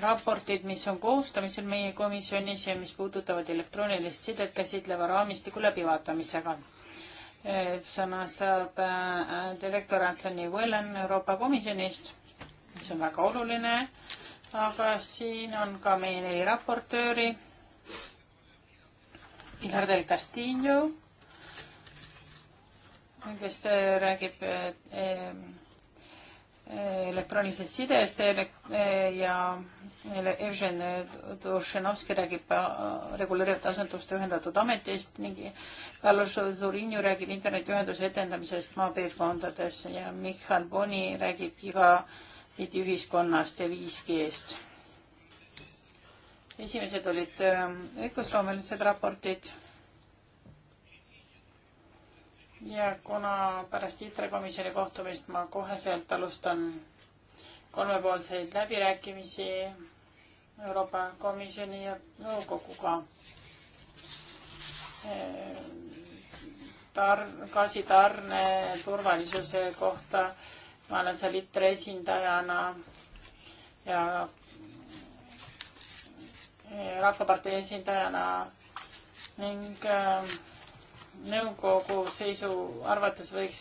raportid, mis on koostamisel meie komisjonis ja mis puudutavad elektroonilist sidet käsitleva raamistiku läbivaatamisega. E, sõna saab e, direktor Anthony Wellen Euroopa Komisjonist, mis on väga oluline, aga siin on ka meie neli raportööri. Pilar del Castillo kes äh, räägib äh, äh, elektroonilisest sidest ja Evžen Dušenovski räägib reguleerivate asenduste ühendatud ametist ning Carlos Zorinju räägib internetiühenduse etendamisest maapiirkondades ja Michal Boni räägib gigabitiühiskonnast ja 5G-st. esimesed olid õigusloomelised raportid ja kuna pärast ITRE komisjoni kohtumist ma koheselt alustan kolmepoolseid läbirääkimisi Euroopa Komisjoni ja nõukoguga tar-, gaasitarne turvalisuse kohta. ma olen seal ITRE esindajana ja Rahvapartei esindajana ning äh, nõukogu seisu arvates võiks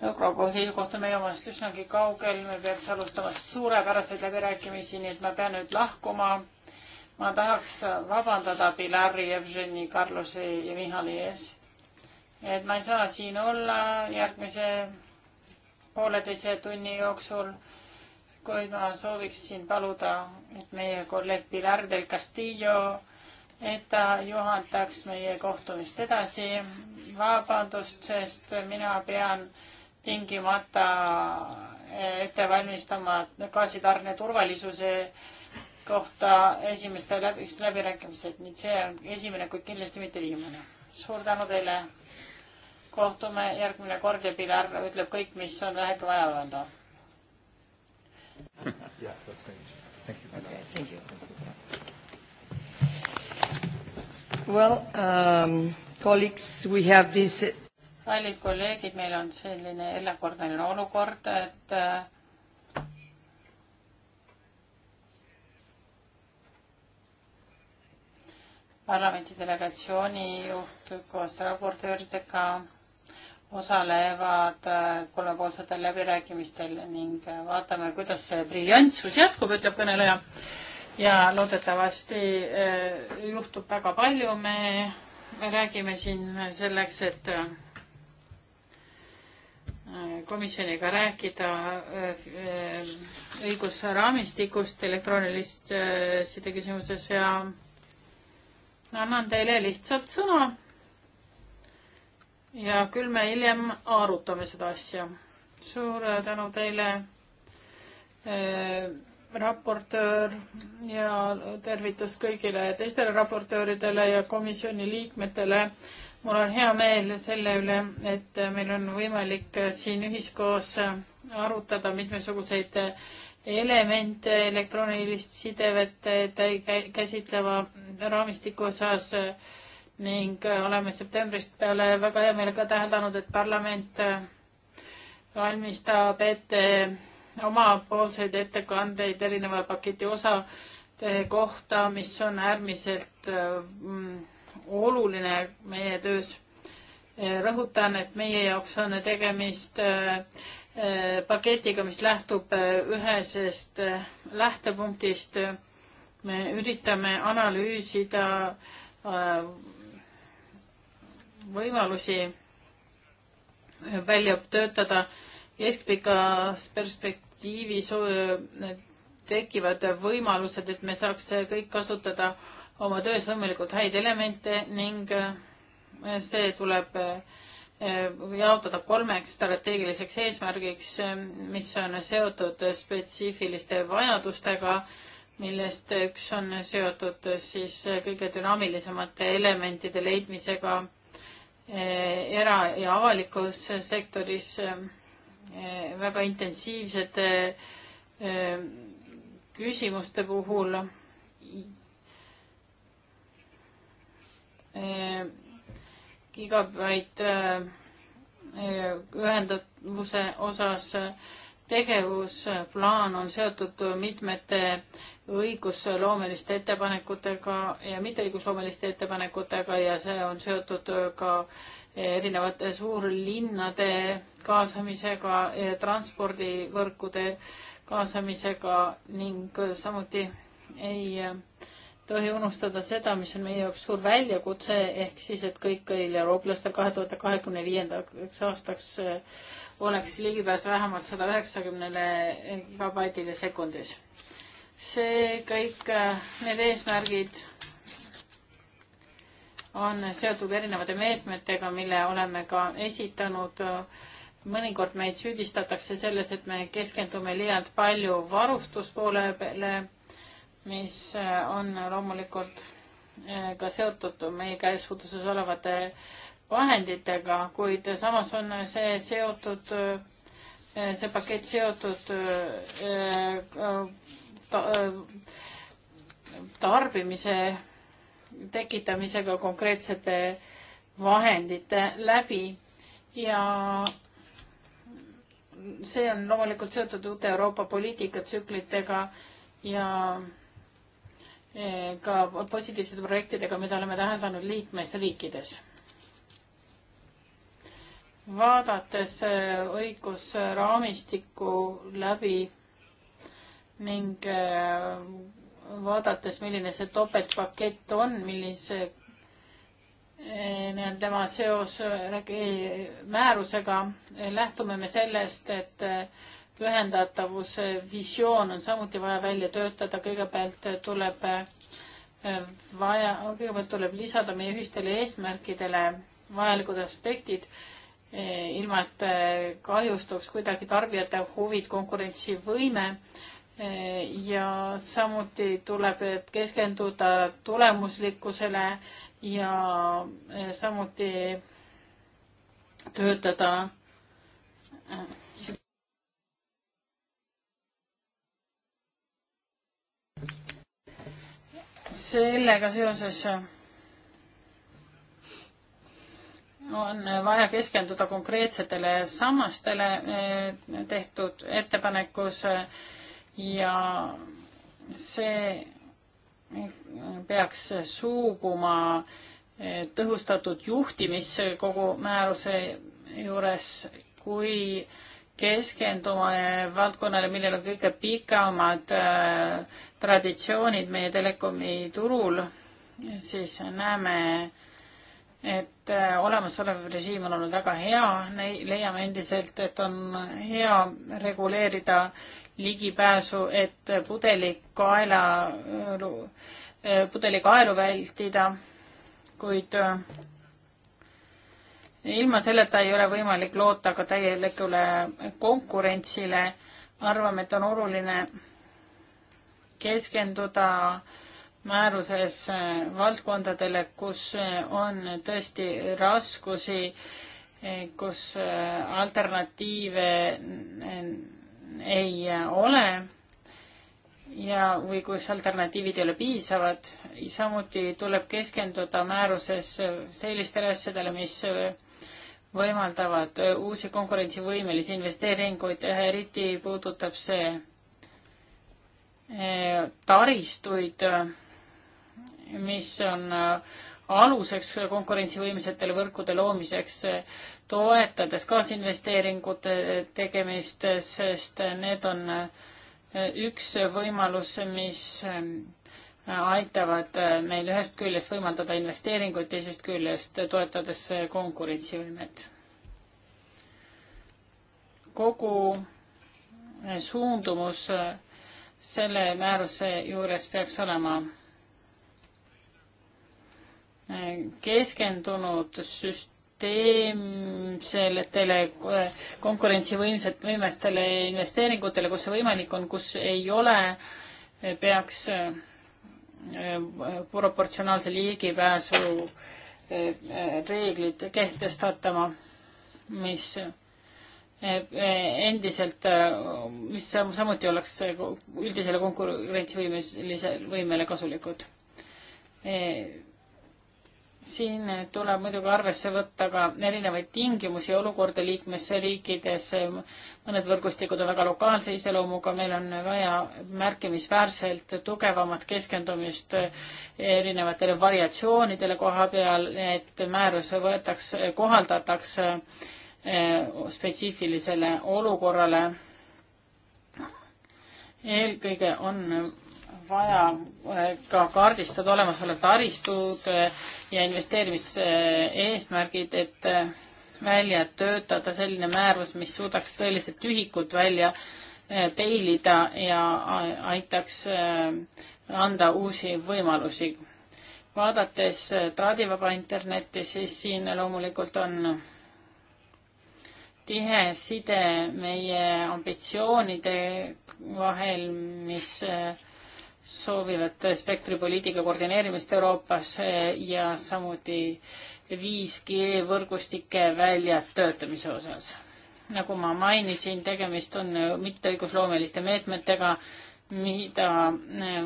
nõukogu seisukoht on meie omast üsnagi kaugel, me peaks alustama suurepäraseid läbirääkimisi, nii et ma pean nüüd lahkuma. ma tahaks vabandada Pilari, Jevgeni, Carlose ja Michali ees. et ma ei saa siin olla järgmise pooleteise tunni jooksul, kuid ma sooviksin paluda, et meie kolleeg Pilar del Castillo et ta juhataks meie kohtumist edasi. vabandust, sest mina pean tingimata eh, ette valmistama gaasitarne turvalisuse kohta esimeste läbi, läbirääkimised, nii et see on esimene, kuid kindlasti mitte viimane. suur tänu teile. kohtume järgmine kord ja Pilar ütleb kõik, mis on vähegi vaja öelda. Yeah, that's great. Thank you. Okay, thank you. Well, um, colleagues, we have this... kallid kolleegid, meil on selline järjekordne olukord, et äh, parlamendi delegatsiooni juht koos raportööridega osalevad äh, kolmepoolsetel läbirääkimistel ning äh, vaatame, kuidas see briljantsus jätkub, ütleb kõneleja ja loodetavasti äh, juhtub väga palju, me räägime siin selleks, et äh, komisjoniga rääkida äh, õigusraamistikust elektroonilist sideküsimuses ja annan teile lihtsalt sõna. ja küll me hiljem arutame seda asja. suur tänu teile raportöör ja tervitus kõigile teistele raportööridele ja komisjoni liikmetele. mul on hea meel selle üle, et meil on võimalik siin ühiskoos arutada mitmesuguseid elemente elektroonilist sidevet käsitleva raamistiku osas ning oleme septembrist peale väga hea meelega täheldanud, et parlament valmistab ette omapoolseid ettekandeid erineva paketi osade kohta, mis on äärmiselt mm, oluline meie töös. rõhutan, et meie jaoks on tegemist äh, äh, paketiga, mis lähtub äh, ühesest lähtepunktist. me üritame analüüsida võimalusi välja töötada keskpikas perspektiivis tekivad võimalused, et me saaks kõik kasutada oma töös võimalikult häid elemente ning see tuleb jaotada kolmeks strateegiliseks eesmärgiks, mis on seotud spetsiifiliste vajadustega, millest üks on seotud siis kõige dünaamilisemate elementide leidmisega era- ja avalikus sektoris Eh, väga intensiivsete eh, küsimuste puhul eh, gigabait ühendavuse osas tegevusplaan on seotud mitmete õigusloomeliste ettepanekutega ja mitteõigusloomeliste ettepanekutega ja see on seotud ka äh, erinevate suurlinnade kaasamisega, transpordivõrkude kaasamisega ning samuti ei tohi unustada seda, mis on meie jaoks suur väljakutse, ehk siis, et kõikil eurooplastel kahe tuhande kahekümne viiendaks aastaks oleks ligipääs vähemalt sada üheksakümnele gigabaitile sekundis. see kõik, need eesmärgid on seotud erinevate meetmetega, mille oleme ka esitanud. mõnikord meid süüdistatakse selles, et me keskendume liialt palju varustuspoole peale, mis on loomulikult eh, ka seotud meie käesuutuses olevate vahenditega, kuid samas on see seotud, eh, see pakett seotud eh, ta, tarbimise tekitamisega konkreetsete vahendite läbi ja see on loomulikult seotud uute Euroopa poliitikatsüklitega ja e, ka positiivsete projektidega, mida oleme täheldanud liikmesriikides. vaadates e, õigusraamistiku läbi ning e, vaadates, milline see topeltpakett on, millise eh, nii-öelda tema seos eh, määrusega, eh, lähtume me sellest, et ühendatavuse visioon on samuti vaja välja töötada, kõigepealt tuleb vaja, kõigepealt tuleb lisada meie ühistele eesmärkidele vajalikud aspektid, ilma et kahjustuks kuidagi tarbijate huvid, konkurentsivõime ja samuti tuleb keskenduda tulemuslikkusele ja eh, samuti töötada eh, sellega seoses on vaja keskenduda konkreetsetele sammastele eh, tehtud ettepanekus ja see peaks suuguma eh, tõhustatud juhtimisse kogu määruse juures, kui keskendume eh, valdkonnale, millel on kõige pikemad eh, traditsioonid meie telekomi turul, siis näeme, et olemasolev režiim on olnud väga hea, leiame endiselt, et on hea reguleerida ligipääsu, et pudelikaela, pudelikaelu vältida, kuid äh, ilma selleta ei ole võimalik loota ka täielikule konkurentsile. arvame, et on oluline keskenduda määruses äh, valdkondadele, kus äh, on tõesti raskusi, kus alternatiive ei äh, ole ja, või kus alternatiivid ei ole piisavad. samuti tuleb keskenduda määruses äh, sellistele asjadele, mis äh, võimaldavad uusi konkurentsivõimelisi investeeringuid, eriti puudutab see taristuid, mis on aluseks konkurentsivõimsatele võrkude loomiseks toetades kaasinvesteeringute tegemist, sest need on äh, üks võimalus, mis ähm, aitavad äh, meil ühest küljest võimaldada investeeringuid, teisest küljest toetades äh, konkurentsivõimet. kogu suundumus selle määruse juures peaks olema keskendunud süst-, süsteemsetele konkurentsivõimset, võimestele investeeringutele, kus see võimalik on, kus ei ole, peaks äh, proportsionaalse ligipääsu äh, reeglid kehtestatama, mis äh, endiselt, mis samuti oleks üldisele konkurentsivõimelisele, võimele kasulikud siin tuleb muidugi arvesse võtta ka erinevaid tingimusi ja olukorda liikmesriikides. mõned võrgustikud on väga lokaalse iseloomuga, meil on vaja märkimisväärselt tugevamat keskendumist erinevatele variatsioonidele koha peal, et määrus võetakse, kohaldatakse eh, spetsiifilisele olukorrale. eelkõige on vaja eh, ka kaardistada olemasolev taristud eh, ja investeerimiseesmärgid, et eh, välja töötada selline määrus, mis suudaks tõeliselt ühikut välja peilida ja aitaks anda uusi võimalusi. vaadates traadivaba internetti, siis siin loomulikult on tihe side meie ambitsioonide vahel, mis äh, soovivad spektripoliitika koordineerimist Euroopas eh, ja samuti 5G võrgustike väljatöötamise osas. nagu ma mainisin, tegemist on mitteõigusloomeliste meetmetega, mida, eh,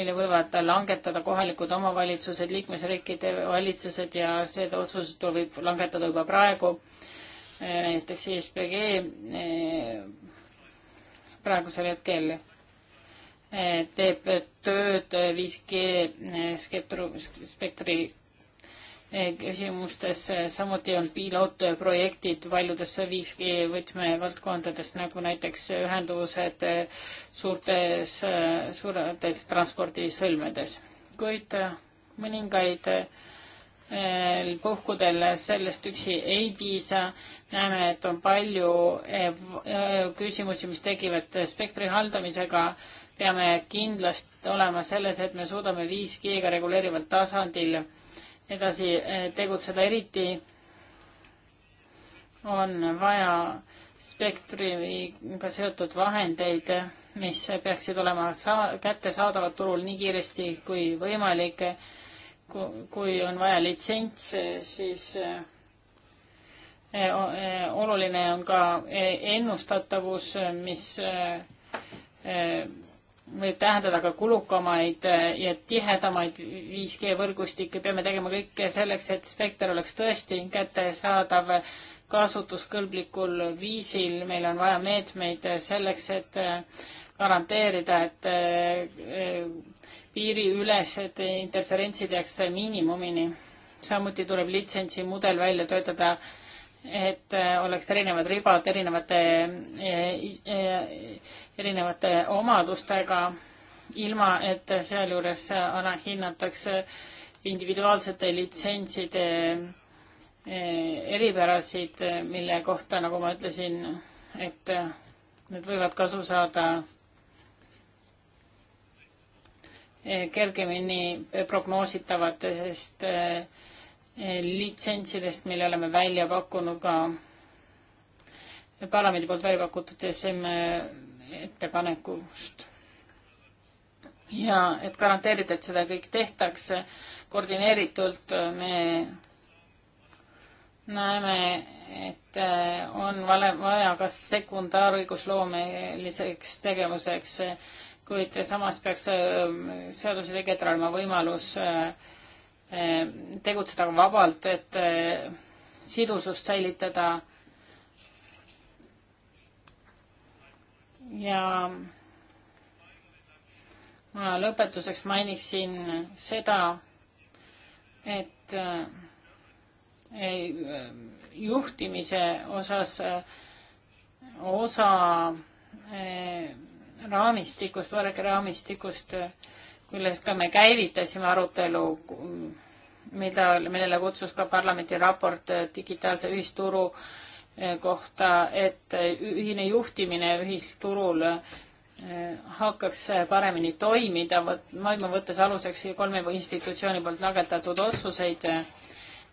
mille võivad langetada kohalikud omavalitsused, liikmesriikide valitsused ja seda otsust võib langetada juba praegu. Eh, näiteks ISPG e praegusel hetkel teeb tööd 5G eh, spektru, spektri eh, küsimustes, samuti on pilootprojektid paljudes 5G võtmevaldkondades, nagu näiteks ühendused eh, suurtes, suurtes transpordisõlmedes. kuid mõningaid puhkudel sellest üksi ei piisa. näeme, et on palju küsimusi, mis tekivad spektri haldamisega peame kindlasti olema selles, et me suudame 5G-ga reguleerival tasandil edasi eh, tegutseda, eriti on vaja spektriga seotud vahendeid, mis peaksid olema saa-, kättesaadavad turul nii kiiresti kui võimalik. kui on vaja litsentse, siis eh, eh, oluline on ka ennustatavus, mis võib tähendada ka kulukamaid ja tihedamaid 5G võrgustikke, peame tegema kõike selleks, et spekter oleks tõesti kättesaadav kasutuskõlblikul viisil, meil on vaja meetmeid selleks, et garanteerida, et eh, piiriülesed interferentsid jääks miinimumini. samuti tuleb litsentsimudel välja töötada äh, et äh, oleks erinevad ribad erinevate, äh, äh, erinevate omadustega, ilma et sealjuures hinnatakse individuaalsete litsentside eripärasid, mille kohta, nagu ma ütlesin, et need võivad kasu saada kergemini prognoositavatest äh, Eh, litsentsidest, mille oleme välja pakkunud ka parlamendi poolt välja pakutud ESM eh, ettepanekust. ja et garanteerida, et seda kõik tehtakse koordineeritult, eh, me näeme, et on vale, vaja ka sekundaarõigusloomeliseks tegevuseks, kuid samas peaks seaduse tegijatele olema võimalus äh, Eh, tegutseda vabalt, et eh, sidusust säilitada. ja ma lõpetuseks mainiksin seda, et eh, juhtimise osas osa raamistikust, varg raamistikust, raamistikust millest ka me käivitasime arutelu, mida, millele kutsus ka parlamendi raport digitaalse ühisturu eh, kohta, et ühine juhtimine ühisturul eh, hakkaks paremini toimida, maailma võttes aluseks kolme institutsiooni poolt langetatud otsuseid eh,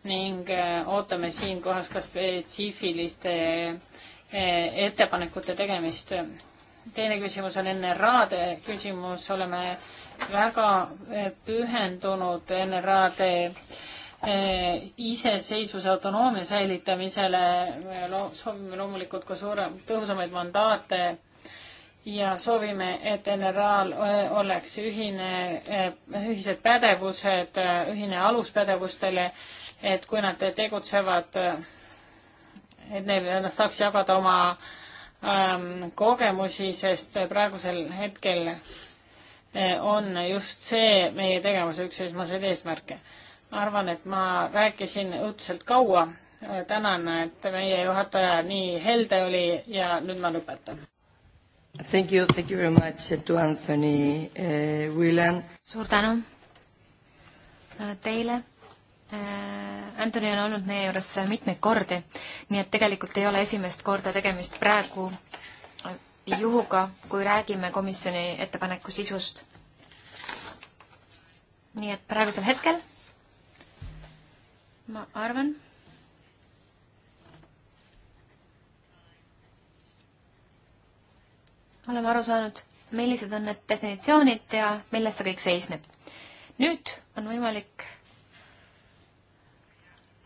ning ootame siinkohas ka spetsiifiliste ettepanekute tegemist. teine küsimus on NRA-de küsimus, oleme väga eh, pühendunud NRA-de eh, iseseisvuse autonoomia säilitamisele, soovime loomulikult ka suurem, tõhusamaid mandaate ja soovime, et NRA-l eh, oleks ühine, ühised pädevused, ühine aluspädevustele, et kui nad tegutsevad, et neil, nad saaks jagada oma ähm, kogemusi, sest praegusel hetkel Eh, on just see meie tegevuse üks esmaseid eesmärke. arvan, et ma rääkisin õudselt kaua. Eh, tänan, et meie juhataja nii helde oli ja nüüd ma lõpetan. Thank you, thank you very much to Anthony uh, eh, Whelan. suur tänu teile. Antoni on olnud meie juures mitmeid kordi, nii et tegelikult ei ole esimest korda tegemist praegu uh, juhuga, kui räägime komisjoni ettepaneku sisust. nii et praegusel hetkel ma arvan, oleme aru saanud, millised on need definitsioonid ja milles see kõik seisneb. nüüd on võimalik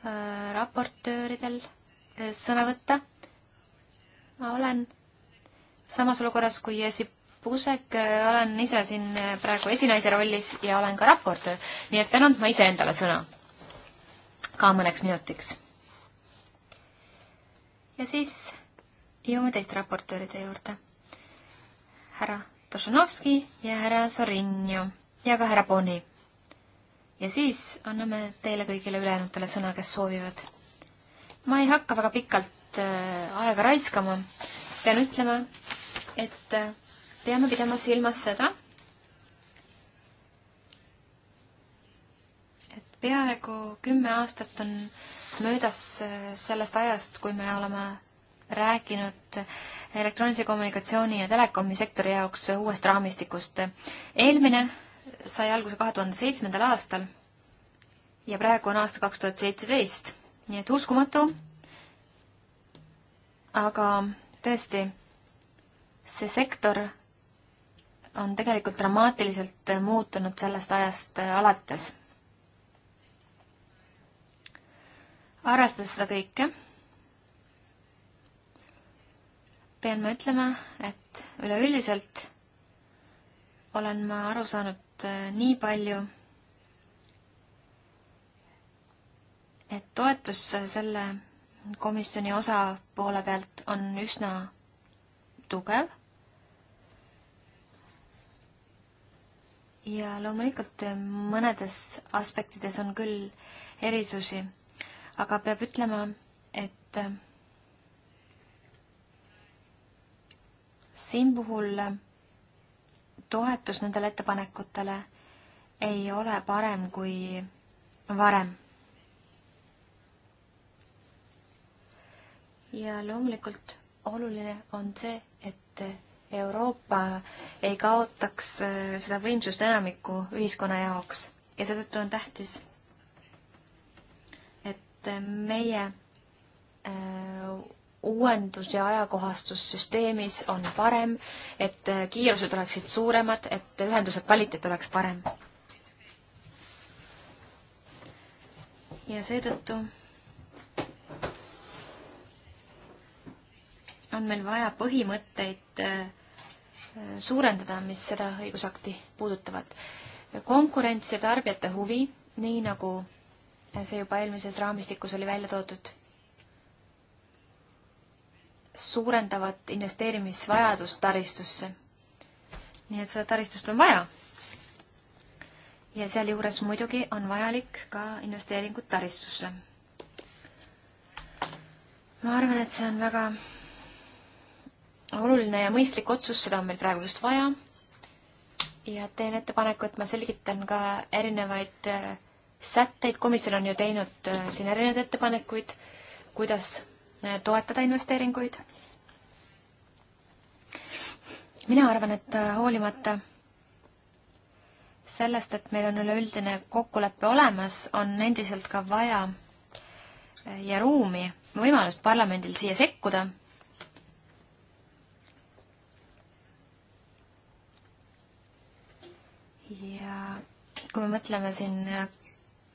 äh, raportööridel äh, sõna võtta. ma olen samas olukorras kui Jessip Pusek, äh, olen ise siin äh, praegu esinaise rollis ja olen ka raportöör, nii et pean andma iseendale sõna ka mõneks minutiks. ja siis jõuame teiste raportööride juurde. härra Tošanovski ja härra Sorinju ja ka härra Boni. ja siis anname teile kõigile ülejäänutele sõna, kes soovivad. ma ei hakka väga pikalt äh, aega raiskama pean ütlema, et peame pidama silmas seda, et peaaegu kümme aastat on möödas sellest ajast, kui me oleme rääkinud elektroonilise kommunikatsiooni ja telekomi sektori jaoks uuest raamistikust. eelmine sai alguse kahe tuhande seitsmendal aastal ja praegu on aasta kaks tuhat seitseteist, nii et uskumatu, aga tõesti, see sektor on tegelikult dramaatiliselt muutunud sellest ajast alates. arvestades seda kõike, pean ma ütlema, et üleüldiselt olen ma aru saanud äh, nii palju, et toetus selle komisjoni osa poole pealt on üsna tugev. ja loomulikult eh, mõnedes aspektides on küll erisusi, aga peab ütlema, et eh, siin puhul eh, toetus nendele ettepanekutele ei ole parem kui varem ja loomulikult oluline on see, et Euroopa ei kaotaks äh, seda võimsust enamiku ühiskonna jaoks ja seetõttu on tähtis, et meie äh, uuendus- ja ajakohastussüsteemis on parem, et äh, kiirused oleksid suuremad, et ühenduse kvaliteet oleks parem. ja seetõttu on meil vaja põhimõtteid äh, suurendada, mis seda õigusakti puudutavad. konkurents ja tarbijate huvi, nii nagu see juba eelmises raamistikus oli välja toodud, suurendavad investeerimisvajadust taristusse. nii et seda taristust on vaja. ja sealjuures muidugi on vajalik ka investeeringud taristusse. ma arvan, et see on väga oluline ja mõistlik otsus, seda on meil praegu just vaja. ja teen ettepaneku, et ma selgitan ka erinevaid äh, sätteid, komisjon on ju teinud äh, siin erinevaid ettepanekuid, kuidas äh, toetada investeeringuid. mina arvan, et hoolimata sellest, et meil on üleüldine kokkulepe olemas, on endiselt ka vaja ja ruumi, võimalust parlamendil siia sekkuda ja kui me mõtleme siin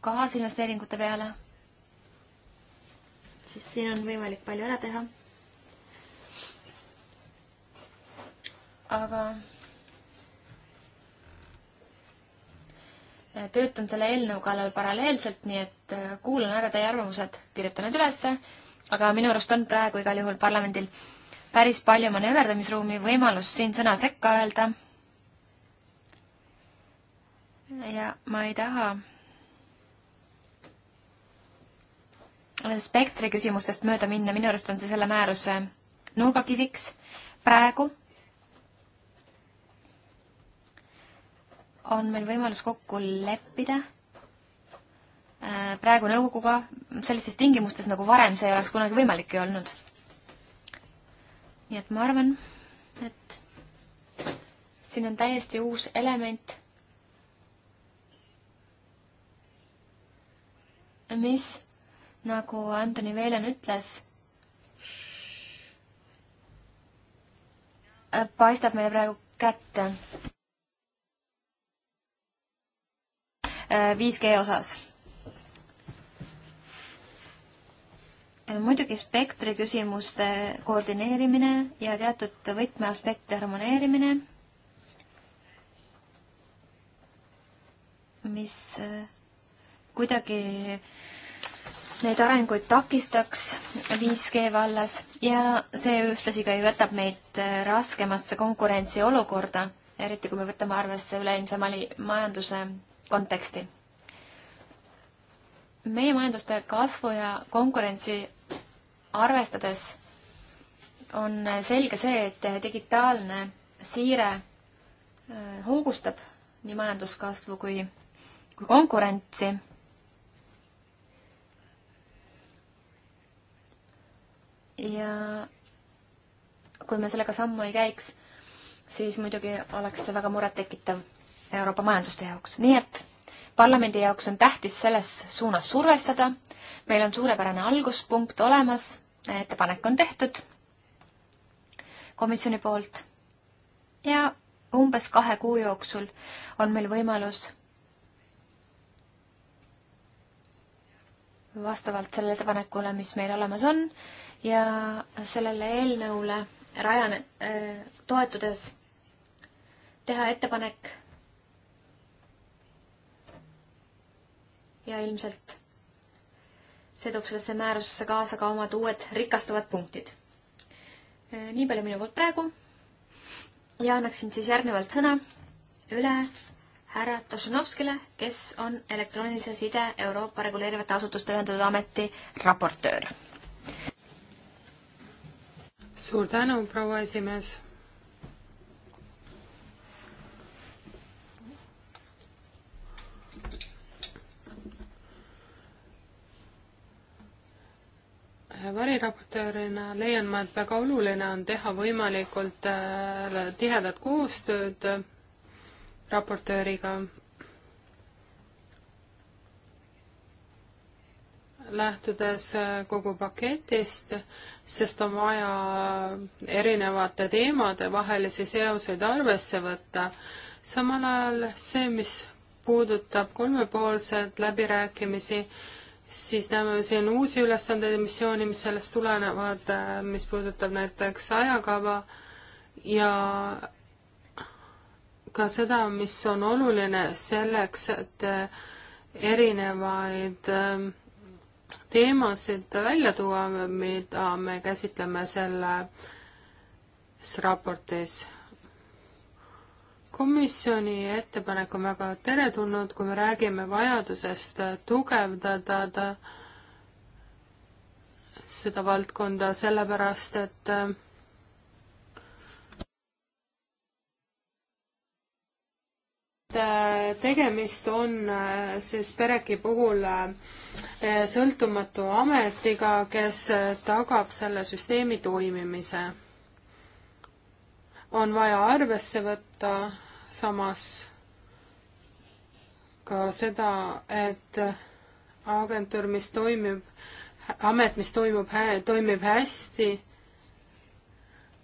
kaasinvesteeringute peale, siis siin on võimalik palju ära teha. aga töötan selle eelnõu kallal paralleelselt, nii et kuulan ära teie arvamused, kirjutan need ülesse, aga minu arust on praegu igal juhul parlamendil päris palju manööverdamisruumi, võimalus siin sõna sekka öelda ja ma ei taha spektri küsimustest mööda minna, minu arust on see selle määruse nurgakiviks praegu. on meil võimalus kokku leppida äh, praegu nõukoguga sellistes tingimustes, nagu varem see ei oleks kunagi võimalik olnud. nii et ma arvan, et siin on täiesti uus element mis, nagu Antoni Veelen ütles, paistab meile praegu kätte. 5G osas. muidugi spektri küsimuste koordineerimine ja teatud võtmeaspekti harmoneerimine, mis eh, kuidagi äh, neid arenguid takistaks 5G vallas ja see ühtlasi ka ju jätab meid äh, raskemasse konkurentsiolukorda, eriti kui me võtame arvesse üleilmse majanduse konteksti. meie majanduste kasvu ja konkurentsi arvestades on selge see, et digitaalne siire äh, hoogustab nii majanduskasvu kui, kui konkurentsi ja kui me sellega sammu ei käiks, siis muidugi oleks see väga murettekitav Euroopa majanduste jaoks, nii et parlamendi jaoks on tähtis selles suunas survestada, meil on suurepärane alguspunkt olemas, ettepanek on tehtud komisjoni poolt ja umbes kahe kuu jooksul on meil võimalus vastavalt sellele ettepanekule, mis meil olemas on, ja sellele eelnõule rajane- äh,, toetudes teha ettepanek ja ilmselt see toob sellesse määrusesse kaasa ka omad uued rikastavad punktid. Äh, nii palju minu poolt praegu. ja annaksin siis järgnevalt sõna üle härra Tošanovskile, kes on elektroonilise side Euroopa reguleerivate asutuste ühendatud ameti raportöör suur tänu, proua esimees. variraportöörina leian ma, et väga oluline on teha võimalikult äh, tihedat koostööd raportööriga, lähtudes äh, kogu paketist sest on vaja erinevate teemade vahelisi seoseid arvesse võtta. samal ajal see, mis puudutab kolmepoolseid läbirääkimisi, siis näeme siin uusi ülesandeid ja missioone, mis sellest tulenevad, mis puudutab näiteks ajakava ja ka seda, mis on oluline selleks, et erinevaid äh, teemasid välja tuua, mida me käsitleme selles raportis. komisjoni ettepanek on väga teretulnud, kui me räägime vajadusest tugevdada seda valdkonda, sellepärast et äh, Äh, tegemist on äh, siis pereki puhul äh, sõltumatu ametiga, kes tagab selle süsteemi toimimise. on vaja arvesse võtta samas ka seda, et agentuur, mis toimib, amet, mis toimub, toimib hästi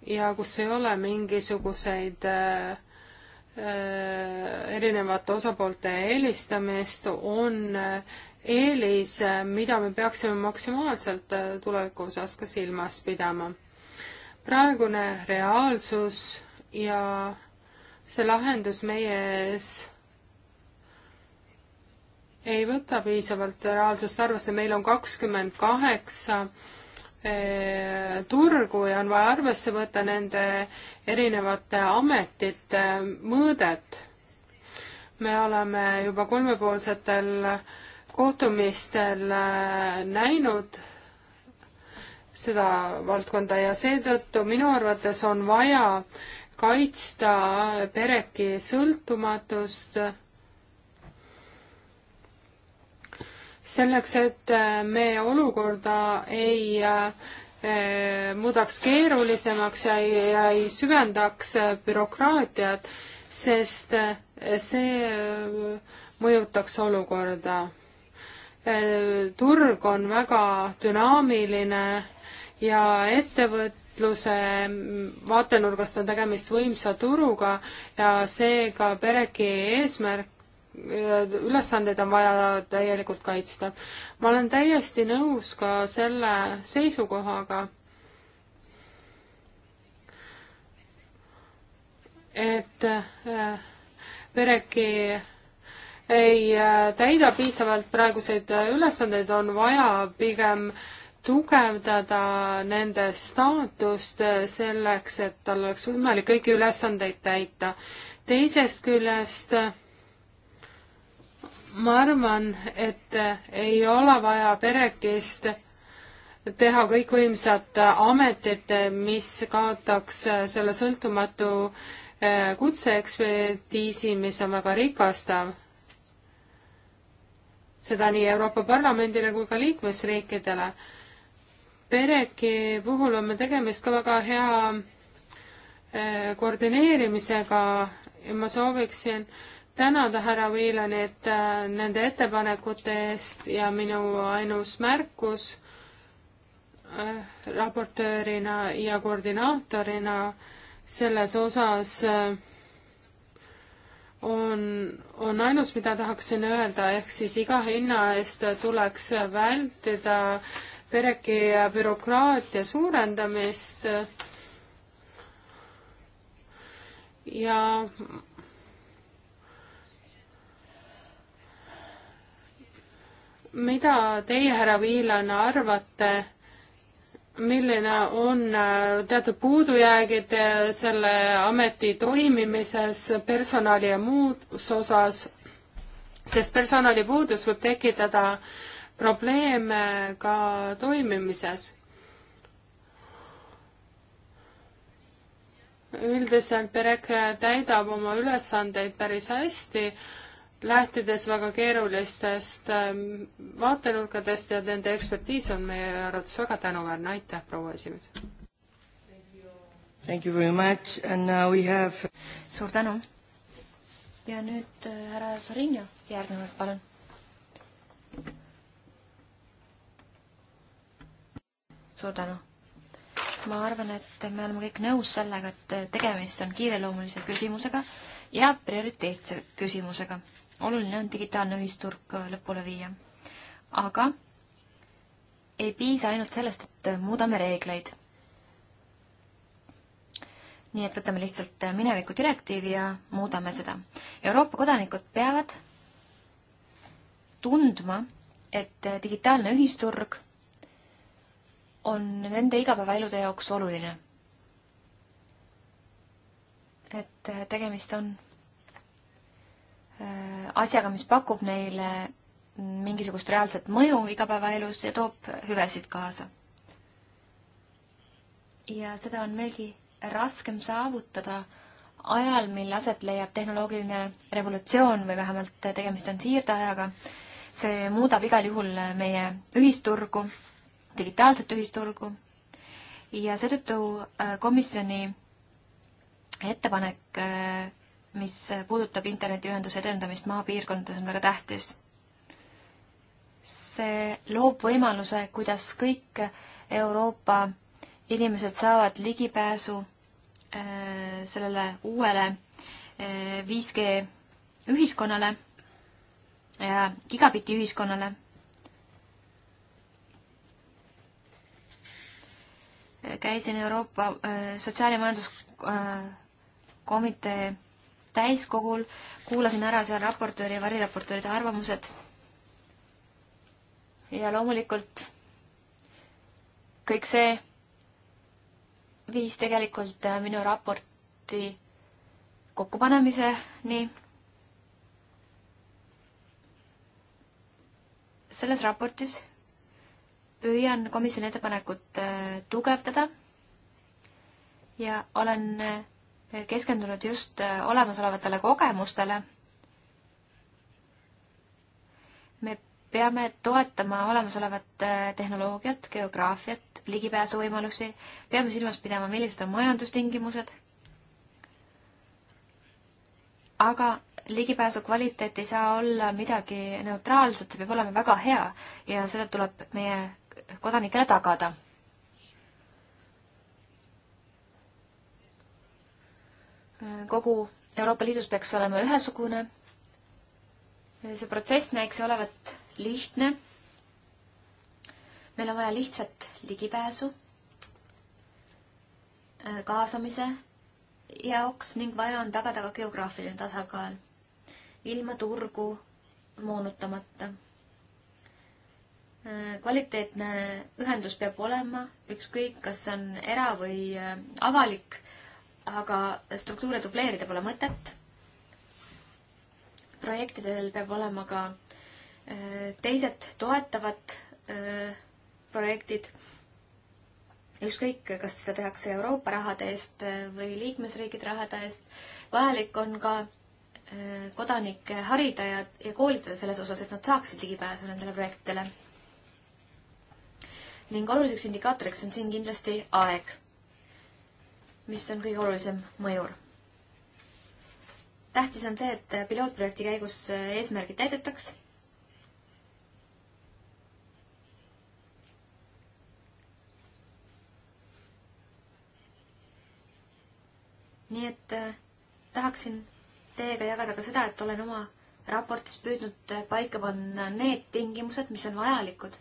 ja kus ei ole mingisuguseid äh, Äh, erinevate osapoolte eelistamist on äh, eelis, äh, mida me peaksime maksimaalselt tuleviku osas ka silmas pidama. praegune reaalsus ja see lahendus meie ees ei võta piisavalt reaalsust arvesse, meil on kakskümmend kaheksa turgu ja on vaja arvesse võtta nende erinevate ametite mõõdet. me oleme juba kolmepoolsetel kohtumistel äh, näinud seda valdkonda ja seetõttu minu arvates on vaja kaitsta pereki sõltumatust selleks, et äh, me olukorda ei äh, Eh, muudaks keerulisemaks ja ei, ja ei süvendaks eh, bürokraatiat, sest eh, see mõjutaks olukorda. turg on väga dünaamiline ja ettevõtluse mm, vaatenurgast on tegemist võimsa turuga ja seega pereki eesmärk ülesandeid on vaja täielikult kaitsta. ma olen täiesti nõus ka selle seisukohaga, et Vereki äh, ei äh, täida piisavalt praeguseid äh, ülesandeid, on vaja pigem tugevdada nende staatust selleks, et tal oleks võimalik kõiki ülesandeid täita. teisest küljest äh, ma arvan, et ei ole vaja perekest teha kõikvõimsat ametit, mis kaotaks selle sõltumatu eh, kutseekspertiisi, mis on väga rikastav. seda nii Euroopa Parlamendile kui ka liikmesriikidele. pereki puhul on tegemist ka väga hea eh, koordineerimisega ja ma sooviksin äh, tänada härra Viilanit äh, nende ettepanekute eest ja minu ainus märkus äh, raportöörina ja koordinaatorina selles osas äh, on, on ainus, mida tahaksin öelda, ehk siis iga hinna eest tuleks vältida pereki ja bürokraatia suurendamist ja mida teie, härra Viilan, arvate, milline on äh, teatud puudujäägid äh, selle ameti toimimises, personali ja muus osas, sest personalipuudus võib tekitada probleeme ka toimimises. üldiselt pereke täidab oma ülesandeid päris hästi lähtudes väga keerulistest ähm, vaatenurkadest ja nende ekspertiis on meie arvates väga tänuväärne, aitäh, proua esimees! Thank you very much and now we have suur tänu! ja nüüd äh, härra Sorinio järgnevalt, palun! suur tänu! ma arvan, et me oleme kõik nõus sellega, et tegemist on kiireloomulise küsimusega ja prioriteetse küsimusega oluline on digitaalne ühisturg lõpule viia. aga ei piisa ainult sellest, et muudame reegleid. nii et võtame lihtsalt mineviku direktiivi ja muudame seda. Euroopa kodanikud peavad tundma, et digitaalne ühisturg on nende igapäevaelude jaoks oluline. et tegemist on Äh, asjaga, mis pakub neile mingisugust reaalset mõju igapäevaelus ja toob hüvesid kaasa. ja seda on veelgi raskem saavutada ajal, mil aset leiab tehnoloogiline revolutsioon või vähemalt tegemist on siirdeajaga. see muudab igal juhul meie ühisturgu, digitaalset ühisturgu ja seetõttu äh, komisjoni ettepanek äh, mis puudutab internetiühenduse edendamist maapiirkondades, on väga tähtis. see loob võimaluse, kuidas kõik Euroopa inimesed saavad ligipääsu äh, sellele uuele 5G äh, ühiskonnale ja gigabitti ühiskonnale. käisin Euroopa äh, Sotsiaal- ja Majanduskomitee täiskogul, kuulasin ära seal raportööri ja variraportööride arvamused. ja loomulikult kõik see viis tegelikult äh, minu raporti kokkupanemiseni. selles raportis püüan komisjoni ettepanekut äh, tugevdada ja olen äh, keskendunud just äh, olemasolevatele kogemustele. me peame toetama olemasolevat äh, tehnoloogiat, geograafiat, ligipääsuvõimalusi, peame silmas pidama, millised on majandustingimused. aga ligipääsu kvaliteet ei saa olla midagi neutraalset, see peab olema väga hea ja seda tuleb meie kodanikele tagada kogu Euroopa Liidus peaks olema ühesugune. see protsess näiks olevat lihtne. meil on vaja lihtsat ligipääsu äh, kaasamise jaoks ning vaja on tagada ka geograafiline tasakaal ilma turgu moonutamata. Äh, kvaliteetne ühendus peab olema, ükskõik, kas see on era- või äh, avalik aga struktuure dubleerida pole mõtet. projektidel peab olema ka äh, teised toetavad äh, projektid. ükskõik, kas seda tehakse Euroopa rahade eest äh, või liikmesriigid rahade eest, vajalik on ka kodanikke harida ja, ja koolitada selles osas, et nad saaksid ligipääsu nendele projektidele. ning oluliseks indikaatoriks on siin kindlasti aeg mis on kõige olulisem mõjur. tähtis on see, et pilootprojekti käigus eesmärgid täidetaks. nii et äh, tahaksin teiega jagada ka seda, et olen oma raportis püüdnud äh, paika panna need tingimused, mis on vajalikud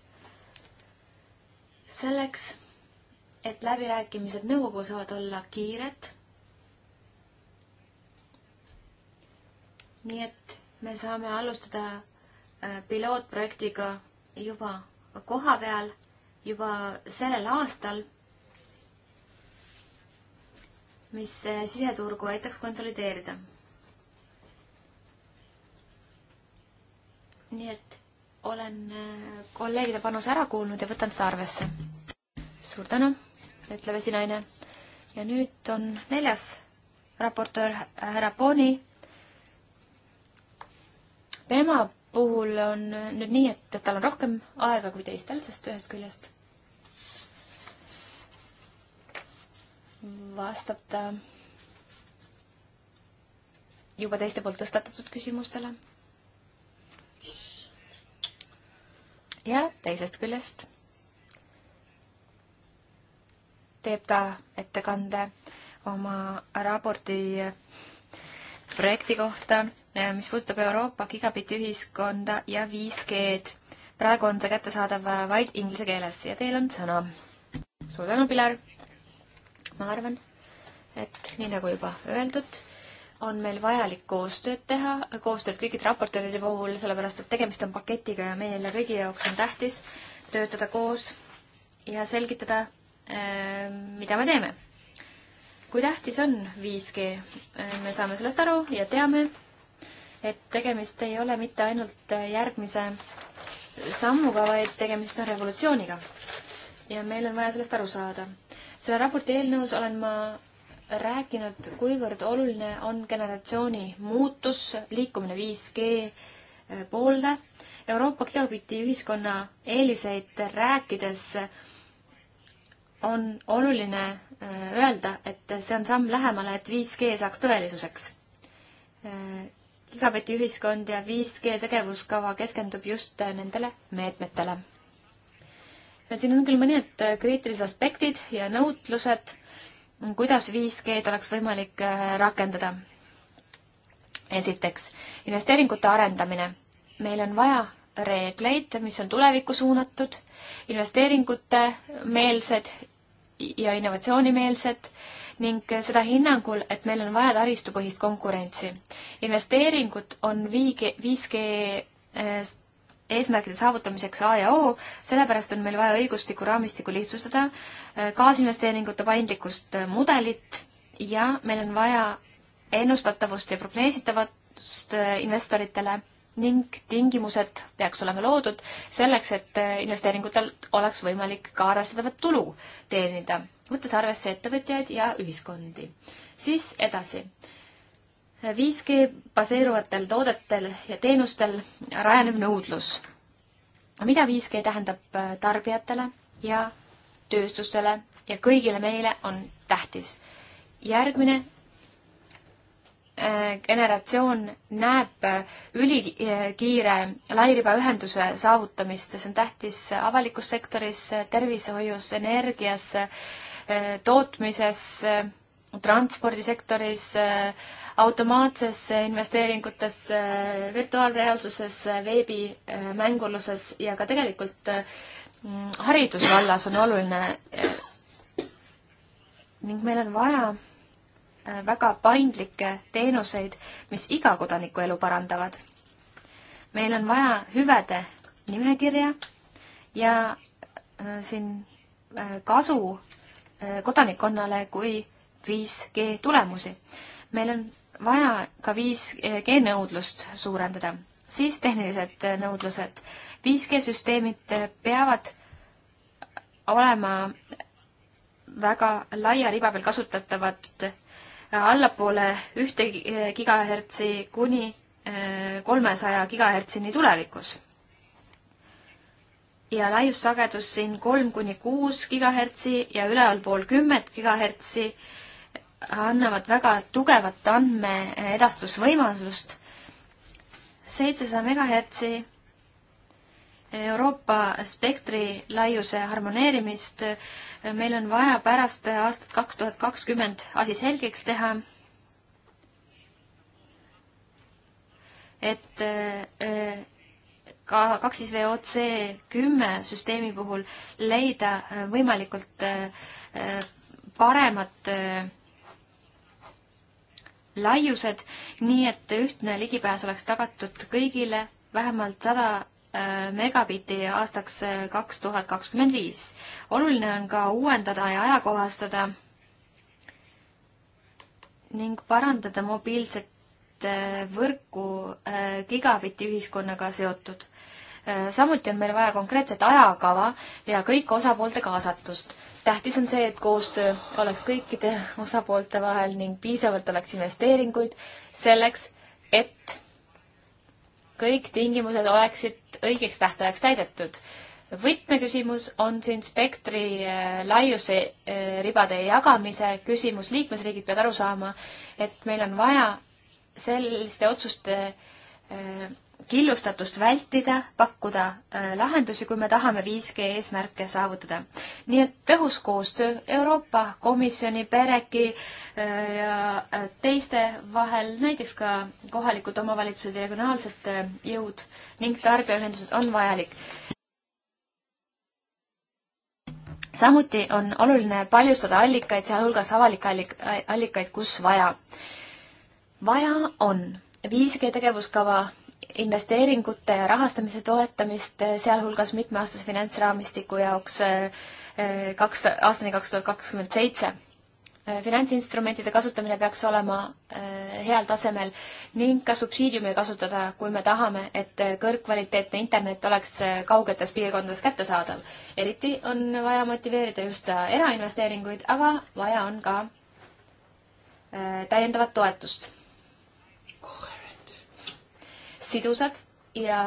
selleks, et läbirääkimised nõukogu saavad olla kiired. nii et me saame alustada äh, pilootprojektiga juba koha peal, juba sellel aastal, mis äh, siseturgu aitaks konsolideerida. nii et olen äh, kolleegide panuse ära kuulnud ja võtan seda arvesse. suur tänu! ütleb esinaine. ja nüüd on neljas raportöör härra Boni. tema puhul on nüüd nii, et tal on rohkem aega kui teistel, sest ühest küljest vastab ta juba teiste poolt tõstatatud küsimustele. ja teisest küljest teeb ta ettekande oma raporti projekti kohta, eh, mis puudutab Euroopa gigabitti-ühiskonda ja 5G-d. praegu on see kättesaadav vaid inglise keeles ja teil on sõna. suur tänu, Pilar! ma arvan, et nii nagu juba öeldud, on meil vajalik koostööd teha, koostööd kõikide raportööride puhul, sellepärast et tegemist on paketiga ja meile kõigi jaoks on tähtis töötada koos ja selgitada Äh, mida me teeme. kui tähtis on 5G, äh, me saame sellest aru ja teame, et tegemist ei ole mitte ainult järgmise sammuga, vaid tegemist on revolutsiooniga. ja meil on vaja sellest aru saada. selle raporti eelnõus olen ma rääkinud, kuivõrd oluline on generatsiooni muutus, liikumine 5G äh, poolde. Euroopa geobitti ühiskonna eeliseid rääkides äh, on oluline äh, öelda, et see on samm lähemale, et 5G saaks tõelisuseks. Äh, gigabetiühiskond ja 5G tegevuskava keskendub just äh, nendele meetmetele. siin on küll mõned kriitilised aspektid ja nõutlused, kuidas 5G-d oleks võimalik rakendada. esiteks, investeeringute arendamine. meil on vaja reegleid, mis on tulevikku suunatud, investeeringute meelsed ja innovatsioonimeelsed ning seda hinnangul, et meil on vaja taristupõhist konkurentsi. investeeringud on 5G, 5G eh, eesmärkide saavutamiseks A ja O, sellepärast on meil vaja õigusliku raamistiku lihtsustada, eh, kaasinvesteeringute paindlikkust eh, mudelit ja meil on vaja ennustatavust ja prognoositavust investoritele ning tingimused peaks olema loodud selleks, et investeeringutel oleks võimalik ka arvestatavat tulu teenida, võttes arvesse ettevõtjaid ja ühiskondi. siis edasi 5G baseeruvatel toodetel ja teenustel rajaneb nõudlus. mida 5G tähendab tarbijatele ja tööstustele ja kõigile meile on tähtis. järgmine generatsioon näeb ülikiire lairibaühenduse saavutamist, see on tähtis avalikus sektoris, tervishoius, energias, tootmises, transpordisektoris, automaatses investeeringutes, virtuaalreaalsuses, veebimänguruses ja ka tegelikult mm, haridusvallas on oluline eh, ning meil on vaja Äh, väga paindlikke teenuseid, mis iga kodaniku elu parandavad. meil on vaja hüvede nimekirja ja äh, siin äh, kasu kodanikkonnale kui 5G tulemusi. meil on vaja ka 5G nõudlust suurendada, siis tehnilised nõudlused. 5G süsteemid peavad olema väga laia riba peal kasutatavad allapoole ühte gigahertsi kuni äh, kolmesaja gigahertsini tulevikus. ja laiussagedus siin kolm kuni kuus gigahertsi ja ülevalpool kümmet gigahertsi annavad väga tugevat andmeedastusvõimalust. seitsesada megahertsi Euroopa spektri laiuse harmoneerimist. meil on vaja pärast aastat kaks tuhat kakskümmend asi selgeks teha. et äh, ka kaksis VOC kümme süsteemi puhul leida äh, võimalikult äh, paremad laiused, nii et ühtne ligipääs oleks tagatud kõigile vähemalt sada Äh, megabitti aastaks kaks äh, tuhat kakskümmend viis. oluline on ka uuendada ja ajakohastada ning parandada mobiilset äh, võrku gigabitti ühiskonnaga seotud. samuti on meil vaja konkreetset ajakava ja kõik osapoolte kaasatust. tähtis on see, et koostöö oleks kõikide osapoolte vahel ning piisavalt oleks investeeringuid selleks, et kõik tingimused oleksid õigeks tähtajaks täidetud. võtmeküsimus on siin spektri eh, laiuse eh, ribade jagamise küsimus. liikmesriigid peavad aru saama, et meil on vaja selliste otsuste eh, killustatust vältida, pakkuda äh, lahendusi, kui me tahame 5G eesmärke saavutada. nii et tõhus koostöö Euroopa Komisjoni, PERECi äh, ja äh, teiste vahel, näiteks ka kohalikud omavalitsused ja regionaalsed jõud ning tarbijaühendused on vajalik. samuti on oluline paljustada allikaid, sealhulgas avalikke allikaid, kus vaja. vaja on 5G tegevuskava investeeringute ja rahastamise toetamist, eh, sealhulgas mitmeaastase finantsraamistiku jaoks eh, eh, kaks, aastani kaks tuhat kakskümmend seitse. finantsinstrumentide kasutamine peaks olema heal tasemel ning ka subsiidiumi kasutada, kui me tahame, et kõrgkvaliteetne internet oleks kaugetes piirkondades kättesaadav. eriti on vaja motiveerida just erainvesteeringuid, aga vaja on ka täiendavat toetust sidusad ja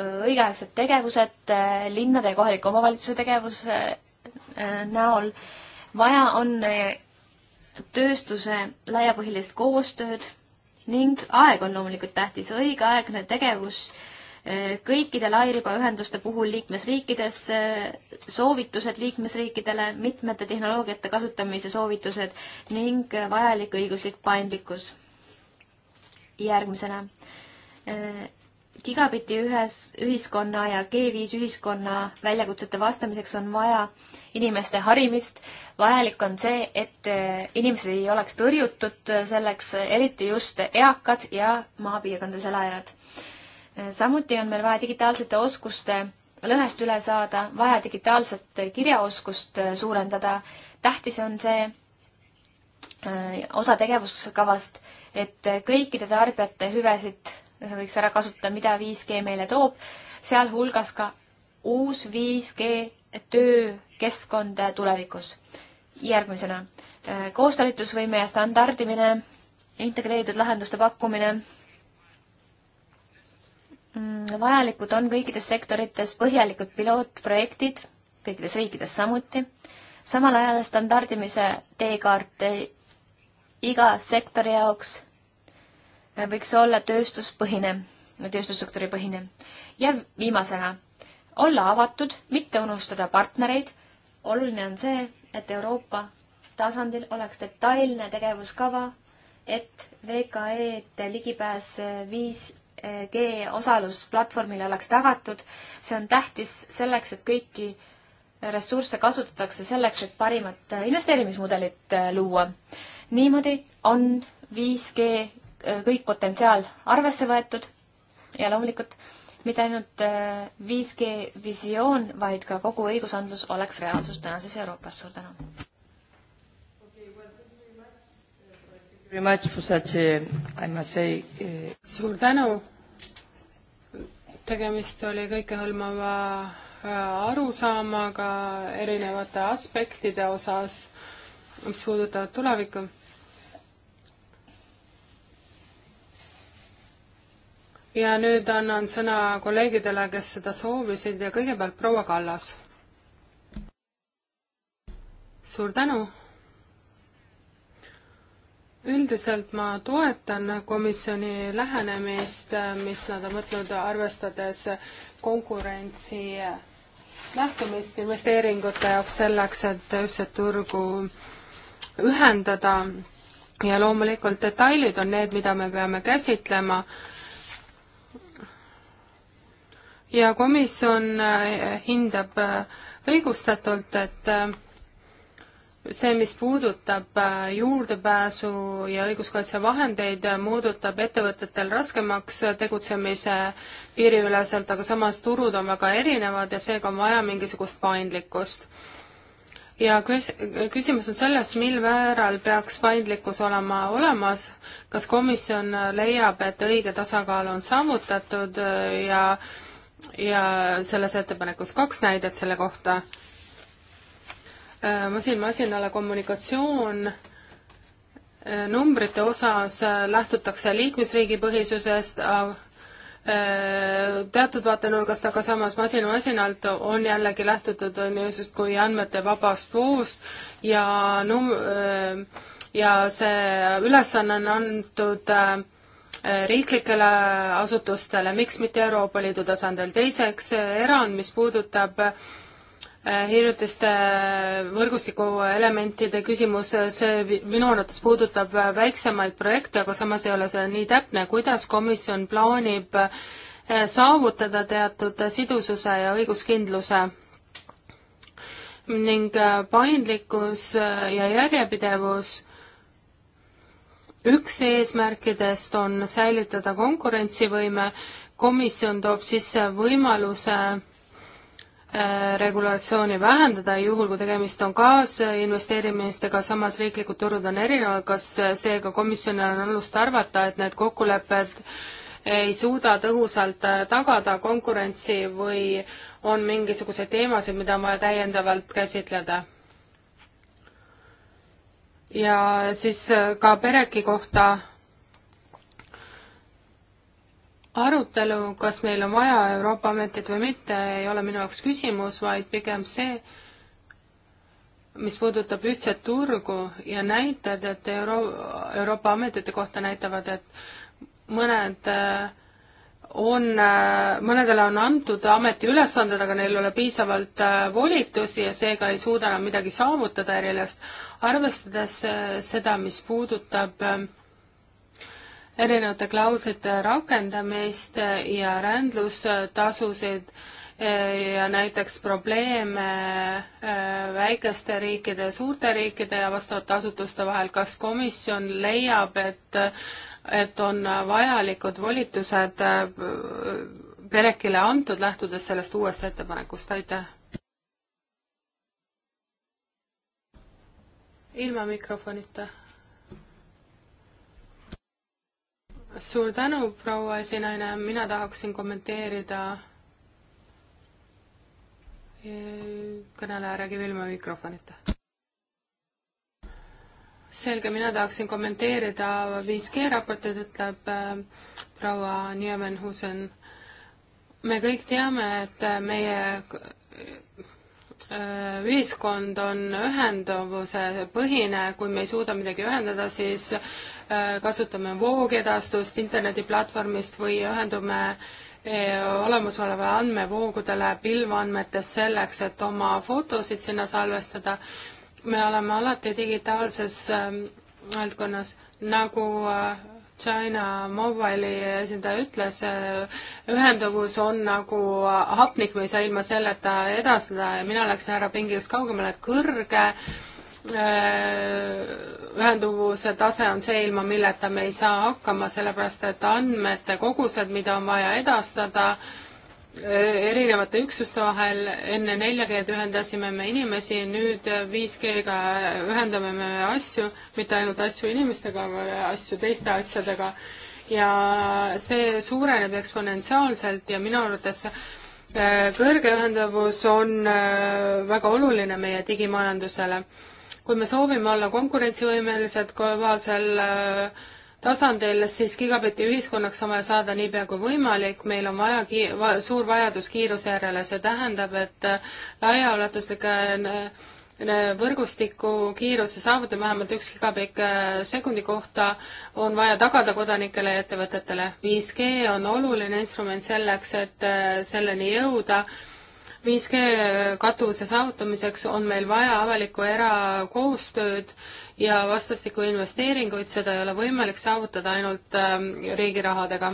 õigeaegsed tegevused äh, linnade ja kohaliku omavalitsuse tegevuse äh, näol. vaja on äh, tööstuse laiapõhjalist koostööd ning aeg on loomulikult tähtis, õigeaegne tegevus kõikide lairibaühenduste puhul liikmesriikides, soovitused liikmesriikidele, mitmete tehnoloogiate kasutamise soovitused ning vajalik õiguslik paindlikkus. järgmisena gigabitti ühes ühiskonna ja G5 ühiskonna väljakutsete vastamiseks on vaja inimeste harimist. vajalik on see, et äh, inimesed ei oleks tõrjutud äh, selleks, äh, eriti just eakad ja maapiirkondades elajad. samuti on meil vaja digitaalsete oskuste lõhest üle saada, vaja digitaalset kirjaoskust suurendada. tähtis on see osa tegevuskavast, et kõikide tarbijate hüvesid võiks ära kasutada, mida 5G meile toob, sealhulgas ka uus 5G töökeskkond tulevikus. järgmisena, äh, koostalitusvõime ja standardimine, integreeritud lahenduste pakkumine, mm, vajalikud on kõikides sektorites põhjalikud pilootprojektid, kõikides riikides samuti, samal ajal standardimise teekaart iga sektori jaoks võiks olla tööstuspõhine, tööstussektori põhine. ja viimasena, olla avatud, mitte unustada partnereid. oluline on see, et Euroopa tasandil oleks detailne tegevuskava, et VKE-d ligipääs viis G osalusplatvormile oleks tagatud. see on tähtis selleks, et kõiki ressursse kasutatakse selleks, et parimat investeerimismudelit äh, luua. niimoodi on 5G kõik potentsiaal arvesse võetud ja loomulikult mitte ainult 5G äh, visioon, vaid ka kogu õigusandlus oleks reaalsus tänases Euroopas. suur tänu! suur tänu! tegemist oli kõikehõlmava äh, arusaamaga erinevate aspektide osas, mis puudutavad tulevikku ja nüüd annan sõna kolleegidele, kes seda soovisid ja kõigepealt proua Kallas. suur tänu! üldiselt ma toetan komisjoni lähenemist, mis nad on võtnud, arvestades konkurentsi lähtumist investeeringute jaoks selleks, et ühtset turgu ühendada ja loomulikult detailid on need, mida me peame käsitlema ja komisjon äh, hindab äh, õigustatult, et äh, see, mis puudutab juurdepääsu ja õiguskaitsevahendeid, muudutab ettevõtetel raskemaks tegutsemise piiriüleselt, aga samas turud on väga erinevad ja seega on vaja mingisugust paindlikkust ja küsimus on selles, mil määral peaks paindlikkus olema olemas, kas komisjon leiab, et õige tasakaal on saavutatud ja ja selles ettepanekus kaks näidet selle kohta. Äh, masin-masinale kommunikatsioon äh, numbrite osas äh, lähtutakse liikmesriigi põhisusest, teatud vaatenurgast, aga samas masina-masinalt on jällegi lähtutud justkui andmete vabast voost ja num-, ja see ülesanne on antud äh, Äh, riiklikele asutustele, miks mitte Euroopa Liidu tasandil. teiseks, äh, erand, mis puudutab äh, hiljutiste võrgustiku elementide küsimus, see minu arvates puudutab väiksemaid projekte, aga samas ei ole see nii täpne, kuidas komisjon plaanib saavutada teatud sidususe ja õiguskindluse ning paindlikkus ja järjepidevus üks eesmärkidest on säilitada konkurentsivõime, komisjon toob sisse võimaluse äh, regulatsiooni vähendada, juhul kui tegemist on kaasinvesteerimistega, samas riiklikud turud on erinevad, kas seega komisjonil on alust arvata, et need kokkulepped ei suuda tõhusalt äh, tagada konkurentsi või on mingisuguseid teemasid, mida on vaja täiendavalt käsitleda? ja siis äh, ka pereki kohta arutelu, kas meil on vaja Euroopa Ametit või mitte, ei ole minu jaoks küsimus, vaid pigem see, mis puudutab ühtset turgu ja näited, et Euro-, Euroopa ametite kohta näitavad, et mõned äh, on, äh, mõnedele on antud ametiülesanded, aga neil ei ole piisavalt volitusi ja seega ei suuda nad midagi saavutada erilist, arvestades äh, seda, mis puudutab äh, erinevate klauslite rakendamist äh, ja rändlustasusid ja näiteks probleeme väikeste riikide ja suurte riikide ja vastavate asutuste vahel, kas komisjon leiab, et, et on vajalikud volitused Perekile antud, lähtudes sellest uuest ettepanekust, aitäh! ilma mikrofonita. suur tänu, proua esinaine, mina tahaksin kommenteerida e, kõneleja räägib ilma mikrofonita. selge, mina tahaksin kommenteerida 5G raportit, ütleb äh, proua Niemenhusen. me kõik teame, et meie Äh, ühiskond on ühenduvuse põhine, kui me ei suuda midagi ühendada, siis äh, kasutame voogedastust internetiplatvormist või ühendume äh, olemasoleva andmevoogudele pilveandmetes selleks, et oma fotosid sinna salvestada. me oleme alati digitaalses ähm, valdkonnas, nagu China Mobile'i esindaja ütles, ühenduvus on nagu hapnik, me ei saa ilma selleta edastada ja mina läksin härra Pingist kaugemale, et kõrge äh, ühenduvuse tase on see, ilma milleta me ei saa hakkama, sellepärast et andmete kogused, mida on vaja edastada, Äh, erinevate üksuste vahel, enne 4G-d ühendasime me inimesi, nüüd 5G-ga ühendame me asju, mitte ainult asju inimestega, asju teiste asjadega ja see suureneb eksponentsiaalselt ja minu arvates äh, kõrge ühendavus on äh, väga oluline meie digimajandusele. kui me soovime olla konkurentsivõimelised globaalsel äh, tasandil, siis gigabitiühiskonnaks on vaja saada niipea kui võimalik, meil on vaja ki-, va, suur vajadus kiiruse järele, see tähendab, et äh, laiaulatuslike äh, äh, võrgustiku kiiruse saavutamine vähemalt üks gigabit sekundi kohta on vaja tagada kodanikele ja ettevõtetele. 5G on oluline instrument selleks, et selleni jõuda 5G katuse saavutamiseks on meil vaja avaliku erakoostööd ja vastastikku investeeringuid, seda ei ole võimalik saavutada ainult ähm, riigi rahadega.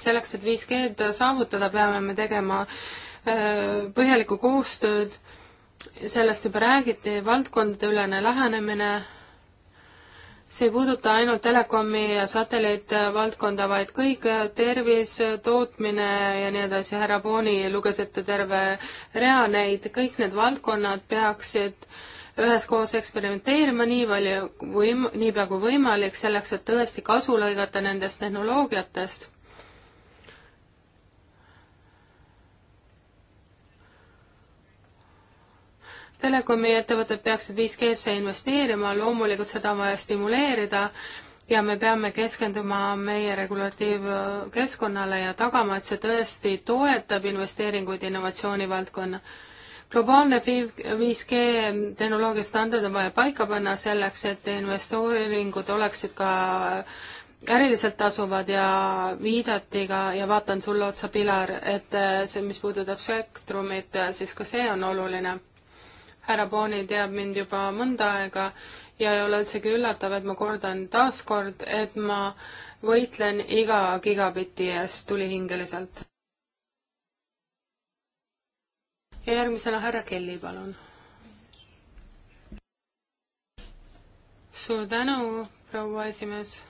selleks, et 5G-d saavutada, peame me tegema äh, põhjalikku koostööd, sellest juba räägiti, valdkondadeülene lähenemine see ei puuduta ainult telekomi ja satelliitvaldkonda, vaid kõik äh, tervis, äh, tootmine ja nii edasi, härra Booni luges ette terve rea neid, kõik need valdkonnad peaksid üheskoos eksperimenteerima nii palju võim-, niipea kui võimalik, selleks et tõesti kasu lõigata nendest tehnoloogiatest telekomi ettevõtted peaksid 5G-sse investeerima, loomulikult seda on vaja stimuleerida ja me peame keskenduma meie regulatiivkeskkonnale ja tagama, et see tõesti toetab investeeringuid innovatsioonivaldkonna. globaalne 5G tehnoloogia standard on vaja paika panna selleks, et investeeringud oleksid ka äriliselt tasuvad ja viidati ka ja vaatan sulle otsa, Pilar, et see, mis puudutab spektrumit, siis ka see on oluline härra Booni teab mind juba mõnda aega ja ei ole üldsegi üllatav, et ma kordan taaskord, et ma võitlen iga gigabitti eest tulihingeliselt. ja järgmisena härra Kelly, palun. suur tänu, proua esimees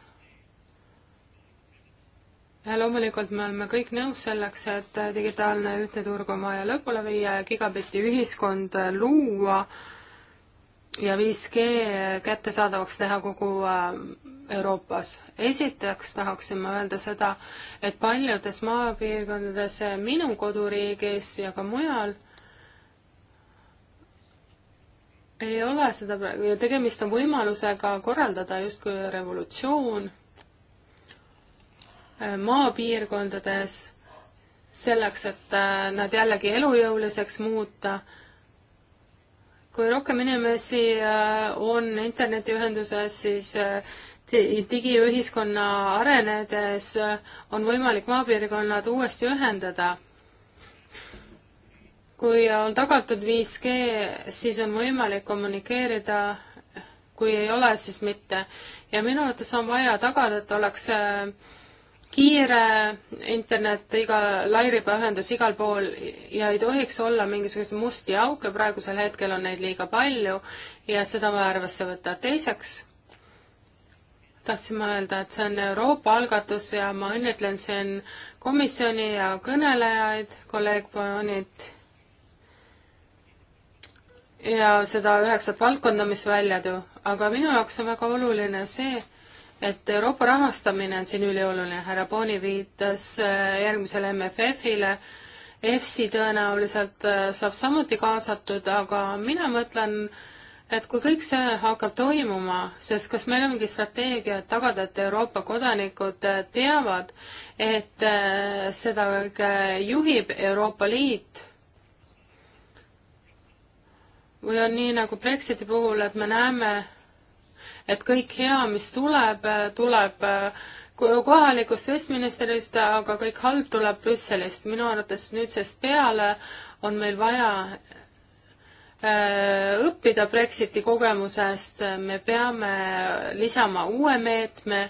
Äh, loomulikult me oleme kõik nõus selleks, et äh, digitaalne ühtne turg on vaja lõpule viia ja gigabitti ühiskond äh, luua ja 5G kättesaadavaks teha kogu Euroopas. esiteks tahaksin ma öelda seda, et paljudes maapiirkondades minu koduriigis ja ka mujal ei ole seda praegu ja tegemist on võimalusega korraldada justkui revolutsioon Äh, maapiirkondades selleks, et äh, nad jällegi elujõuliseks muuta. kui rohkem inimesi äh, on internetiühenduses, siis digiühiskonna arenedes on võimalik maapiirkonnad uuesti ühendada. kui on tagatud 5G, siis on võimalik kommunikeerida, kui ei ole, siis mitte. ja minu arvates on vaja tagada, et oleks äh, kiire internet, iga lairibaühendus igal pool ja ei tohiks olla mingisuguseid musti auke, praegusel hetkel on neid liiga palju ja seda on vaja arvesse võtta. teiseks tahtsin ma öelda, et see on Euroopa algatus ja ma õnnitlen siin komisjoni ja kõnelejaid, kolleeg Bojonit ja seda üheksat valdkonda, mis välja tuli, aga minu jaoks on väga oluline see, et Euroopa rahastamine on siin ülioluline, härra Booni viitas äh, järgmisele MFF-ile, EFSI tõenäoliselt äh, saab samuti kaasatud, aga mina mõtlen, et kui kõik see hakkab toimuma, sest kas meil ongi strateegia, et tagada, et Euroopa kodanikud äh, teavad, et seda juhib Euroopa Liit või on nii nagu Brexiti puhul, et me näeme, et kõik hea, mis tuleb, tuleb äh, kohalikust Westminsterist, aga kõik halb tuleb Brüsselist. minu arvates nüüdsest peale on meil vaja äh, õppida Brexiti kogemusest, me peame lisama uue meetme,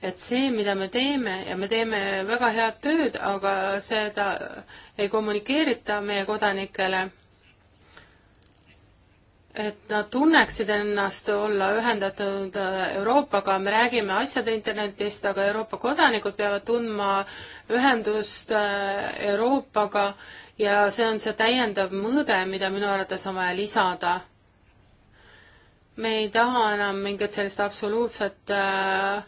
et see, mida me teeme ja me teeme väga head tööd, aga seda ei kommunikeerita meie kodanikele et nad tunneksid ennast olla ühendatud äh, Euroopaga, me räägime asjade internetist, aga Euroopa kodanikud peavad tundma ühendust äh, Euroopaga ja see on see täiendav mõõde, mida minu arvates on vaja lisada. me ei taha enam mingit sellist absoluutset äh,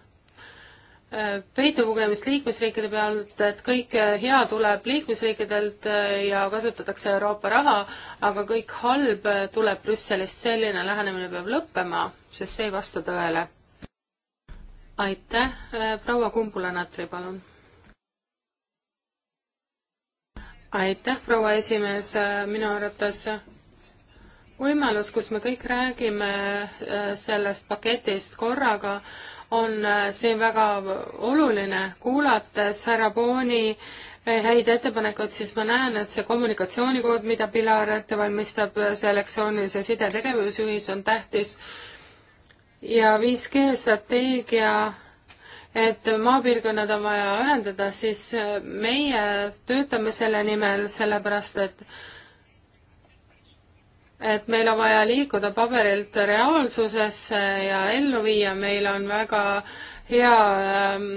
peitupugemist liikmesriikide pealt, et kõik eh, hea tuleb liikmesriikidelt eh, ja kasutatakse Euroopa raha, aga kõik halb eh, tuleb Brüsselist, selline lähenemine peab lõppema, sest see ei vasta tõele. aitäh, proua Kumbula-Natri, palun. aitäh, proua esimees, minu arvates võimalus, kus me kõik räägime sellest paketist korraga, on äh, siin väga oluline, kuulates härra Booni äh, häid ettepanekuid, siis ma näen, et see kommunikatsioonikood, mida Pilar ette valmistab, äh, see elektroonilise side tegevusjuhis on tähtis ja 5G strateegia, et maapiirkonnad on vaja ühendada, siis meie töötame selle nimel, sellepärast et et meil on vaja liikuda paberilt reaalsusesse ja ellu viia, meil on väga hea ähm,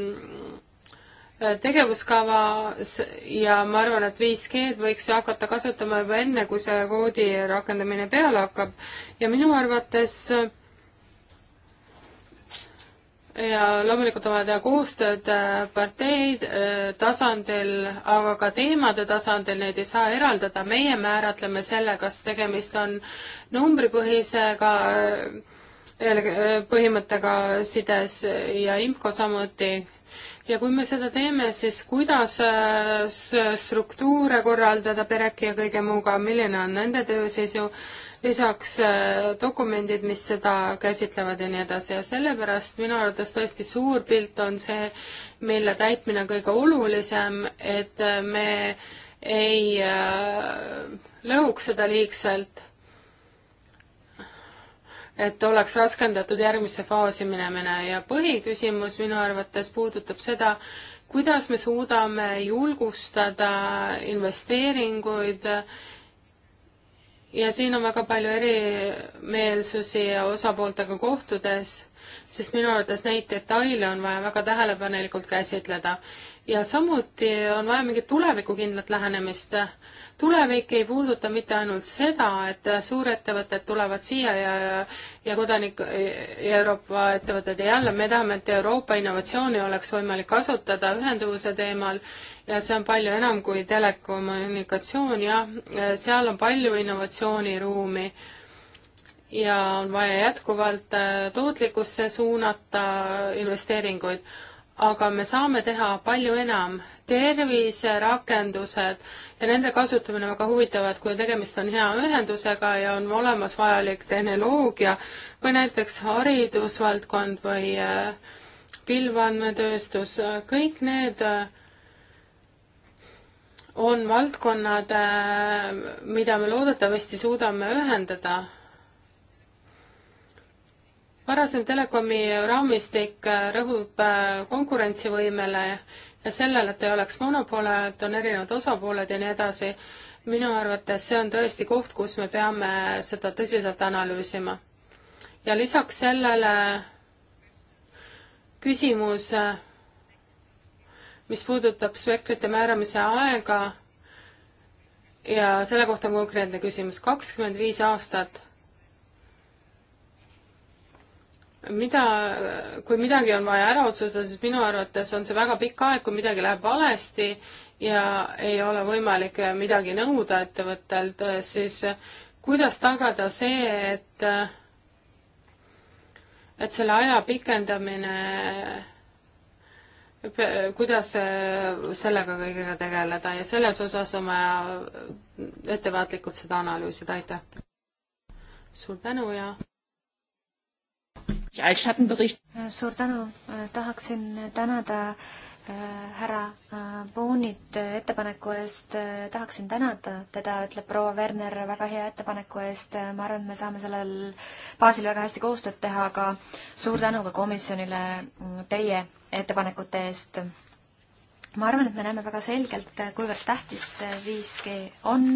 äh, tegevuskavas ja ma arvan, et 5G-d võiks hakata kasutama juba enne, kui see koodi rakendamine peale hakkab ja minu arvates äh, ja loomulikult on vaja teha koostööd äh, partei äh, tasandil, aga ka teemade tasandil, neid ei saa eraldada, meie määratleme selle, kas tegemist on numbripõhisega äh, põhimõttega sides ja IMCO samuti ja kui me seda teeme, siis kuidas struktuure korraldada pereki ja kõige muuga, milline on nende töö sisu lisaks äh, dokumendid, mis seda käsitlevad ja nii edasi ja sellepärast minu arvates tõesti suur pilt on see, mille täitmine kõige olulisem, et äh, me ei äh, lõhuks seda liigselt, et oleks raskendatud järgmisse faasi minemine ja põhiküsimus minu arvates puudutab seda, kuidas me suudame julgustada investeeringuid äh, ja siin on väga palju erimeelsusi osapooltega kohtudes, sest minu arvates neid detaile on vaja väga tähelepanelikult käsitleda. ja samuti on vaja mingit tulevikukindlat lähenemist tulevik ei puuduta mitte ainult seda, et suurettevõtted tulevad siia ja, ja kodanik- ja Euroopa ettevõtted ja jälle me tahame, et Euroopa innovatsiooni oleks võimalik kasutada ühenduvuse teemal ja see on palju enam kui telekommunikatsioon, jah, seal on palju innovatsiooniruumi ja on vaja jätkuvalt tootlikkusse suunata investeeringuid aga me saame teha palju enam. terviserakendused ja nende kasutamine väga huvitavad, kui tegemist on hea ühendusega ja on olemas vajalik tehnoloogia või näiteks haridusvaldkond või äh, pilveandmetööstus, kõik need äh, on valdkonnad, äh, mida me loodetavasti suudame ühendada varasem telekomi raamistik äh, rõhub äh, konkurentsivõimele ja sellele, et ei oleks monopole, et on erinevad osapooled ja nii edasi. minu arvates see on tõesti koht, kus me peame seda tõsiselt analüüsima. ja lisaks sellele küsimus, äh, mis puudutab spektrite määramise aega ja selle kohta on konkreetne küsimus, kakskümmend viis aastat mida, kui midagi on vaja ära otsustada, siis minu arvates on see väga pikk aeg, kui midagi läheb valesti ja ei ole võimalik midagi nõuda ettevõttelt, siis kuidas tagada see, et, et selle aja pikendamine, kuidas sellega kõigega tegeleda ja selles osas on vaja ettevaatlikult seda analüüsida, aitäh! suur tänu ja suur tänu, tahaksin tänada äh, härra äh, Boonit ettepaneku eest, tahaksin tänada teda, ütleb proua Werner, väga hea ettepaneku eest, ma arvan, et me saame sellel baasil väga hästi koostööd teha, aga suur tänu ka komisjonile mm, teie ettepanekute eest. ma arvan, et me näeme väga selgelt, kuivõrd tähtis 5G on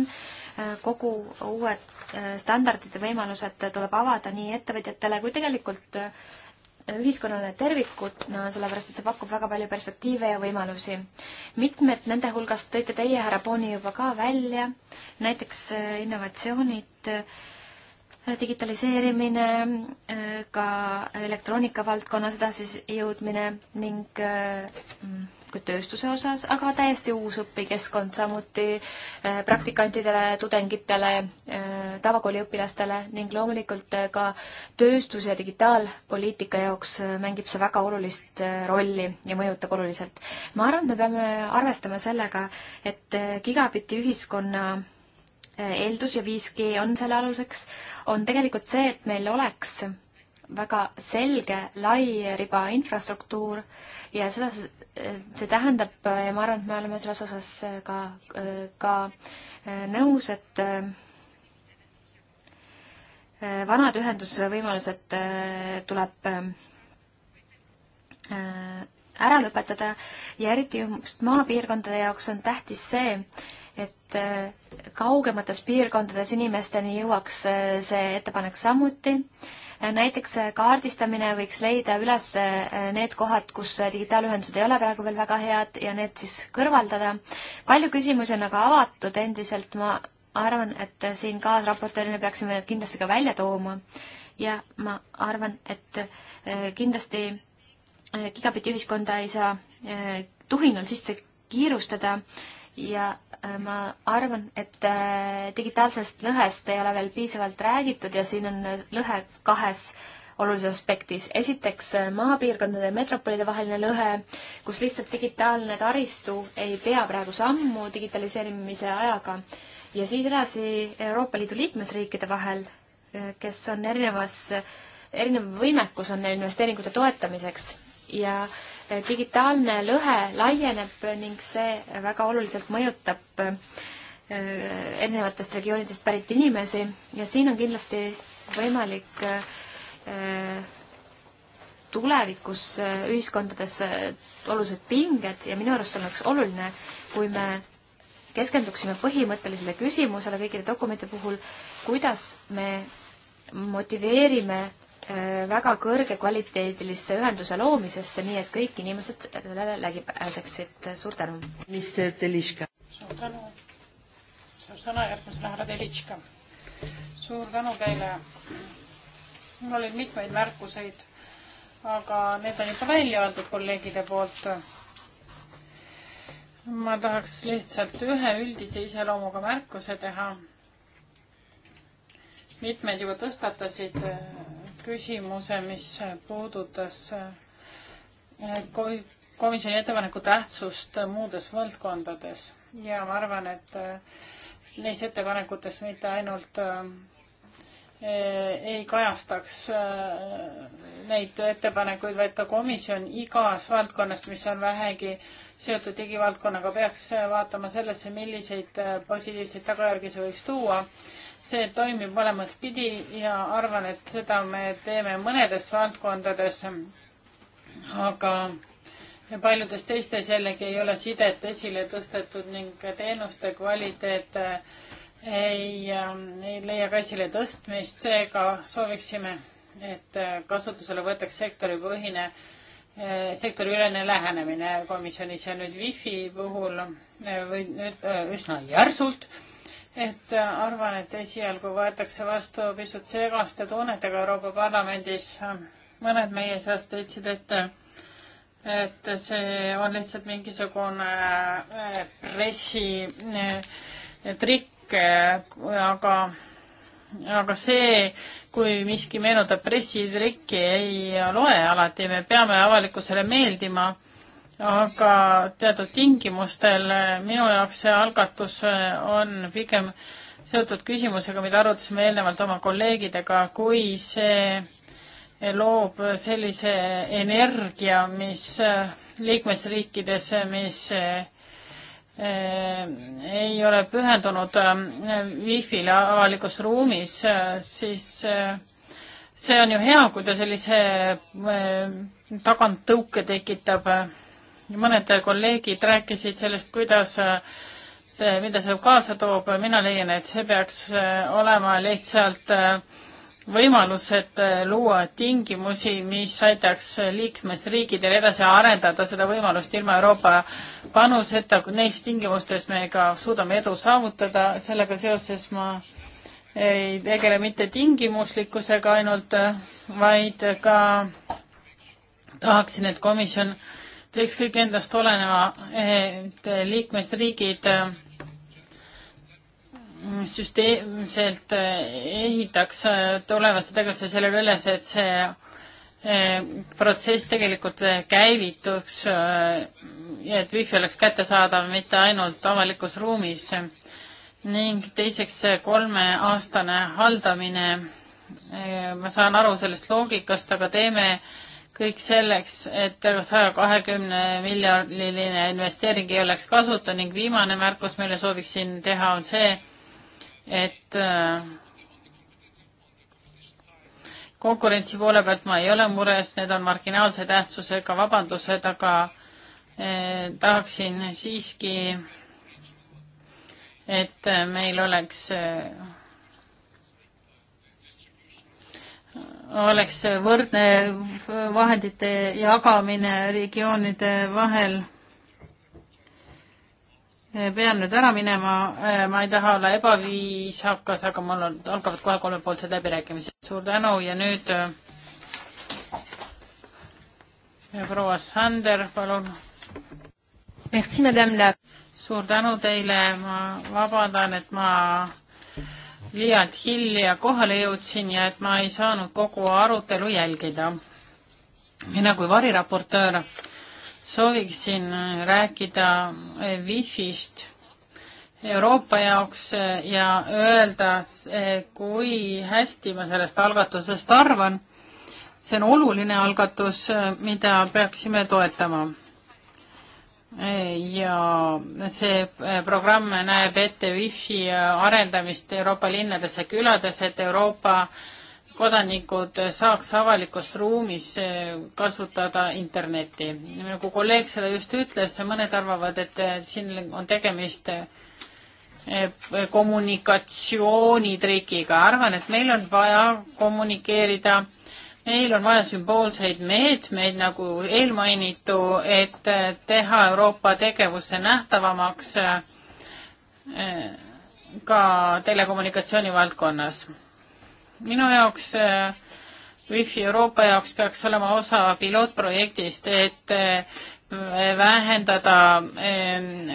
Äh, kogu uued äh, standardid ja võimalused tuleb avada nii ettevõtjatele kui tegelikult äh, ühiskonnale tervikuna, sellepärast et see pakub väga palju perspektiive ja võimalusi. mitmed nende hulgast tõite teie, härra Boni, juba ka välja, näiteks innovatsioonid äh,, digitaliseerimine, äh, ka elektroonika valdkonnas edasijõudmine ning äh, mm, ka tööstuse osas, aga täiesti uus õpikeskkond samuti äh, praktikantidele, tudengitele, tavakooliõpilastele ning loomulikult ka tööstus- ja digitaalpoliitika jaoks mängib see väga olulist rolli ja mõjutab oluliselt. ma arvan, et me peame arvestama sellega, et gigabitti ühiskonna eeldus ja 5G on selle aluseks, on tegelikult see, et meil oleks väga selge lai riba infrastruktuur ja seda see tähendab ja ma arvan, et me oleme selles osas ka, ka nõus, et äh, vanad ühendusvõimalused äh, tuleb äh, ära lõpetada ja eriti just maapiirkondade jaoks on tähtis see, et äh, kaugemates piirkondades inimesteni jõuaks äh, see ettepanek samuti. Äh, näiteks kaardistamine võiks leida üles need kohad, kus digitaalühendused ei ole praegu veel väga head ja need siis kõrvaldada. palju küsimusi on aga avatud endiselt, ma arvan, et siin kaasraportöörina peaksime need kindlasti ka välja tooma ja ma arvan, et kindlasti gigabitti ühiskonda ei saa tuhinal sisse kiirustada ja äh, ma arvan, et äh, digitaalsest lõhest ei ole veel piisavalt räägitud ja siin on äh, lõhe kahes olulises aspektis. esiteks maapiirkondade ja metropolide vaheline lõhe, kus lihtsalt digitaalne taristu ei pea praegu sammu digitaliseerimise ajaga ja siis edasi Euroopa Liidu liikmesriikide vahel, kes on erinevas, erinev võimekus on neil investeeringute toetamiseks ja äh, digitaalne lõhe laieneb ning see väga oluliselt mõjutab äh, erinevatest regioonidest pärit inimesi ja siin on kindlasti võimalik äh, tulevikus äh, ühiskondades olulised pinged ja minu arust oleks oluline, kui me keskenduksime põhimõttelisele küsimusele kõikide dokumente puhul, kuidas me motiveerime Äh, väga kõrgekvaliteedilisse ühenduse loomisesse, nii et kõik inimesed sellele läbi pääseksid. suur tänu. minister Telitška. suur tänu. saab sõna järgmisele härra Telitška. suur tänu teile. mul oli mitmeid märkuseid, aga need on juba välja öeldud kolleegide poolt. ma tahaks lihtsalt ühe üldise iseloomuga märkuse teha mitmed juba tõstatasid küsimuse, mis puudutas eh, komisjoni ettepaneku tähtsust muudes valdkondades ja ma arvan, et eh, neis ettepanekutes mitte ainult eh, ei kajastaks neid ettepanekuid, vaid ka komisjon igas valdkonnas, mis on vähegi seotud digivaldkonnaga, peaks vaatama sellesse, milliseid positiivseid tagajärgi see võiks tuua see toimib mõlemat pidi ja arvan, et seda me teeme mõnedes valdkondades, aga paljudes teistes jällegi ei ole sidet esile tõstetud ning teenuste kvaliteet ei, ei leia ka esile tõstmist, seega sooviksime, et kasutusele võetaks sektoripõhine, sektoriülene lähenemine komisjonis ja nüüd wifi puhul või nüüd üsna järsult äh, et äh, arvan, et esialgu võetakse vastu pisut segaste tunnetega Euroopa Parlamendis. mõned meie seast leidsid, et, et see on lihtsalt mingisugune äh, pressitrikk, äh, aga, aga see, kui miski meenutab pressitrikki, ei loe alati, me peame avalikkusele meeldima aga teatud tingimustel eh, minu jaoks see algatus eh, on pigem seotud küsimusega, mida arutasime eelnevalt oma kolleegidega, kui see eh, loob sellise energia, mis liikmesriikides, mis ei ole pühendunud wifi'le avalikus ruumis, siis see on ju hea, kui ta sellise taganttõuke tekitab mõned kolleegid rääkisid sellest, kuidas äh, see, mida see kaasa toob, mina leian, et see peaks äh, olema lihtsalt äh, võimalus, et luua tingimusi, mis aitaks liikmesriikidel edasi arendada seda võimalust ilma Euroopa panuseta, kui neis tingimustes me ka suudame edu saavutada, sellega seoses ma ei tegele mitte tingimuslikkusega ainult, vaid ka tahaksin, et komisjon äh, teeks kõik endast oleneva, et liikmesriigid mm, süsteemselt eh, ehitaks eh, tulevaste tegevuste selle üles, et see eh, protsess tegelikult käivituks ja et wifi oleks kättesaadav mitte ainult avalikus ruumis ning teiseks kolmeaastane haldamine. ma saan aru sellest loogikast, aga teeme kõik selleks, et saja kahekümne miljoniline investeering ei oleks kasutu ning viimane märkus, mille sooviksin teha, on see, et äh, konkurentsi poole pealt ma ei ole mures, need on marginaalse tähtsusega vabandused, aga eh, tahaksin siiski, et meil oleks eh, oleks võrdne vahendite jagamine regioonide vahel. pean nüüd ära minema, ma ei taha olla ebaviisakas, aga mul on, algavad kohe kolmepoolsed läbirääkimised. suur tänu ja nüüd äh, proua Sander, palun. suur tänu teile, ma vabandan, et ma liialt hilja kohale jõudsin ja et ma ei saanud kogu arutelu jälgida. mina kui variraportöör sooviksin rääkida eh, Wi-Fi-st Euroopa jaoks eh, ja öelda, eh, kui hästi ma sellest algatusest arvan. see on oluline algatus, mida peaksime toetama ja see eh, programm näeb ette wifi eh, arendamist Euroopa linnades ja külades, et Euroopa kodanikud saaks avalikus ruumis eh, kasutada Internetti. nagu kolleeg seda just ütles, mõned arvavad, et siin on tegemist kommunikatsioonitrikiga. arvan, et meil on vaja kommunikeerida äh, Neil on vaja sümboolseid meetmeid, nagu eelmainitu, et äh, teha Euroopa tegevuse nähtavamaks äh, ka telekommunikatsiooni valdkonnas. minu jaoks äh, Wi-Fi Euroopa jaoks peaks olema osa pilootprojektist, et vähendada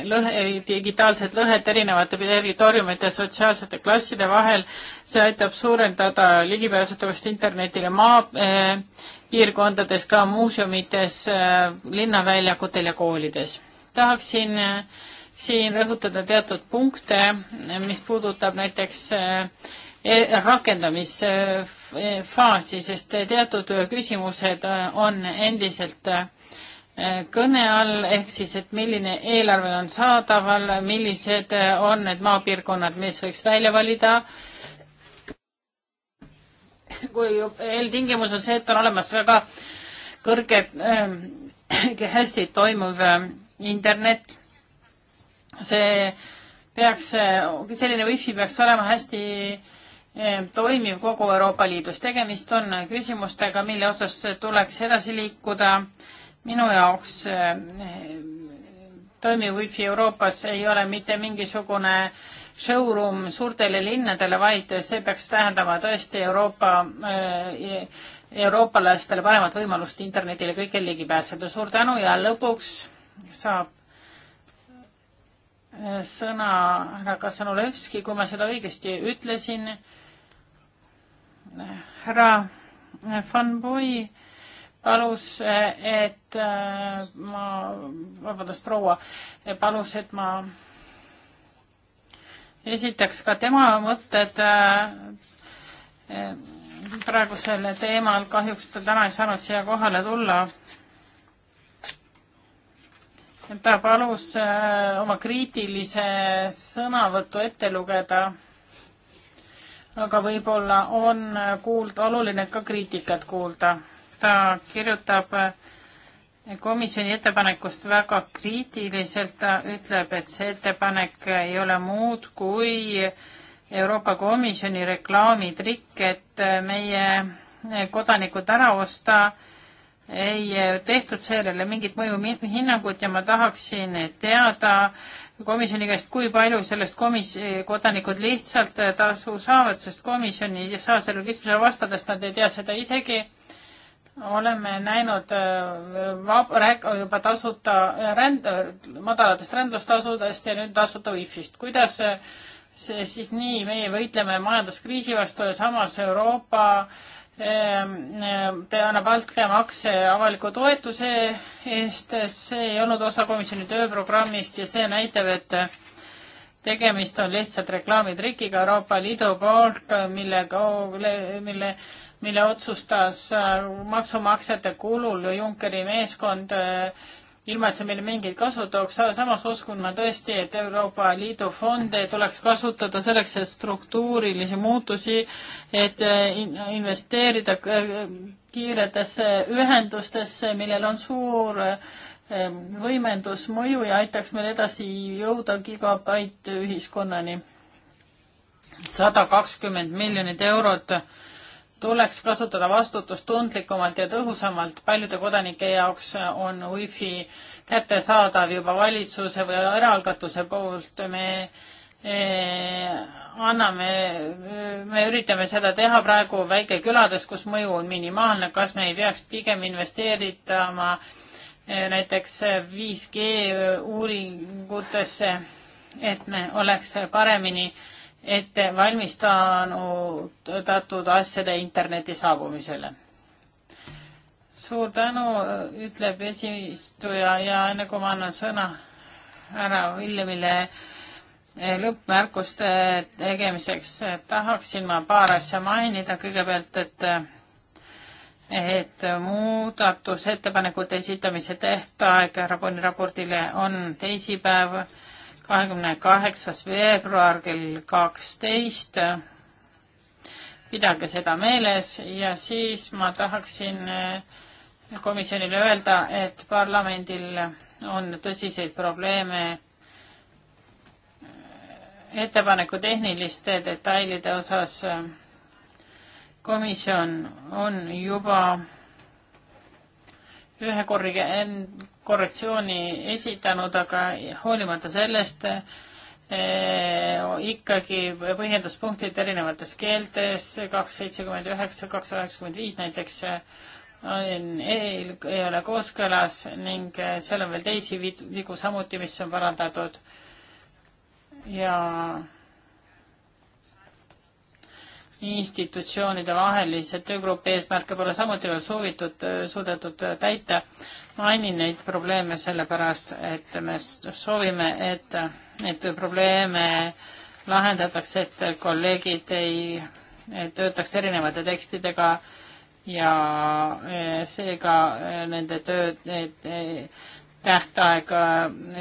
lõhe, digitaalset lõhet erinevate territooriumite ja sotsiaalsete klasside vahel. see aitab suurendada ligipääsetavust internetile maapiirkondades, e, ka muuseumides, e, linnaväljakutel ja koolides. tahaksin e, siin rõhutada teatud punkte, mis puudutab näiteks rakendamisfaasi, sest teatud küsimused on endiselt Eh, kõne all, ehk siis, et milline eelarve on saadaval, millised eh, on need maapiirkonnad, mis võiks välja valida. kui eeltingimus on see, et on olemas väga kõrge äh,, hästi toimuv äh, internet, see peaks, selline wifi peaks olema hästi toimiv kogu Euroopa Liidus. tegemist on küsimustega, mille osas tuleks edasi liikuda äh, minu jaoks eh, toimiv Wi-Fi Euroopas ei ole mitte mingisugune showroom suurtele linnadele, vaid see peaks tähendama tõesti Euroopa, eh, eurooplastele paremat võimalust internetile kõigil ligi pääseda. suur tänu ja lõpuks saab eh, sõna härra Kasanulevski, kui ma seda õigesti ütlesin. härra Fanboi palus, et äh, ma, vabandust, proua palus, et ma esitaks ka tema mõtted äh, äh, praegusel teemal, kahjuks ta täna ei saanud siia kohale tulla. ta palus oma kriitilise sõnavõtu ette lugeda aga võib-olla on kuulda, oluline ka kriitikat kuulda ta kirjutab eh, komisjoni ettepanekust väga kriitiliselt, ta ütleb, et see ettepanek ei ole muud kui Euroopa Komisjoni reklaamitrikk, et eh, meie eh, kodanikud ära osta, ei tehtud sellele mingit mõjuhinnangut ja ma tahaksin teada komisjoni käest, kui palju sellest komis-, kodanikud lihtsalt tasu saavad, sest komisjon ei saa sellele küsimusele vastata, sest nad ei tea seda isegi oleme näinud äh, vab-, rääk-, juba tasuta ränd-, madalatest rändlustasudest ja nüüd tasuta wifi'st. kuidas see siis nii, meie võitleme majanduskriisi vastu ja samas Euroopa ähm, äh, ta annab altkäemakse avaliku toetuse eest, see ei olnud osa komisjoni tööprogrammist ja see näitab, et tegemist on lihtsalt reklaamitrikiga Euroopa Liidu poolt, millega, mille, mille mille otsustas äh, maksumaksjate kulul Junckeri meeskond äh, ilma, et see meile mingit kasu tooks, samas uskun ma tõesti, et Euroopa Liidu fonde tuleks kasutada selleks, et struktuurilisi muutusi, et äh, investeerida kiiretesse ühendustesse, millel on suur võimendusmõju ja aitaks meil edasi jõuda gigabait ühiskonnani. sada kakskümmend miljonit eurot tuleks kasutada vastutustundlikumalt ja tõhusamalt. paljude kodanike jaoks on wifi kättesaadav juba valitsuse või eraalgatuse poolt. me e, anname, me üritame seda teha praegu väikekülades, kus mõju on minimaalne. kas me ei peaks pigem investeeritama e, näiteks 5G uuringutesse, et me oleks paremini äh, ettevalmistanud asjade interneti saabumisele. suur tänu, ütleb esistuja ja enne kui ma annan sõna härra Villemile eh, lõppmärkuste tegemiseks eh, tahaksin ma paar asja mainida. kõigepealt, et eh, et muudatusettepanekute esitamise tähtaeg härra Bonni raportile on teisipäev kahekümne kaheksas veebruar kell kaksteist. pidage seda meeles ja siis ma tahaksin eh, komisjonile öelda, et parlamendil on tõsiseid probleeme eh, ettepaneku tehniliste detailide osas. komisjon on juba ühe korrige-, korrektsiooni esitanud, aga hoolimata sellest eh, ikkagi põhjenduspunktid erinevates keeltes, kaks seitsekümmend üheksa, kaks üheksakümmend viis näiteks, on, ei, ei ole kooskõlas ning seal on veel teisi vigu samuti, mis on parandatud ja institutsioonide vahelised töögrupi eesmärke pole samuti veel soovitud, suudetud täita. mainin neid probleeme sellepärast, et me soovime, et, et probleeme lahendatakse, et kolleegid ei töötaks erinevate tekstidega ja e, seega e, nende töö e, tähtaeg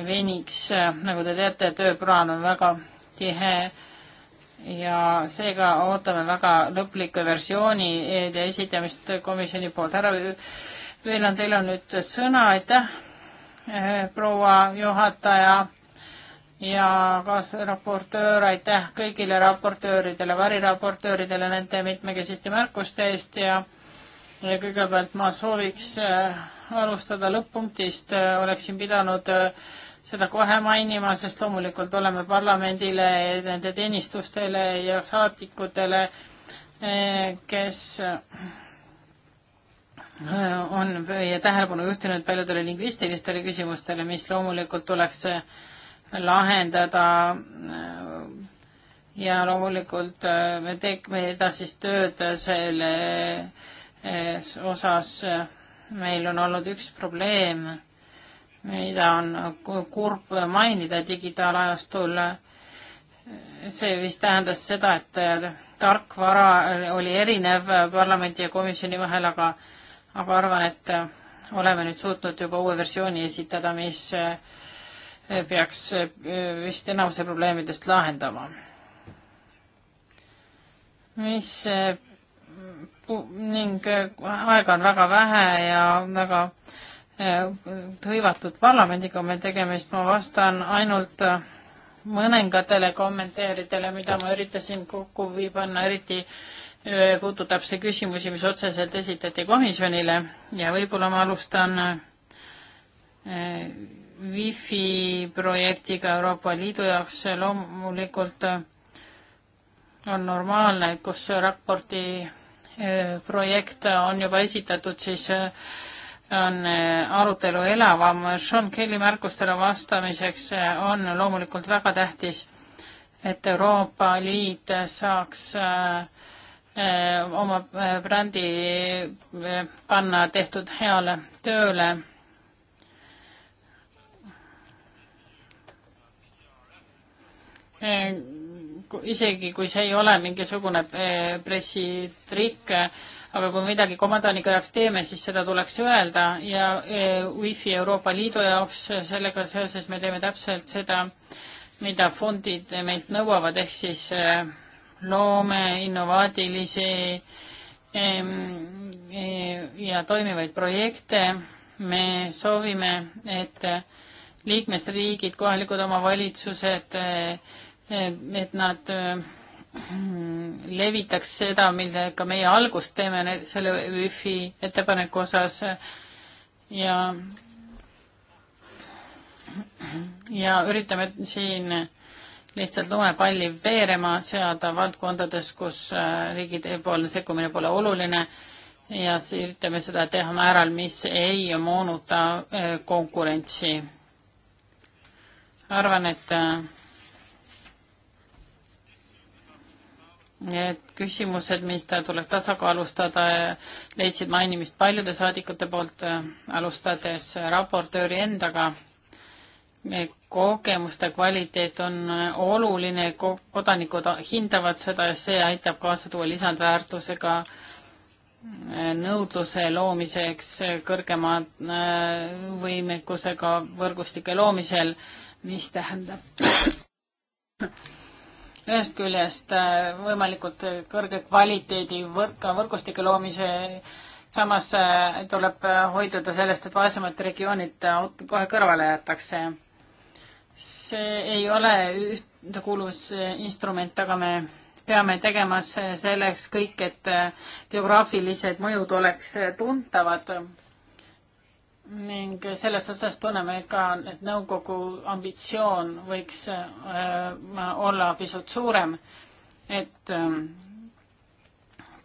veniks, nagu te teate, tööplaan on väga tihe ja seega ootame väga lõplikku versiooni esitamist komisjoni poolt. härra Veelan, teil on nüüd sõna, aitäh, eh, proua juhataja ja kaasraportöör, aitäh kõigile raportööridele, variraportööridele nende mitmekesiste märkuste eest ja ja kõigepealt ma sooviks eh, alustada lõpp-punktist, oleksin pidanud äh, seda kohe mainima, sest loomulikult oleme parlamendile, nende teenistustele ja saadikutele, eh, kes eh, on meie tähelepanu juhtinud paljudele lingvistilistele küsimustele, mis loomulikult tuleks eh, lahendada ja loomulikult me teeme edasist tööd selle osas. meil on olnud üks probleem mida on kurb mainida digitaalajastul. see vist tähendas seda, et tarkvara oli erinev parlamendi ja komisjoni vahel, aga, aga arvan, et oleme nüüd suutnud juba uue versiooni esitada, mis peaks vist enamuse probleemidest lahendama. mis ning aega on väga vähe ja väga äh, hõivatud parlamendiga on meil tegemist, ma vastan ainult äh, mõningatele kommentaaridele, mida ma üritasin kokku vii panna, eriti äh, puudutab see küsimusi, mis otseselt esitati komisjonile ja võib-olla ma alustan äh, Wi-Fi projektiga Euroopa Liidu jaoks loomulikult on normaalne, kus raporti projekt on juba esitatud, siis on äh, arutelu elavam. Sean Kelly märkustele vastamiseks äh, on loomulikult väga tähtis, et Euroopa Liit saaks äh, oma brändi panna tehtud heale tööle. isegi kui see ei ole mingisugune pressitrikk aga kui midagi komandaniga jaoks teeme, siis seda tuleks öelda ja e, Wi-Fi Euroopa Liidu jaoks e, sellega seoses me teeme täpselt seda, mida fondid e meilt nõuavad, ehk siis loome innovaatilisi ja toimivaid projekte. me soovime, et liikmesriigid, kohalikud omavalitsused, et nad Mm, levitaks seda, millega meie algust teeme selle wifi ettepaneku osas ja ja üritame siin lihtsalt lumepalli veerema seada valdkondades, kus äh, riigiteepoolne sekkumine pole oluline ja üritame seda teha määral, mis ei moonuta äh, konkurentsi. arvan, et äh, Need küsimused, mis tuleb tasakaalustada, leidsid mainimist paljude saadikute poolt, alustades raportööri endaga. kogemuste kvaliteet on oluline, kodanikud hindavad seda ja see aitab kaasa tuua lisandväärtusega nõudluse loomiseks, kõrgema äh, võimekusega võrgustike loomisel, mis tähendab ühest küljest äh, võimalikult kõrge kvaliteedi võrk, võrgustike loomise samas äh, tuleb äh, hoiduda sellest, et vaesemad regioonid kohe kõrvale jätakse. see ei ole ühtekuuluvusinstrument, aga me peame tegema selleks kõik, et geograafilised mõjud oleks tuntavad ning selles osas tunneme ka, et nõukogu ambitsioon võiks äh, olla pisut suurem, et äh,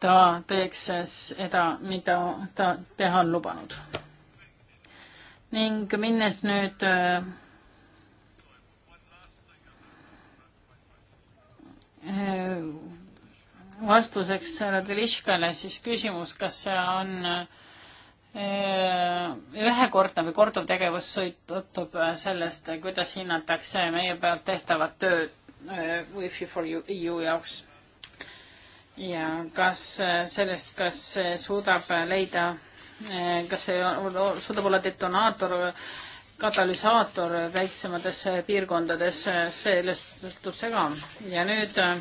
ta teeks seda, mida ta teha on lubanud. ning minnes nüüd äh, vastuseks härra Deliškale siis küsimus, kas see on äh, ühekordne või korduv tegevus sõltub äh, sellest, äh, kuidas hinnatakse meie pealt tehtavat tööd äh, Wi-Fi for EU e jaoks. ja kas sellest, kas see suudab leida, kas see suudab olla detonaator, katalüsaator väiksemates piirkondades, sellest sõltub see ka. ja nüüd äh,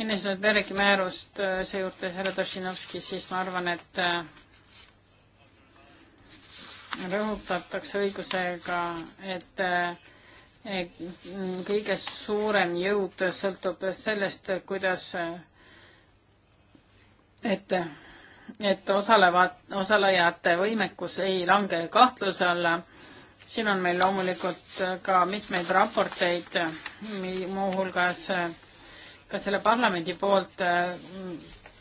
kinnised Bergi määrust, äh, see juurde härra Tošinovski, siis ma arvan, et äh, rõhutatakse õigusega, et äh, mm, kõige suurem jõud sõltub sellest, kuidas, et, et osalevad, osalejate võimekus ei lange kahtluse alla. siin on meil loomulikult ka mitmeid raporteid, muuhulgas ka selle parlamendi poolt, äh,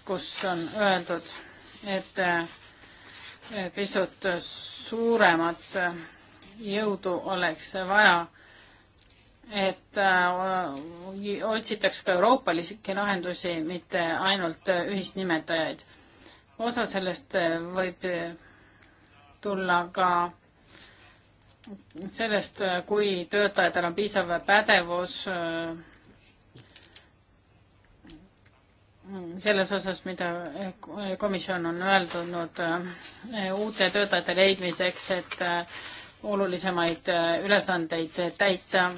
kus on öeldud, et äh, pisut suuremat äh, jõudu oleks vaja, et otsitaks ka euroopalisi lahendusi, mitte ainult ühisnimetajaid. osa sellest võib tulla ka sellest, kui töötajatel on piisav pädevus selles osas, mida eh, komisjon on öeldud eh, uute töötajate leidmiseks, et eh, olulisemaid ülesandeid täita.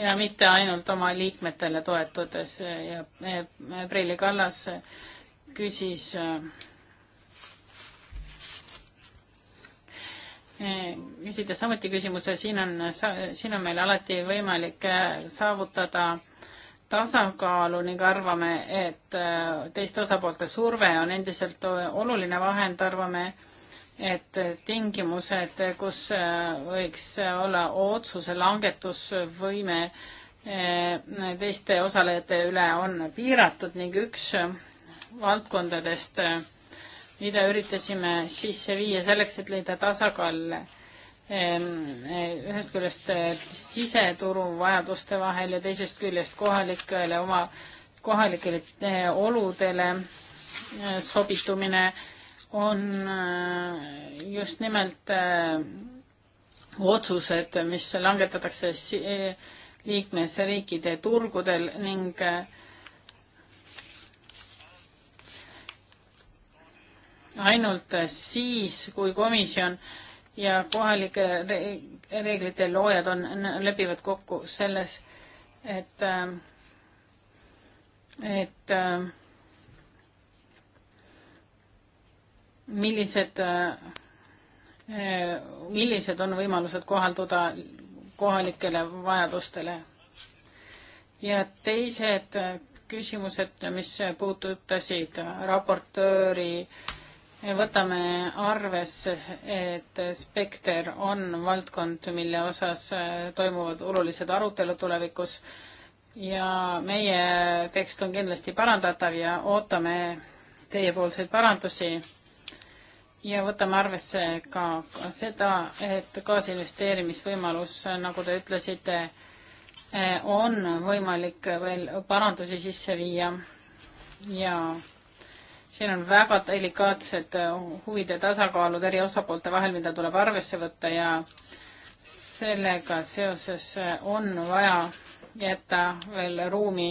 ja mitte ainult oma liikmetele toetudes ja Preili Kallas küsis äh, Äh, esitas samuti küsimuse, siin on, siin on meil alati võimalik äh, saavutada tasakaalu ning arvame, et äh, teiste osapoolte surve on endiselt oluline vahend, arvame, et tingimused, kus võiks olla otsuse langetusvõime teiste osalejate üle, on piiratud ning üks valdkondadest mida üritasime sisse viia selleks, et leida tasakaal ehm, eh, ühest küljest eh, siseturu vajaduste vahel ja teisest küljest kohalikele oma, kohalikele eh, oludele sobitumine on just nimelt otsused, mis langetatakse liikmesriikide turgudel ning äh, ainult siis, kui komisjon ja kohalike reeglite loojad on, lepivad kokku selles, et, äh, et äh, millised, äh, millised on võimalused kohalduda kohalikele vajadustele. ja teised küsimused, mis puudutasid raportööri äh, võtame arvesse, et spekter on valdkond, mille osas äh, toimuvad olulised arutelud tulevikus ja meie tekst on kindlasti parandatav ja ootame teiepoolseid parandusi ja võtame arvesse ka, ka seda, et kaasinvesteerimisvõimalus, äh, nagu te ütlesite, äh, on võimalik veel parandusi sisse viia ja siin on väga delikaatsed äh, huvide tasakaalud eri osapoolte vahel, mida tuleb arvesse võtta ja sellega seoses äh, on vaja jätta veel ruumi,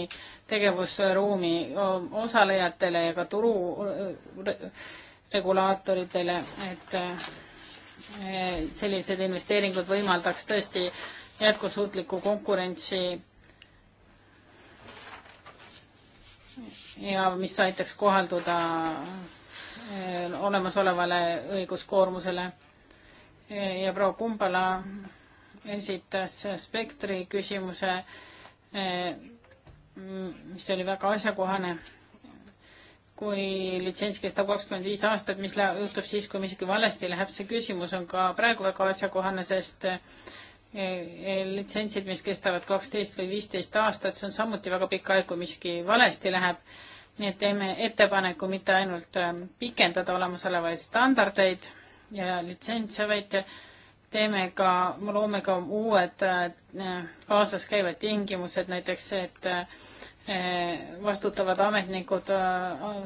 tegevusruumi äh, osalejatele ja ka turu regulaatoritele, et sellised investeeringud võimaldaks tõesti jätkusuutlikku konkurentsi ja mis aitaks kohalduda eh, olemasolevale õiguskoormusele. Eh, ja proua Kumbala esitas spektri küsimuse, eh, mis oli väga asjakohane. kui litsents kestab kakskümmend viis aastat, mis juhtub siis, kui miski valesti läheb, see küsimus on ka praegu väga asjakohane, sest äh, Äh, äh, litsentsid, mis kestavad kaksteist või viisteist aastat, see on samuti väga pikk aeg, kui miski valesti läheb. nii et teeme ettepaneku mitte ainult ähm, pikendada olemasolevaid standardeid ja litsentse, vaid teeme ka, loome ka uued äh, kaasas käivad tingimused, näiteks et vastutavad ametnikud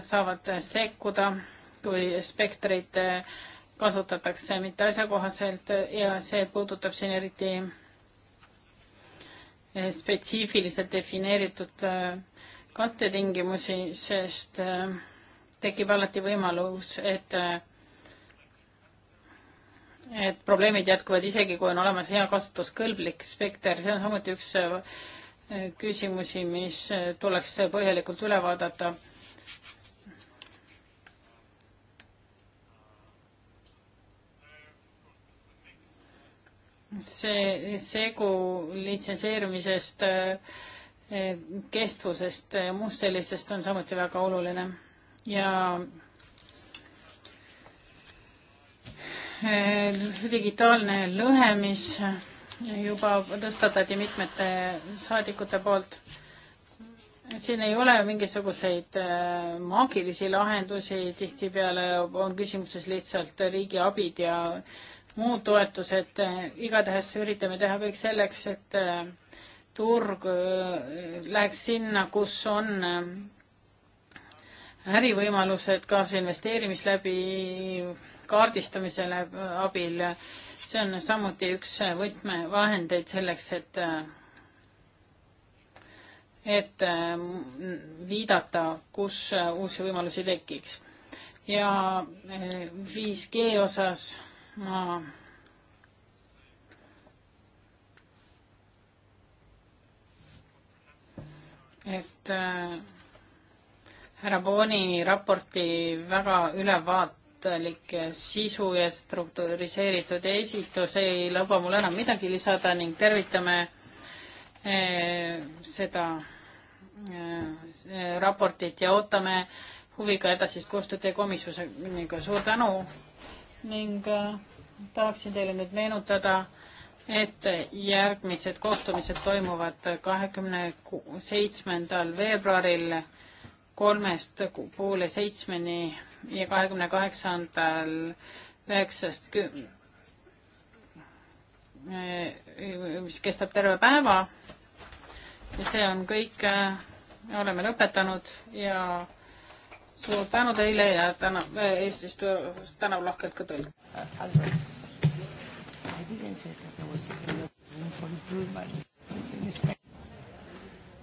saavad sekkuda, kui spektreid kasutatakse mitte asjakohaselt ja see puudutab siin eriti eh, spetsiifiliselt defineeritud eh, kattetingimusi, sest eh, tekib alati võimalus, et et probleemid jätkuvad isegi, kui on olemas hea kasutuskõlblik spekter, see on samuti üks küsimusi, mis tuleks põhjalikult üle vaadata see segu litsenseerimisest, eh, kestvusest ja eh, muust sellisest on samuti väga oluline ja eh, digitaalne lõhe, mis juba tõstatati mitmete saadikute poolt. siin ei ole mingisuguseid maagilisi lahendusi, tihtipeale on küsimuses lihtsalt riigi abid ja äh, muud toetused, eh, igatahes üritame teha kõik selleks, et eh, turg eh, läheks sinna, kus on ärivõimalused kaasinvesteerimis läbi kaardistamisele abil. see on samuti üks võtmevahendeid selleks, et et viidata, kus uusi võimalusi tekiks. ja 5G osas ma et äh, härra Booni raporti väga ülevaatlik sisu ja struktuuriseeritud esitus ei luba mul enam midagi lisada ning tervitame äh, seda äh, raportit ja ootame huviga edasist koostööd teie komisjoniga. suur tänu ning äh, tahaksin teile nüüd meenutada, et järgmised kohtumised toimuvad kahekümne seitsmendal veebruaril kolmest poole seitsmeni ja kahekümne kaheksandal üheksast küm-, äh, mis kestab terve päeva ja see on kõik, äh, oleme lõpetanud ja suur tänu teile ja täna eh, Eestist tänav lahkelt ka teile. I didn't say that there was room for improvement in this